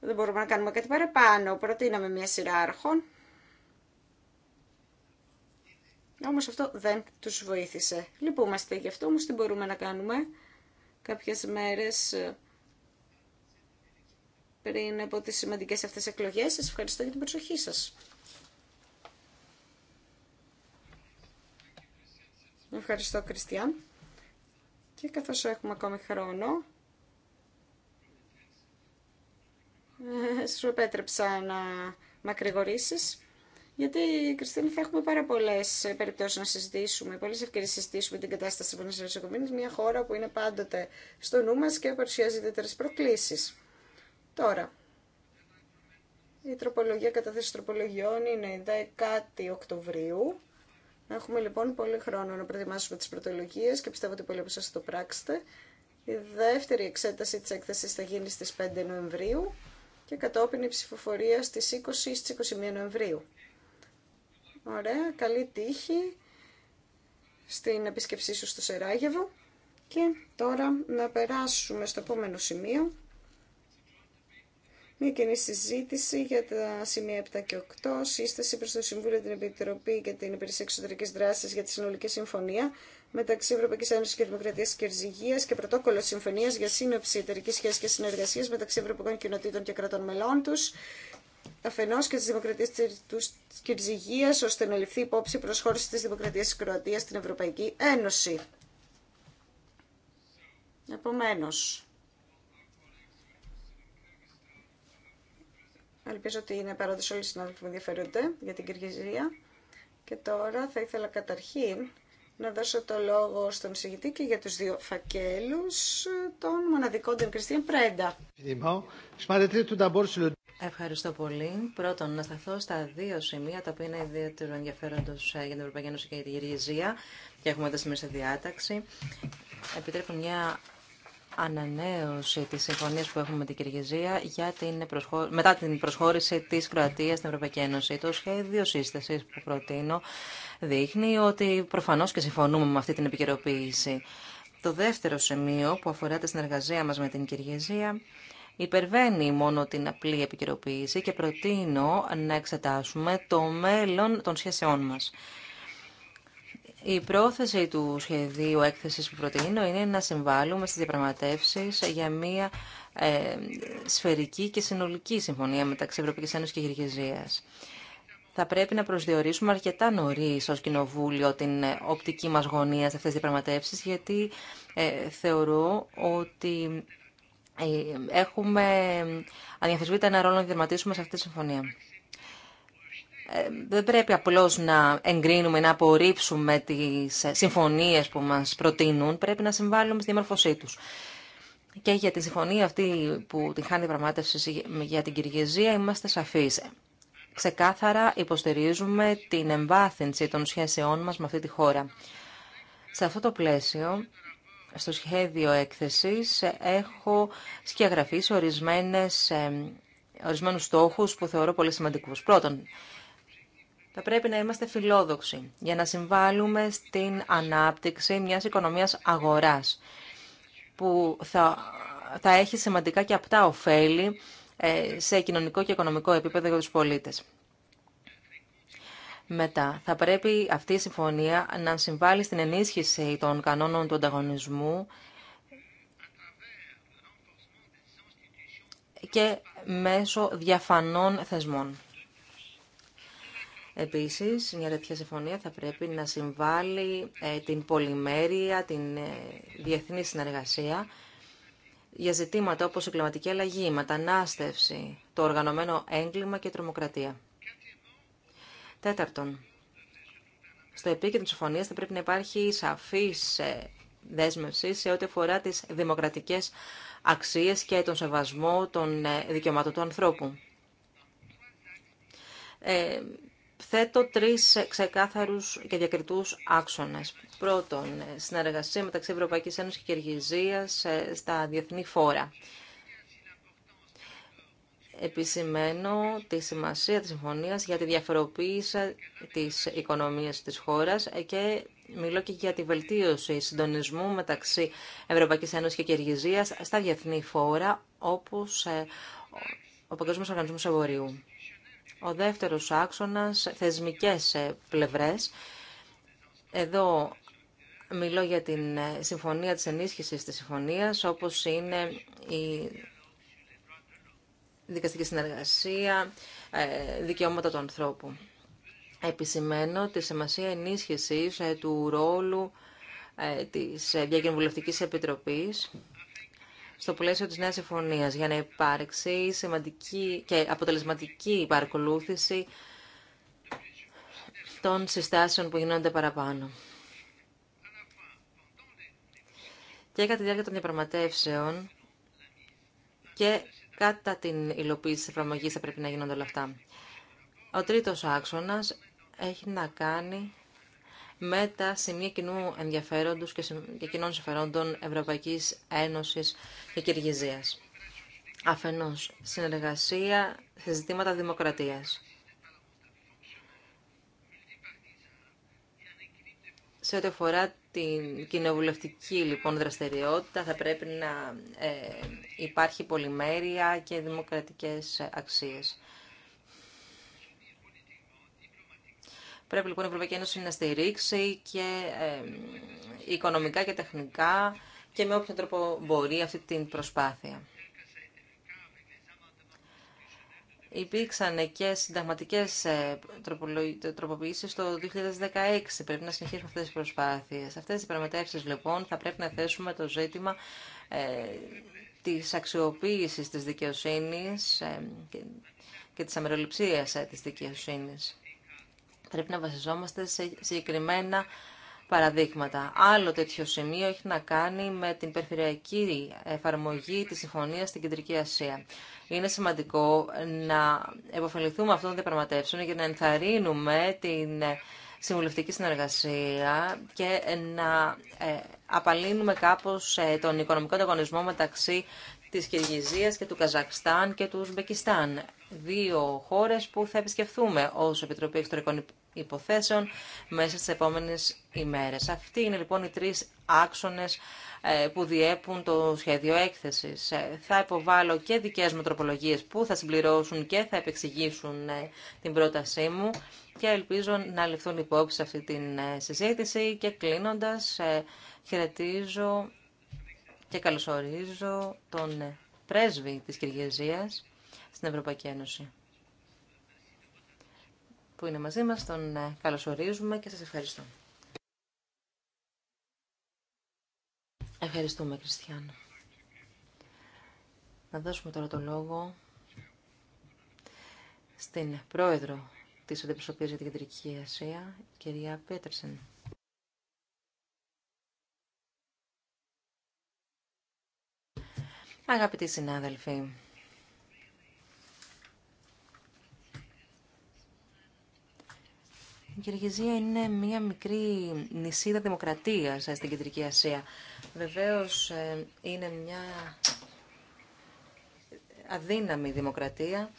δεν μπορούμε να κάνουμε κάτι παραπάνω. Προτείναμε μια σειρά άρχων Όμως αυτό δεν τους βοήθησε. Λυπούμαστε γι' αυτό, όμως τι μπορούμε να κάνουμε. Κάποιες μέρες ε, πριν από τις σημαντικές αυτές εκλογές, σας ευχαριστώ για την προσοχή σας. Ευχαριστώ, Κριστιαν. Και καθώς έχουμε ακόμη χρόνο, ε, σου επέτρεψα να μακρηγορήσεις. Γιατί, Κριστίνη, θα έχουμε πάρα πολλέ ε, περιπτώσει να συζητήσουμε, πολλέ ευκαιρίε να συζητήσουμε την κατάσταση τη Ευρωπαϊκή μια χώρα που είναι πάντοτε στο νου μα και παρουσιάζει ιδιαίτερε προκλήσει. Τώρα, η τροπολογία θέση τροπολογιών είναι 10 Οκτωβρίου. Έχουμε λοιπόν πολύ χρόνο να προετοιμάσουμε τι πρωτολογίε και πιστεύω ότι πολλοί από εσά το πράξετε. Η δεύτερη εξέταση τη έκθεση θα γίνει στι 5 Νοεμβρίου και κατόπιν η ψηφοφορία στι 20 ή στι 21 Νοεμβρίου. Ωραία, καλή τύχη στην επίσκεψή σου στο Σεράγεβο. Και τώρα να περάσουμε στο επόμενο σημείο. Μια κοινή συζήτηση για τα σημεία 7 και 8, σύσταση προς το Συμβούλιο, την Επιτροπή και την Υπηρεσία Εξωτερική δράση για τη Συνολική Συμφωνία μεταξύ Ευρωπαϊκή Ένωση και Δημοκρατία Κερζυγία και Πρωτόκολλο Συμφωνία για σύνοψη εταιρική σχέση και συνεργασία μεταξύ Ευρωπαϊκών Κοινοτήτων και κρατών μελών του αφενός και τη Δημοκρατία τη Κυρζηγία, ώστε να ληφθεί υπόψη η προσχώρηση της Δημοκρατίας της Κροατίας στην Ευρωπαϊκή Ένωση. Επομένω. ελπίζω ότι είναι παρόντε όλοι οι συνάδελφοι που ενδιαφέρονται για την Κυρκυζία. Και τώρα θα ήθελα καταρχήν να δώσω το λόγο στον συγητή και για τους δύο φακέλους των μοναδικών των κριστίων Πρέντα. Ευχαριστώ πολύ. Πρώτον, να σταθώ στα δύο σημεία τα οποία είναι ιδιαίτερο ενδιαφέροντο ε, για την Ευρωπαϊκή Ένωση και για τη Γυρίζια και έχουμε τα σημεία σε διάταξη. Επιτρέπουν μια ανανέωση τη συμφωνία που έχουμε με την Κυριαζία για την προσχω... μετά την προσχώρηση τη Κροατία στην Ευρωπαϊκή Ένωση. Το σχέδιο σύσταση που προτείνω δείχνει ότι προφανώ και συμφωνούμε με αυτή την επικαιροποίηση. Το δεύτερο σημείο που αφορά τη συνεργασία μα με την Κυριαζία υπερβαίνει μόνο την απλή επικαιροποίηση και προτείνω να εξετάσουμε το μέλλον των σχέσεών μας. Η πρόθεση του σχεδίου έκθεσης που προτείνω είναι να συμβάλλουμε στις διαπραγματεύσεις για μια ε, σφαιρική και συνολική συμφωνία μεταξύ Ευρωπαϊκής Ένωσης και Γερικηζίας. Θα πρέπει να προσδιορίσουμε αρκετά νωρί ω Κοινοβούλιο την ε, οπτική μα γωνία σε αυτέ τι διαπραγματεύσει, γιατί ε, θεωρώ ότι ε, έχουμε αδιαφεσβήτα ένα ρόλο να διδερματίσουμε σε αυτή τη συμφωνία. Ε, δεν πρέπει απλώς να εγκρίνουμε, να απορρίψουμε τις συμφωνίες που μας προτείνουν. Πρέπει να συμβάλλουμε στη διαμορφωσή τους. Και για τη συμφωνία αυτή που την χάνει πραγμάτευση για την Κυριαζία είμαστε σαφείς. Ξεκάθαρα υποστηρίζουμε την εμβάθυνση των σχέσεών μας με αυτή τη χώρα. Σε αυτό το πλαίσιο στο σχέδιο έκθεσης έχω σκιαγραφίσει ορισμένες, ε, ορισμένους στόχους που θεωρώ πολύ σημαντικούς. Πρώτον, θα πρέπει να είμαστε φιλόδοξοι για να συμβάλλουμε στην ανάπτυξη μιας οικονομίας αγοράς που θα, θα έχει σημαντικά και απτά ωφέλη ε, σε κοινωνικό και οικονομικό επίπεδο για τους πολίτες. Μετά, θα πρέπει αυτή η συμφωνία να συμβάλλει στην ενίσχυση των κανόνων του ανταγωνισμού και μέσω διαφανών θεσμών. Επίσης, μια τέτοια συμφωνία θα πρέπει να συμβάλλει ε, την πολυμέρεια, την ε, διεθνή συνεργασία για ζητήματα όπως η κλιματική αλλαγή, η μετανάστευση, το οργανωμένο έγκλημα και η τρομοκρατία. Τέταρτον, στο επίκεντρο της Συμφωνία θα πρέπει να υπάρχει σαφής ε, δέσμευση σε ό,τι αφορά τις δημοκρατικές αξίες και τον σεβασμό των ε, δικαιωμάτων του ανθρώπου. Ε, θέτω τρεις ξεκάθαρους και διακριτούς άξονες. Πρώτον, ε, συνεργασία μεταξύ Ευρωπαϊκής Ένωσης και Κυργιζίας στα διεθνή φόρα επισημαίνω τη σημασία της συμφωνίας για τη διαφοροποίηση της οικονομίας της χώρας και μιλώ και για τη βελτίωση συντονισμού μεταξύ Ευρωπαϊκής Ένωσης και Κυργιζίας στα διεθνή φόρα όπως ε, ο Παγκόσμιος Οργανισμός Εμπορίου. Ο δεύτερος άξονας, θεσμικές ε, πλευρές. Εδώ μιλώ για την ε, συμφωνία της ενίσχυσης της συμφωνίας, όπως είναι η δικαστική συνεργασία, ε, δικαιώματα του ανθρώπου. Επισημαίνω τη σημασία ενίσχυσης ε, του ρόλου ε, της Διακοινοβουλευτικής Επιτροπής στο πλαίσιο της Νέας Συμφωνίας για να υπάρξει σημαντική και αποτελεσματική παρακολούθηση των συστάσεων που γίνονται παραπάνω. Και κατά τη διάρκεια των διαπραγματεύσεων και Κατά την υλοποίηση της εφαρμογής θα πρέπει να γίνονται όλα αυτά. Ο τρίτος άξονας έχει να κάνει με τα σημεία κοινού ενδιαφέροντος και κοινών συμφερόντων Ευρωπαϊκής Ένωσης και Κυργιζίας. Αφενός, συνεργασία σε ζητήματα δημοκρατίας. Σε ό,τι αφορά την κοινοβουλευτική λοιπόν δραστηριότητα θα πρέπει να ε, υπάρχει πολυμέρεια και δημοκρατικές αξίες. Πρέπει λοιπόν η Ευρωπαϊκή Ένωση να στηρίξει και ε, οικονομικά και τεχνικά και με όποιον τρόπο μπορεί αυτή την προσπάθεια. υπήρξαν και συνταγματικές ε, τροποποιήσεις το 2016. Πρέπει να συνεχίσουμε αυτές τις προσπάθειες. Αυτές τι πραγματεύσει λοιπόν θα πρέπει να θέσουμε το ζήτημα ε, της αξιοποίησης της δικαιοσύνης ε, και της αμεροληψίας της δικαιοσύνης. Πρέπει να βασιζόμαστε σε συγκεκριμένα παραδείγματα. Άλλο τέτοιο σημείο έχει να κάνει με την περιφερειακή εφαρμογή της συμφωνίας στην Κεντρική Ασία. Είναι σημαντικό να επωφεληθούμε αυτών των διαπραγματεύσεων για να ενθαρρύνουμε την ε, συμβουλευτική συνεργασία και να ε, απαλύνουμε κάπως ε, τον οικονομικό ανταγωνισμό μεταξύ της Κυργιζίας και του Καζακστάν και του Ουσμπεκιστάν. Δύο χώρες που θα επισκεφθούμε ως Επιτροπή Εξωτερικών υποθέσεων μέσα στις επόμενες ημέρες. Αυτοί είναι λοιπόν οι τρεις άξονες ε, που διέπουν το σχέδιο έκθεσης. Ε, θα υποβάλω και δικές μου τροπολογίες που θα συμπληρώσουν και θα επεξηγήσουν ε, την πρότασή μου και ελπίζω να ληφθούν υπόψη αυτή την συζήτηση και κλείνοντας χαιρετίζω και καλωσορίζω τον πρέσβη της Κυριαζίας στην Ευρωπαϊκή Ένωση που είναι μαζί μας. Τον ε, καλωσορίζουμε και σας ευχαριστώ. Ευχαριστούμε, Κριστιαν. Να δώσουμε τώρα το λόγο στην πρόεδρο της Αντιπροσωπείας για την Κεντρική Ασία, κυρία Πέτερσεν. Αγαπητοί συνάδελφοι, Η Κυριαζία είναι μια μικρή νησίδα δημοκρατίας ε, στην Κεντρική Ασία. Βεβαίως ε, είναι μια αδύναμη δημοκρατία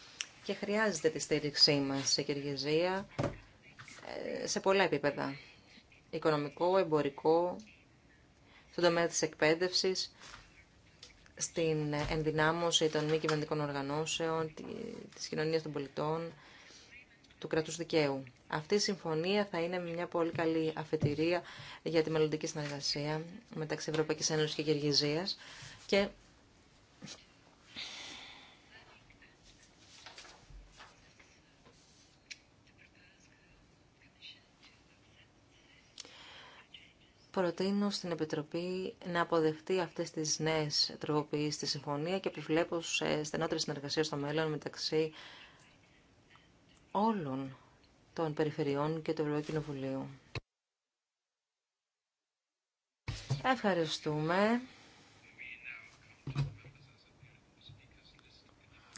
και χρειάζεται τη στήριξή μας σε κυριαρχία ε, σε πολλά επίπεδα. Οικονομικό, εμπορικό, στον τομέα της εκπαίδευσης, στην ενδυνάμωση των μη κυβερνητικών οργανώσεων, της κοινωνίας των πολιτών, του κρατούς δικαίου. Αυτή η συμφωνία θα είναι μια πολύ καλή αφετηρία για τη μελλοντική συνεργασία μεταξύ Ευρωπαϊκή Ένωση και Γεργιζίας και προτείνω στην Επιτροπή να αποδεχτεί αυτές τις νέες τροποποιήσεις στη συμφωνία και επιβλέπω σε στενότερη συνεργασία στο μέλλον μεταξύ όλων των Περιφερειών και του Ευρωπαϊκού Κοινοβουλίου. Ευχαριστούμε.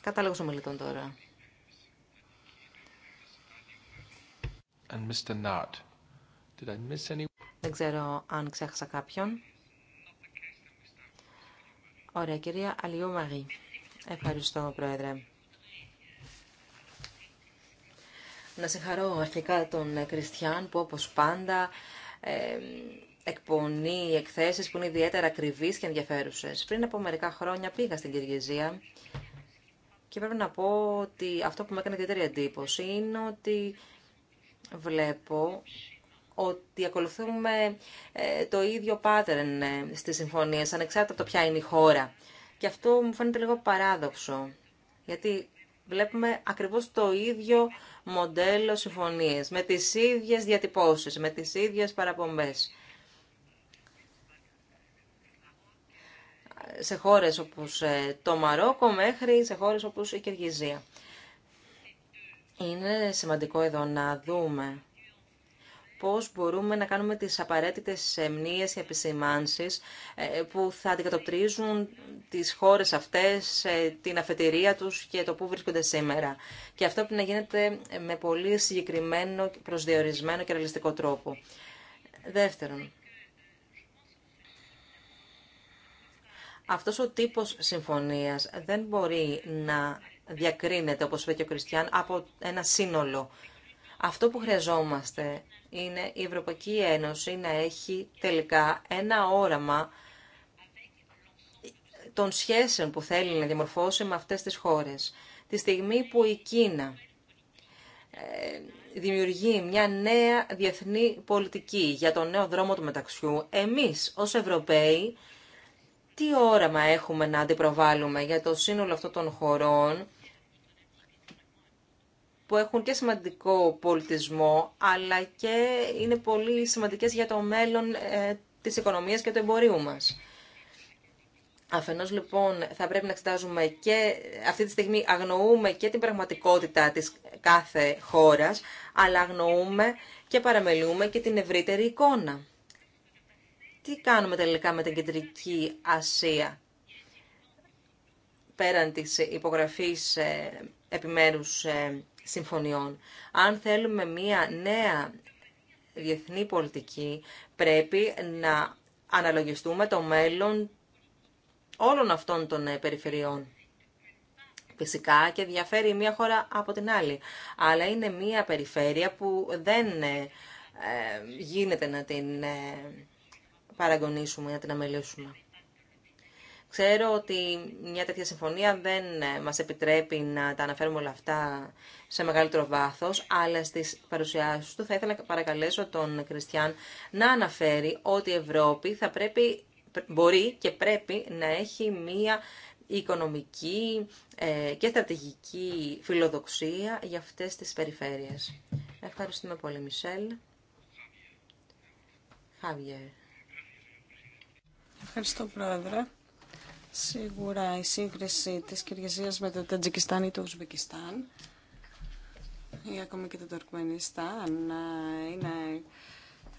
Κατάλογος ομιλητών τώρα. Δεν ξέρω αν ξέχασα κάποιον. Ωραία, κυρία Αλιού Μαγή. Ευχαριστώ, Πρόεδρε. Να συγχαρώ αρχικά τον ε, Κριστιαν που όπως πάντα ε, εκπονεί εκθέσεις που είναι ιδιαίτερα ακριβεί και ενδιαφέρουσες. Πριν από μερικά χρόνια πήγα στην Κυριαζία και πρέπει να πω ότι αυτό που με έκανε ιδιαίτερη εντύπωση είναι ότι βλέπω ότι ακολουθούμε ε, το ίδιο pattern ε, στις συμφωνίες, ανεξάρτητα από το ποια είναι η χώρα. Και αυτό μου φαίνεται λίγο παράδοξο, γιατί βλέπουμε ακριβώς το ίδιο μοντέλο συμφωνίες, με τις ίδιες διατυπώσεις, με τις ίδιες παραπομπές. Σε χώρες όπως ε, το Μαρόκο μέχρι σε χώρες όπως η Κυργυζία. Είναι σημαντικό εδώ να δούμε πώς μπορούμε να κάνουμε τις απαραίτητες μνήες και επισημάνσεις ε, που θα αντικατοπτρίζουν τις χώρες αυτές, ε, την αφετηρία τους και το που βρίσκονται σήμερα. Και αυτό πρέπει να γίνεται με πολύ συγκεκριμένο, προσδιορισμένο και ρεαλιστικό τρόπο. Δεύτερον, αυτός ο τύπος συμφωνίας δεν μπορεί να διακρίνεται, όπως είπε και ο Κριστιαν, από ένα σύνολο. Αυτό που χρειαζόμαστε είναι η Ευρωπαϊκή Ένωση να έχει τελικά ένα όραμα των σχέσεων που θέλει να διαμορφώσει με αυτές τις χώρες. Τη στιγμή που η Κίνα ε, δημιουργεί μια νέα διεθνή πολιτική για τον νέο δρόμο του μεταξιού, εμείς ως Ευρωπαίοι τι όραμα έχουμε να αντιπροβάλλουμε για το σύνολο αυτών των χωρών που έχουν και σημαντικό πολιτισμό, αλλά και είναι πολύ σημαντικές για το μέλλον ε, της οικονομίας και του εμπορίου μας. Αφενός λοιπόν θα πρέπει να εξετάζουμε και αυτή τη στιγμή αγνοούμε και την πραγματικότητα της κάθε χώρας, αλλά αγνοούμε και παραμελούμε και την ευρύτερη εικόνα. Τι κάνουμε τελικά με την Κεντρική Ασία, πέραν της υπογραφής ε, επιμέρους ε, συμφωνιών. Αν θέλουμε μία νέα διεθνή πολιτική, πρέπει να αναλογιστούμε το μέλλον όλων αυτών των ε, περιφερειών. Φυσικά και διαφέρει μία χώρα από την άλλη, αλλά είναι μία περιφέρεια που δεν ε, ε, γίνεται να την παραγωνίσουμε, να την αμελήσουμε. Ξέρω ότι μια τέτοια συμφωνία δεν ε, μας επιτρέπει να τα αναφέρουμε όλα αυτά σε μεγαλύτερο βάθος, αλλά στις παρουσιάσεις του θα ήθελα να παρακαλέσω τον Κριστιαν να αναφέρει ότι η Ευρώπη θα πρέπει, μπορεί και πρέπει να έχει μια οικονομική ε, και στρατηγική φιλοδοξία για αυτές τις περιφέρειες. Ευχαριστούμε πολύ, Μισελ. Ευχαριστώ, Πρόεδρε. Σίγουρα η σύγκριση της Κυριαζίας με το Τατζικιστάν ή το Ουσβεκιστάν ή ακόμη και το Τουρκμενιστάν ε, είναι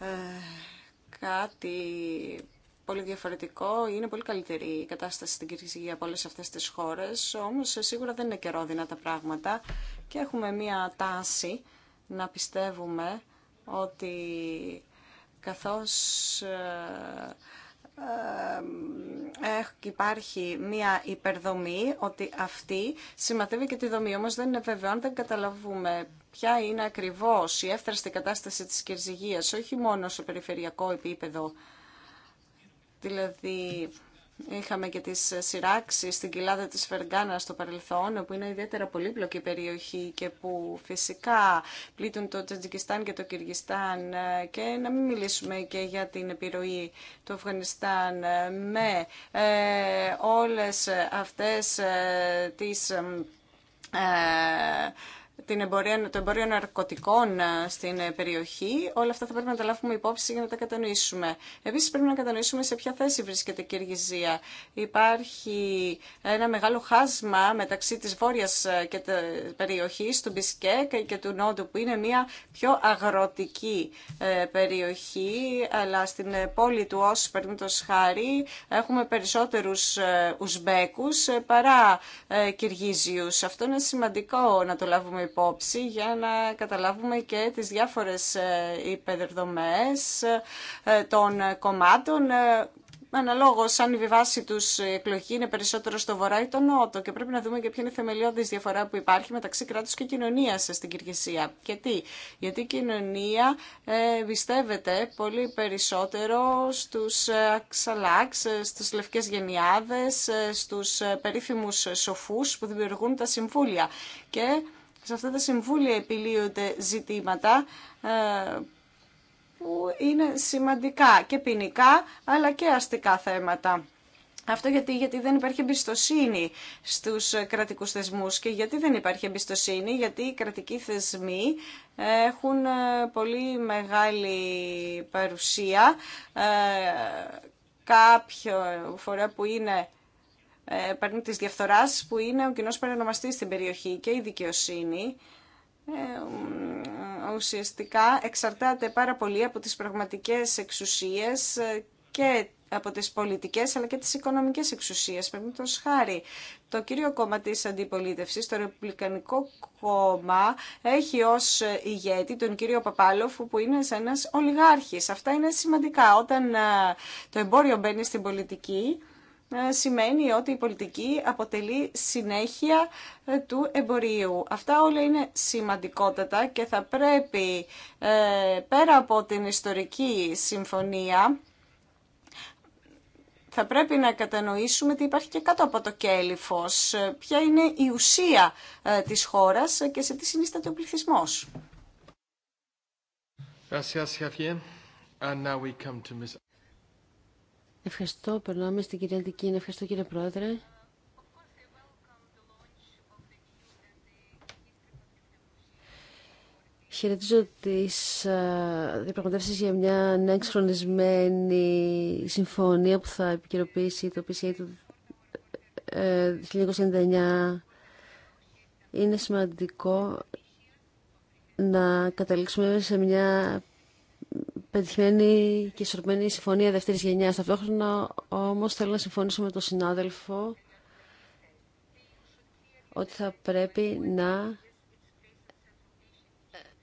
ε, κάτι πολύ διαφορετικό. Είναι πολύ καλύτερη η κατάσταση στην Κυριαζία από όλες αυτές τις χώρες, όμως ε, σίγουρα δεν είναι καιρόδυνα τα πράγματα και έχουμε μία τάση να πιστεύουμε ότι καθώς ε, υπάρχει μία υπερδομή ότι αυτή σηματεύει και τη δομή. Όμως δεν είναι βέβαιο αν δεν καταλαβούμε ποια είναι ακριβώς η εύθραστη κατάσταση της κερζυγίας, όχι μόνο σε περιφερειακό επίπεδο. Δηλαδή Είχαμε και τις σειράξεις στην κοιλάδα της Φεργάνα στο παρελθόν, που είναι ιδιαίτερα πολύπλοκη περιοχή και που φυσικά πλήττουν το Τζατζικιστάν και το Κυργιστάν και να μην μιλήσουμε και για την επιρροή του Αφγανιστάν με ε, όλες αυτές ε, τις... Ε, την εμπορία, το εμπορίο ναρκωτικών ε, στην ε, περιοχή, όλα αυτά θα πρέπει να τα λάβουμε υπόψη για να τα κατανοήσουμε. Επίση πρέπει να κατανοήσουμε σε ποια θέση βρίσκεται η Κυργυζία. Υπάρχει ένα μεγάλο χάσμα μεταξύ της βόρεια ε, και περιοχής, του Μπισκέκ και του Νότου, που είναι μια πιο αγροτική περιοχή, αλλά στην πόλη του Όσου, το χάρη, έχουμε περισσότερους Ουσμπέκου παρά Κυργίζιου. Αυτό είναι σημαντικό να το λάβουμε υπόψη υπόψη για να καταλάβουμε και τις διάφορες ε, υπεδρομές ε, των κομμάτων ε, Αναλόγω αν η βιβάση του εκλογή είναι περισσότερο στο βορρά ή το νότο και πρέπει να δούμε και ποια είναι η θεμελιώδη διαφορά που υπάρχει μεταξύ κράτου και κοινωνία στην Και Γιατί, Γιατί η κοινωνία ε, πιστεύεται πολύ περισσότερο στου αξαλάξ, στι λευκέ γενιάδε, στου περίφημου σοφού που δημιουργούν τα συμβούλια. Και σε αυτά τα συμβούλια επιλύονται ζητήματα ε, που είναι σημαντικά και ποινικά αλλά και αστικά θέματα. Αυτό γιατί, γιατί δεν υπάρχει εμπιστοσύνη στους κρατικούς θεσμούς και γιατί δεν υπάρχει εμπιστοσύνη, γιατί οι κρατικοί θεσμοί έχουν ε, πολύ μεγάλη παρουσία. Ε, κάποιο φορά που είναι ε, παίρνει τη διαφθοράς που είναι ο κοινός παρανομαστής στην περιοχή και η δικαιοσύνη ε, ουσιαστικά εξαρτάται πάρα πολύ από τις πραγματικές εξουσίες ε, και από τις πολιτικές αλλά και τις οικονομικές εξουσίες. Πρέπει το χάρη. Το κύριο κόμμα της αντιπολίτευσης, το Ρεπλικανικό Κόμμα, έχει ως ηγέτη τον κύριο Παπάλοφ που είναι ένας ολιγάρχης. Αυτά είναι σημαντικά. Όταν το εμπόριο μπαίνει στην πολιτική, ε, σημαίνει ότι η πολιτική αποτελεί συνέχεια ε, του εμπορίου. Αυτά όλα είναι σημαντικότατα και θα πρέπει ε, πέρα από την ιστορική συμφωνία θα πρέπει να κατανοήσουμε τι υπάρχει και κάτω από το κέλυφος, ποια είναι η ουσία της χώρας και σε τι συνίσταται ο πληθυσμός. Ευχαριστώ. Περνάμε στην κυρία Αντικίνα. Ευχαριστώ κύριε Πρόεδρε. Χαιρετίζω τις διαπραγματεύσει για μια νέα εξχρονισμένη συμφωνία που θα επικαιροποιήσει το PCA του 1999. Ε, Είναι σημαντικό να καταλήξουμε σε μια πετυχημένη και ισορροπημένη συμφωνία δεύτερης γενιάς. Ταυτόχρονα όμως θέλω να συμφωνήσω με τον συνάδελφο ότι θα πρέπει να,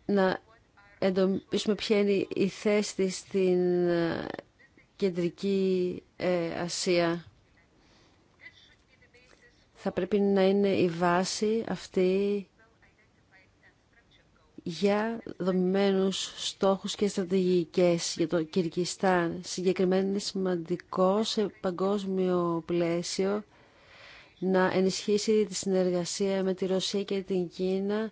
να εντοπίσουμε ποια είναι η θέση της στην ε, κεντρική ε, Ασία. Θα πρέπει να είναι η βάση αυτή για δομημένους στόχους και στρατηγικές για το Κυρκιστάν. Συγκεκριμένα είναι σημαντικό σε παγκόσμιο πλαίσιο να ενισχύσει τη συνεργασία με τη Ρωσία και την Κίνα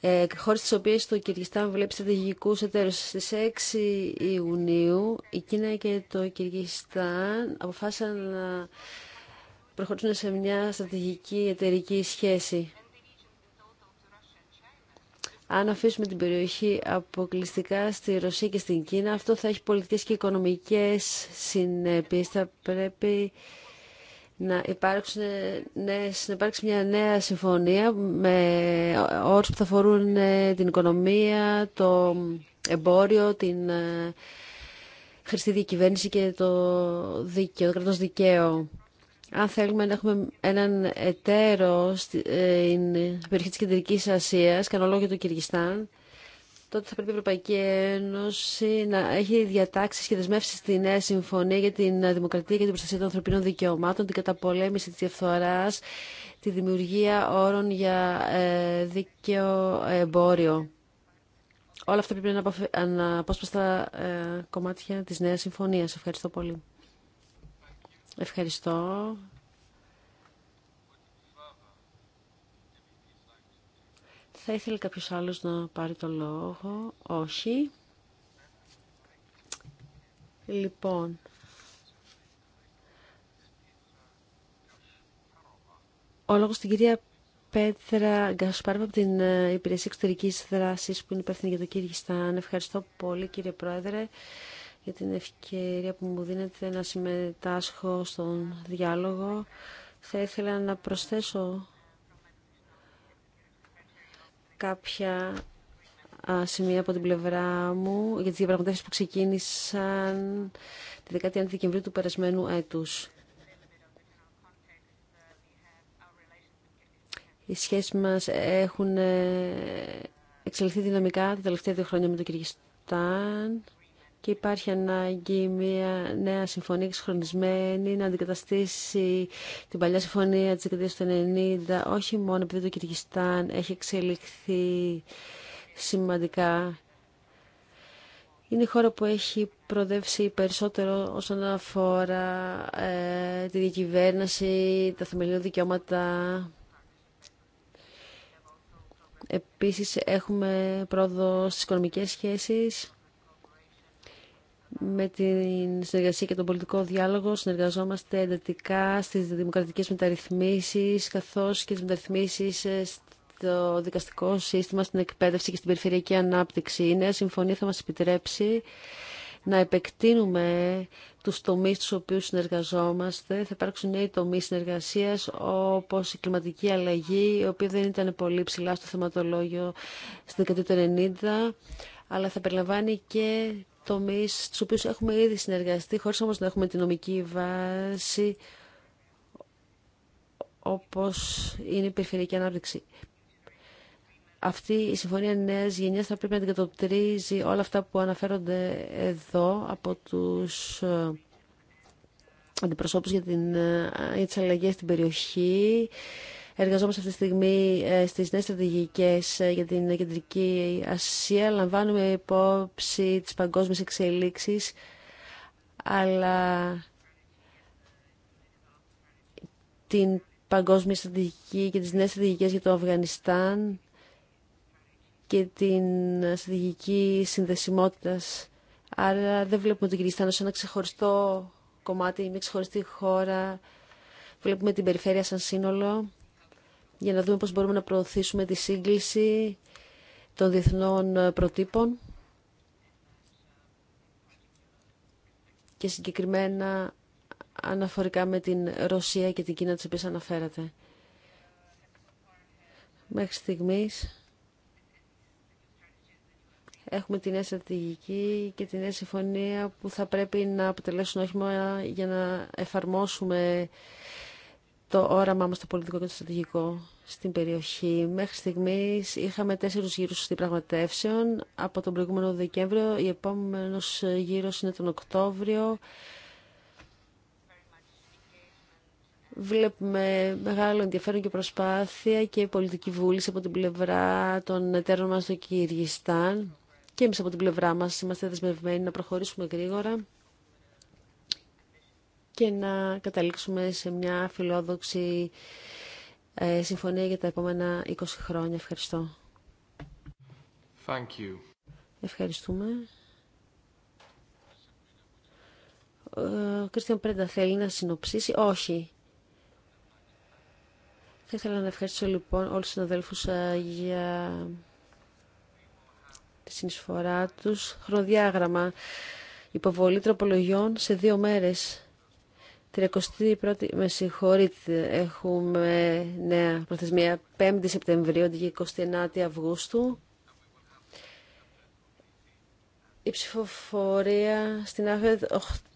ε, χώρες τις οποίες το Κυρκιστάν βλέπει στρατηγικούς εταίρους. Στις 6 Ιουνίου η Κίνα και το Κυργιστάν αποφάσισαν να προχωρήσουν σε μια στρατηγική εταιρική σχέση. Αν αφήσουμε την περιοχή αποκλειστικά στη Ρωσία και στην Κίνα, αυτό θα έχει πολιτικές και οικονομικές συνέπειες. Θα πρέπει να, υπάρξουν, ναι, υπάρξει μια νέα συμφωνία με όρους που θα φορούν ε, την οικονομία, το εμπόριο, την ε, χρηστή διακυβέρνηση και το δίκαιο, το κράτος δικαίου αν θέλουμε να έχουμε έναν εταίρο ε, στην περιοχή της Κεντρικής Ασίας, κανολόγιο του Κυργιστάν, τότε θα πρέπει η Ευρωπαϊκή Ένωση να έχει διατάξει και δεσμεύσει στη νέα συμφωνία για την δημοκρατία και την προστασία των ανθρωπίνων δικαιωμάτων, την καταπολέμηση της διαφθοράς, τη δημιουργία όρων για ε, δίκαιο εμπόριο. Όλα αυτά πρέπει να είναι αναπόσπαστα ε, κομμάτια της νέας συμφωνίας. Ευχαριστώ πολύ. Ευχαριστώ. Θα ήθελε κάποιος άλλος να πάρει το λόγο. Όχι. Λοιπόν. Ο λόγος στην κυρία Πέτρα Γκασπάρβα από την ε, Υπηρεσία Εξωτερικής Δράσης που είναι υπεύθυνη για το Κυργιστάν. Ευχαριστώ πολύ κύριε Πρόεδρε για την ευκαιρία που μου δίνεται να συμμετάσχω στον διάλογο. Θα ήθελα να προσθέσω κάποια σημεία από την πλευρά μου για τις διαπραγματεύσεις που ξεκίνησαν τη 19η Δεκεμβρίου του περασμένου έτους. Οι σχέσεις μας έχουν ε, εξελιχθεί δυναμικά τα τελευταία δύο χρόνια με το Κυργιστάν και υπάρχει ανάγκη μια νέα συμφωνία εξχρονισμένη να αντικαταστήσει την παλιά συμφωνία της δεκαετίας του 90 όχι μόνο επειδή το Κυργιστάν έχει εξελιχθεί σημαντικά είναι η χώρα που έχει προδεύσει περισσότερο όσον αφορά ε, τη διακυβέρνηση, τα θεμελιώδη δικαιώματα. Επίσης έχουμε πρόοδο στις οικονομικές σχέσεις. Με την συνεργασία και τον πολιτικό διάλογο συνεργαζόμαστε εντατικά στις δημοκρατικές μεταρρυθμίσεις καθώς και τις μεταρρυθμίσεις ε, στο δικαστικό σύστημα, στην εκπαίδευση και στην περιφερειακή ανάπτυξη. Η νέα συμφωνία θα μας επιτρέψει να επεκτείνουμε τους τομείς στους οποίους συνεργαζόμαστε. Θα υπάρξουν νέοι τομείς συνεργασίας όπως η κλιματική αλλαγή, η οποία δεν ήταν πολύ ψηλά στο θεματολόγιο στην δεκαετία του 90, αλλά θα περιλαμβάνει και τομεί στου οποίου έχουμε ήδη συνεργαστεί, χωρίς όμως να έχουμε τη νομική βάση, όπως είναι η περιφερειακή ανάπτυξη. Αυτή η Συμφωνία Νέας Γενιάς θα πρέπει να αντικατοπτρίζει όλα αυτά που αναφέρονται εδώ από τους ε, αντιπροσώπους για, την, ε, για τις αλλαγές στην περιοχή, Εργαζόμαστε αυτή τη στιγμή ε, στις νέε στρατηγικέ ε, για την Κεντρική Ασία. Λαμβάνουμε υπόψη τι παγκόσμιε εξελίξεις, αλλά την παγκόσμια στρατηγική και τις νέες στρατηγικές για το Αφγανιστάν και την στρατηγική συνδεσιμότητας. Άρα δεν βλέπουμε τον Κυριστάνο ως ένα ξεχωριστό κομμάτι, μια ξεχωριστή χώρα. Βλέπουμε την περιφέρεια σαν σύνολο για να δούμε πώς μπορούμε να προωθήσουμε τη σύγκληση των διεθνών προτύπων και συγκεκριμένα αναφορικά με την Ρωσία και την Κίνα της οποίας αναφέρατε. Μέχρι στιγμής έχουμε την νέα στρατηγική και την νέα συμφωνία που θα πρέπει να αποτελέσουν όχι μόνο για να εφαρμόσουμε το όραμά μας το πολιτικό και το στρατηγικό στην περιοχή. Μέχρι στιγμής είχαμε τέσσερις γύρους πραγματεύσεων από τον προηγούμενο Δεκέμβριο. Ο επόμενος γύρος είναι τον Οκτώβριο. Βλέπουμε μεγάλο ενδιαφέρον και προσπάθεια και πολιτική βούληση από την πλευρά των εταίρων μας στο Κυριστάν. Και εμείς από την πλευρά μας είμαστε δεσμευμένοι να προχωρήσουμε γρήγορα και να καταλήξουμε σε μια φιλόδοξη ε, συμφωνία για τα επόμενα 20 χρόνια. Ευχαριστώ. Thank you. Ευχαριστούμε. Ο Κρίστιαν Πρέντα θέλει να συνοψίσει. Όχι. Θα ήθελα να ευχαριστήσω λοιπόν όλους τους συναδέλφους ε, για τη συνεισφορά τους. Χρονοδιάγραμμα. Υποβολή τροπολογιών σε δύο μέρες. 31η, με συγχωρείτε, έχουμε νέα προθεσμία 5η Σεπτεμβρίου, αντί 29η Αυγούστου. Η με συγχωρειτε εχουμε νεα προθεσμια 5 η σεπτεμβριου 29 η αυγουστου η ψηφοφορια στην ΑΦΕΔ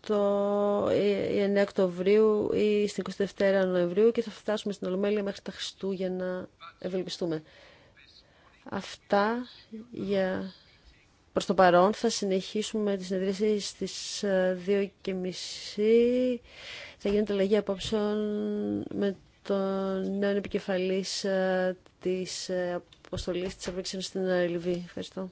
8 ή 9 Οκτωβρίου ή στην 22 Νοεμβρίου και θα φτάσουμε στην Ολομέλεια μέχρι τα Χριστούγεννα, ευελπιστούμε. Αυτά για Προς το παρόν θα συνεχίσουμε τις συνεδρίσεις στις 2.30. Ε, θα γίνεται αλλαγή απόψεων με τον νέο επικεφαλής ε, της ε, αποστολής της Αφρίξης στην Λιβύη. Ευχαριστώ.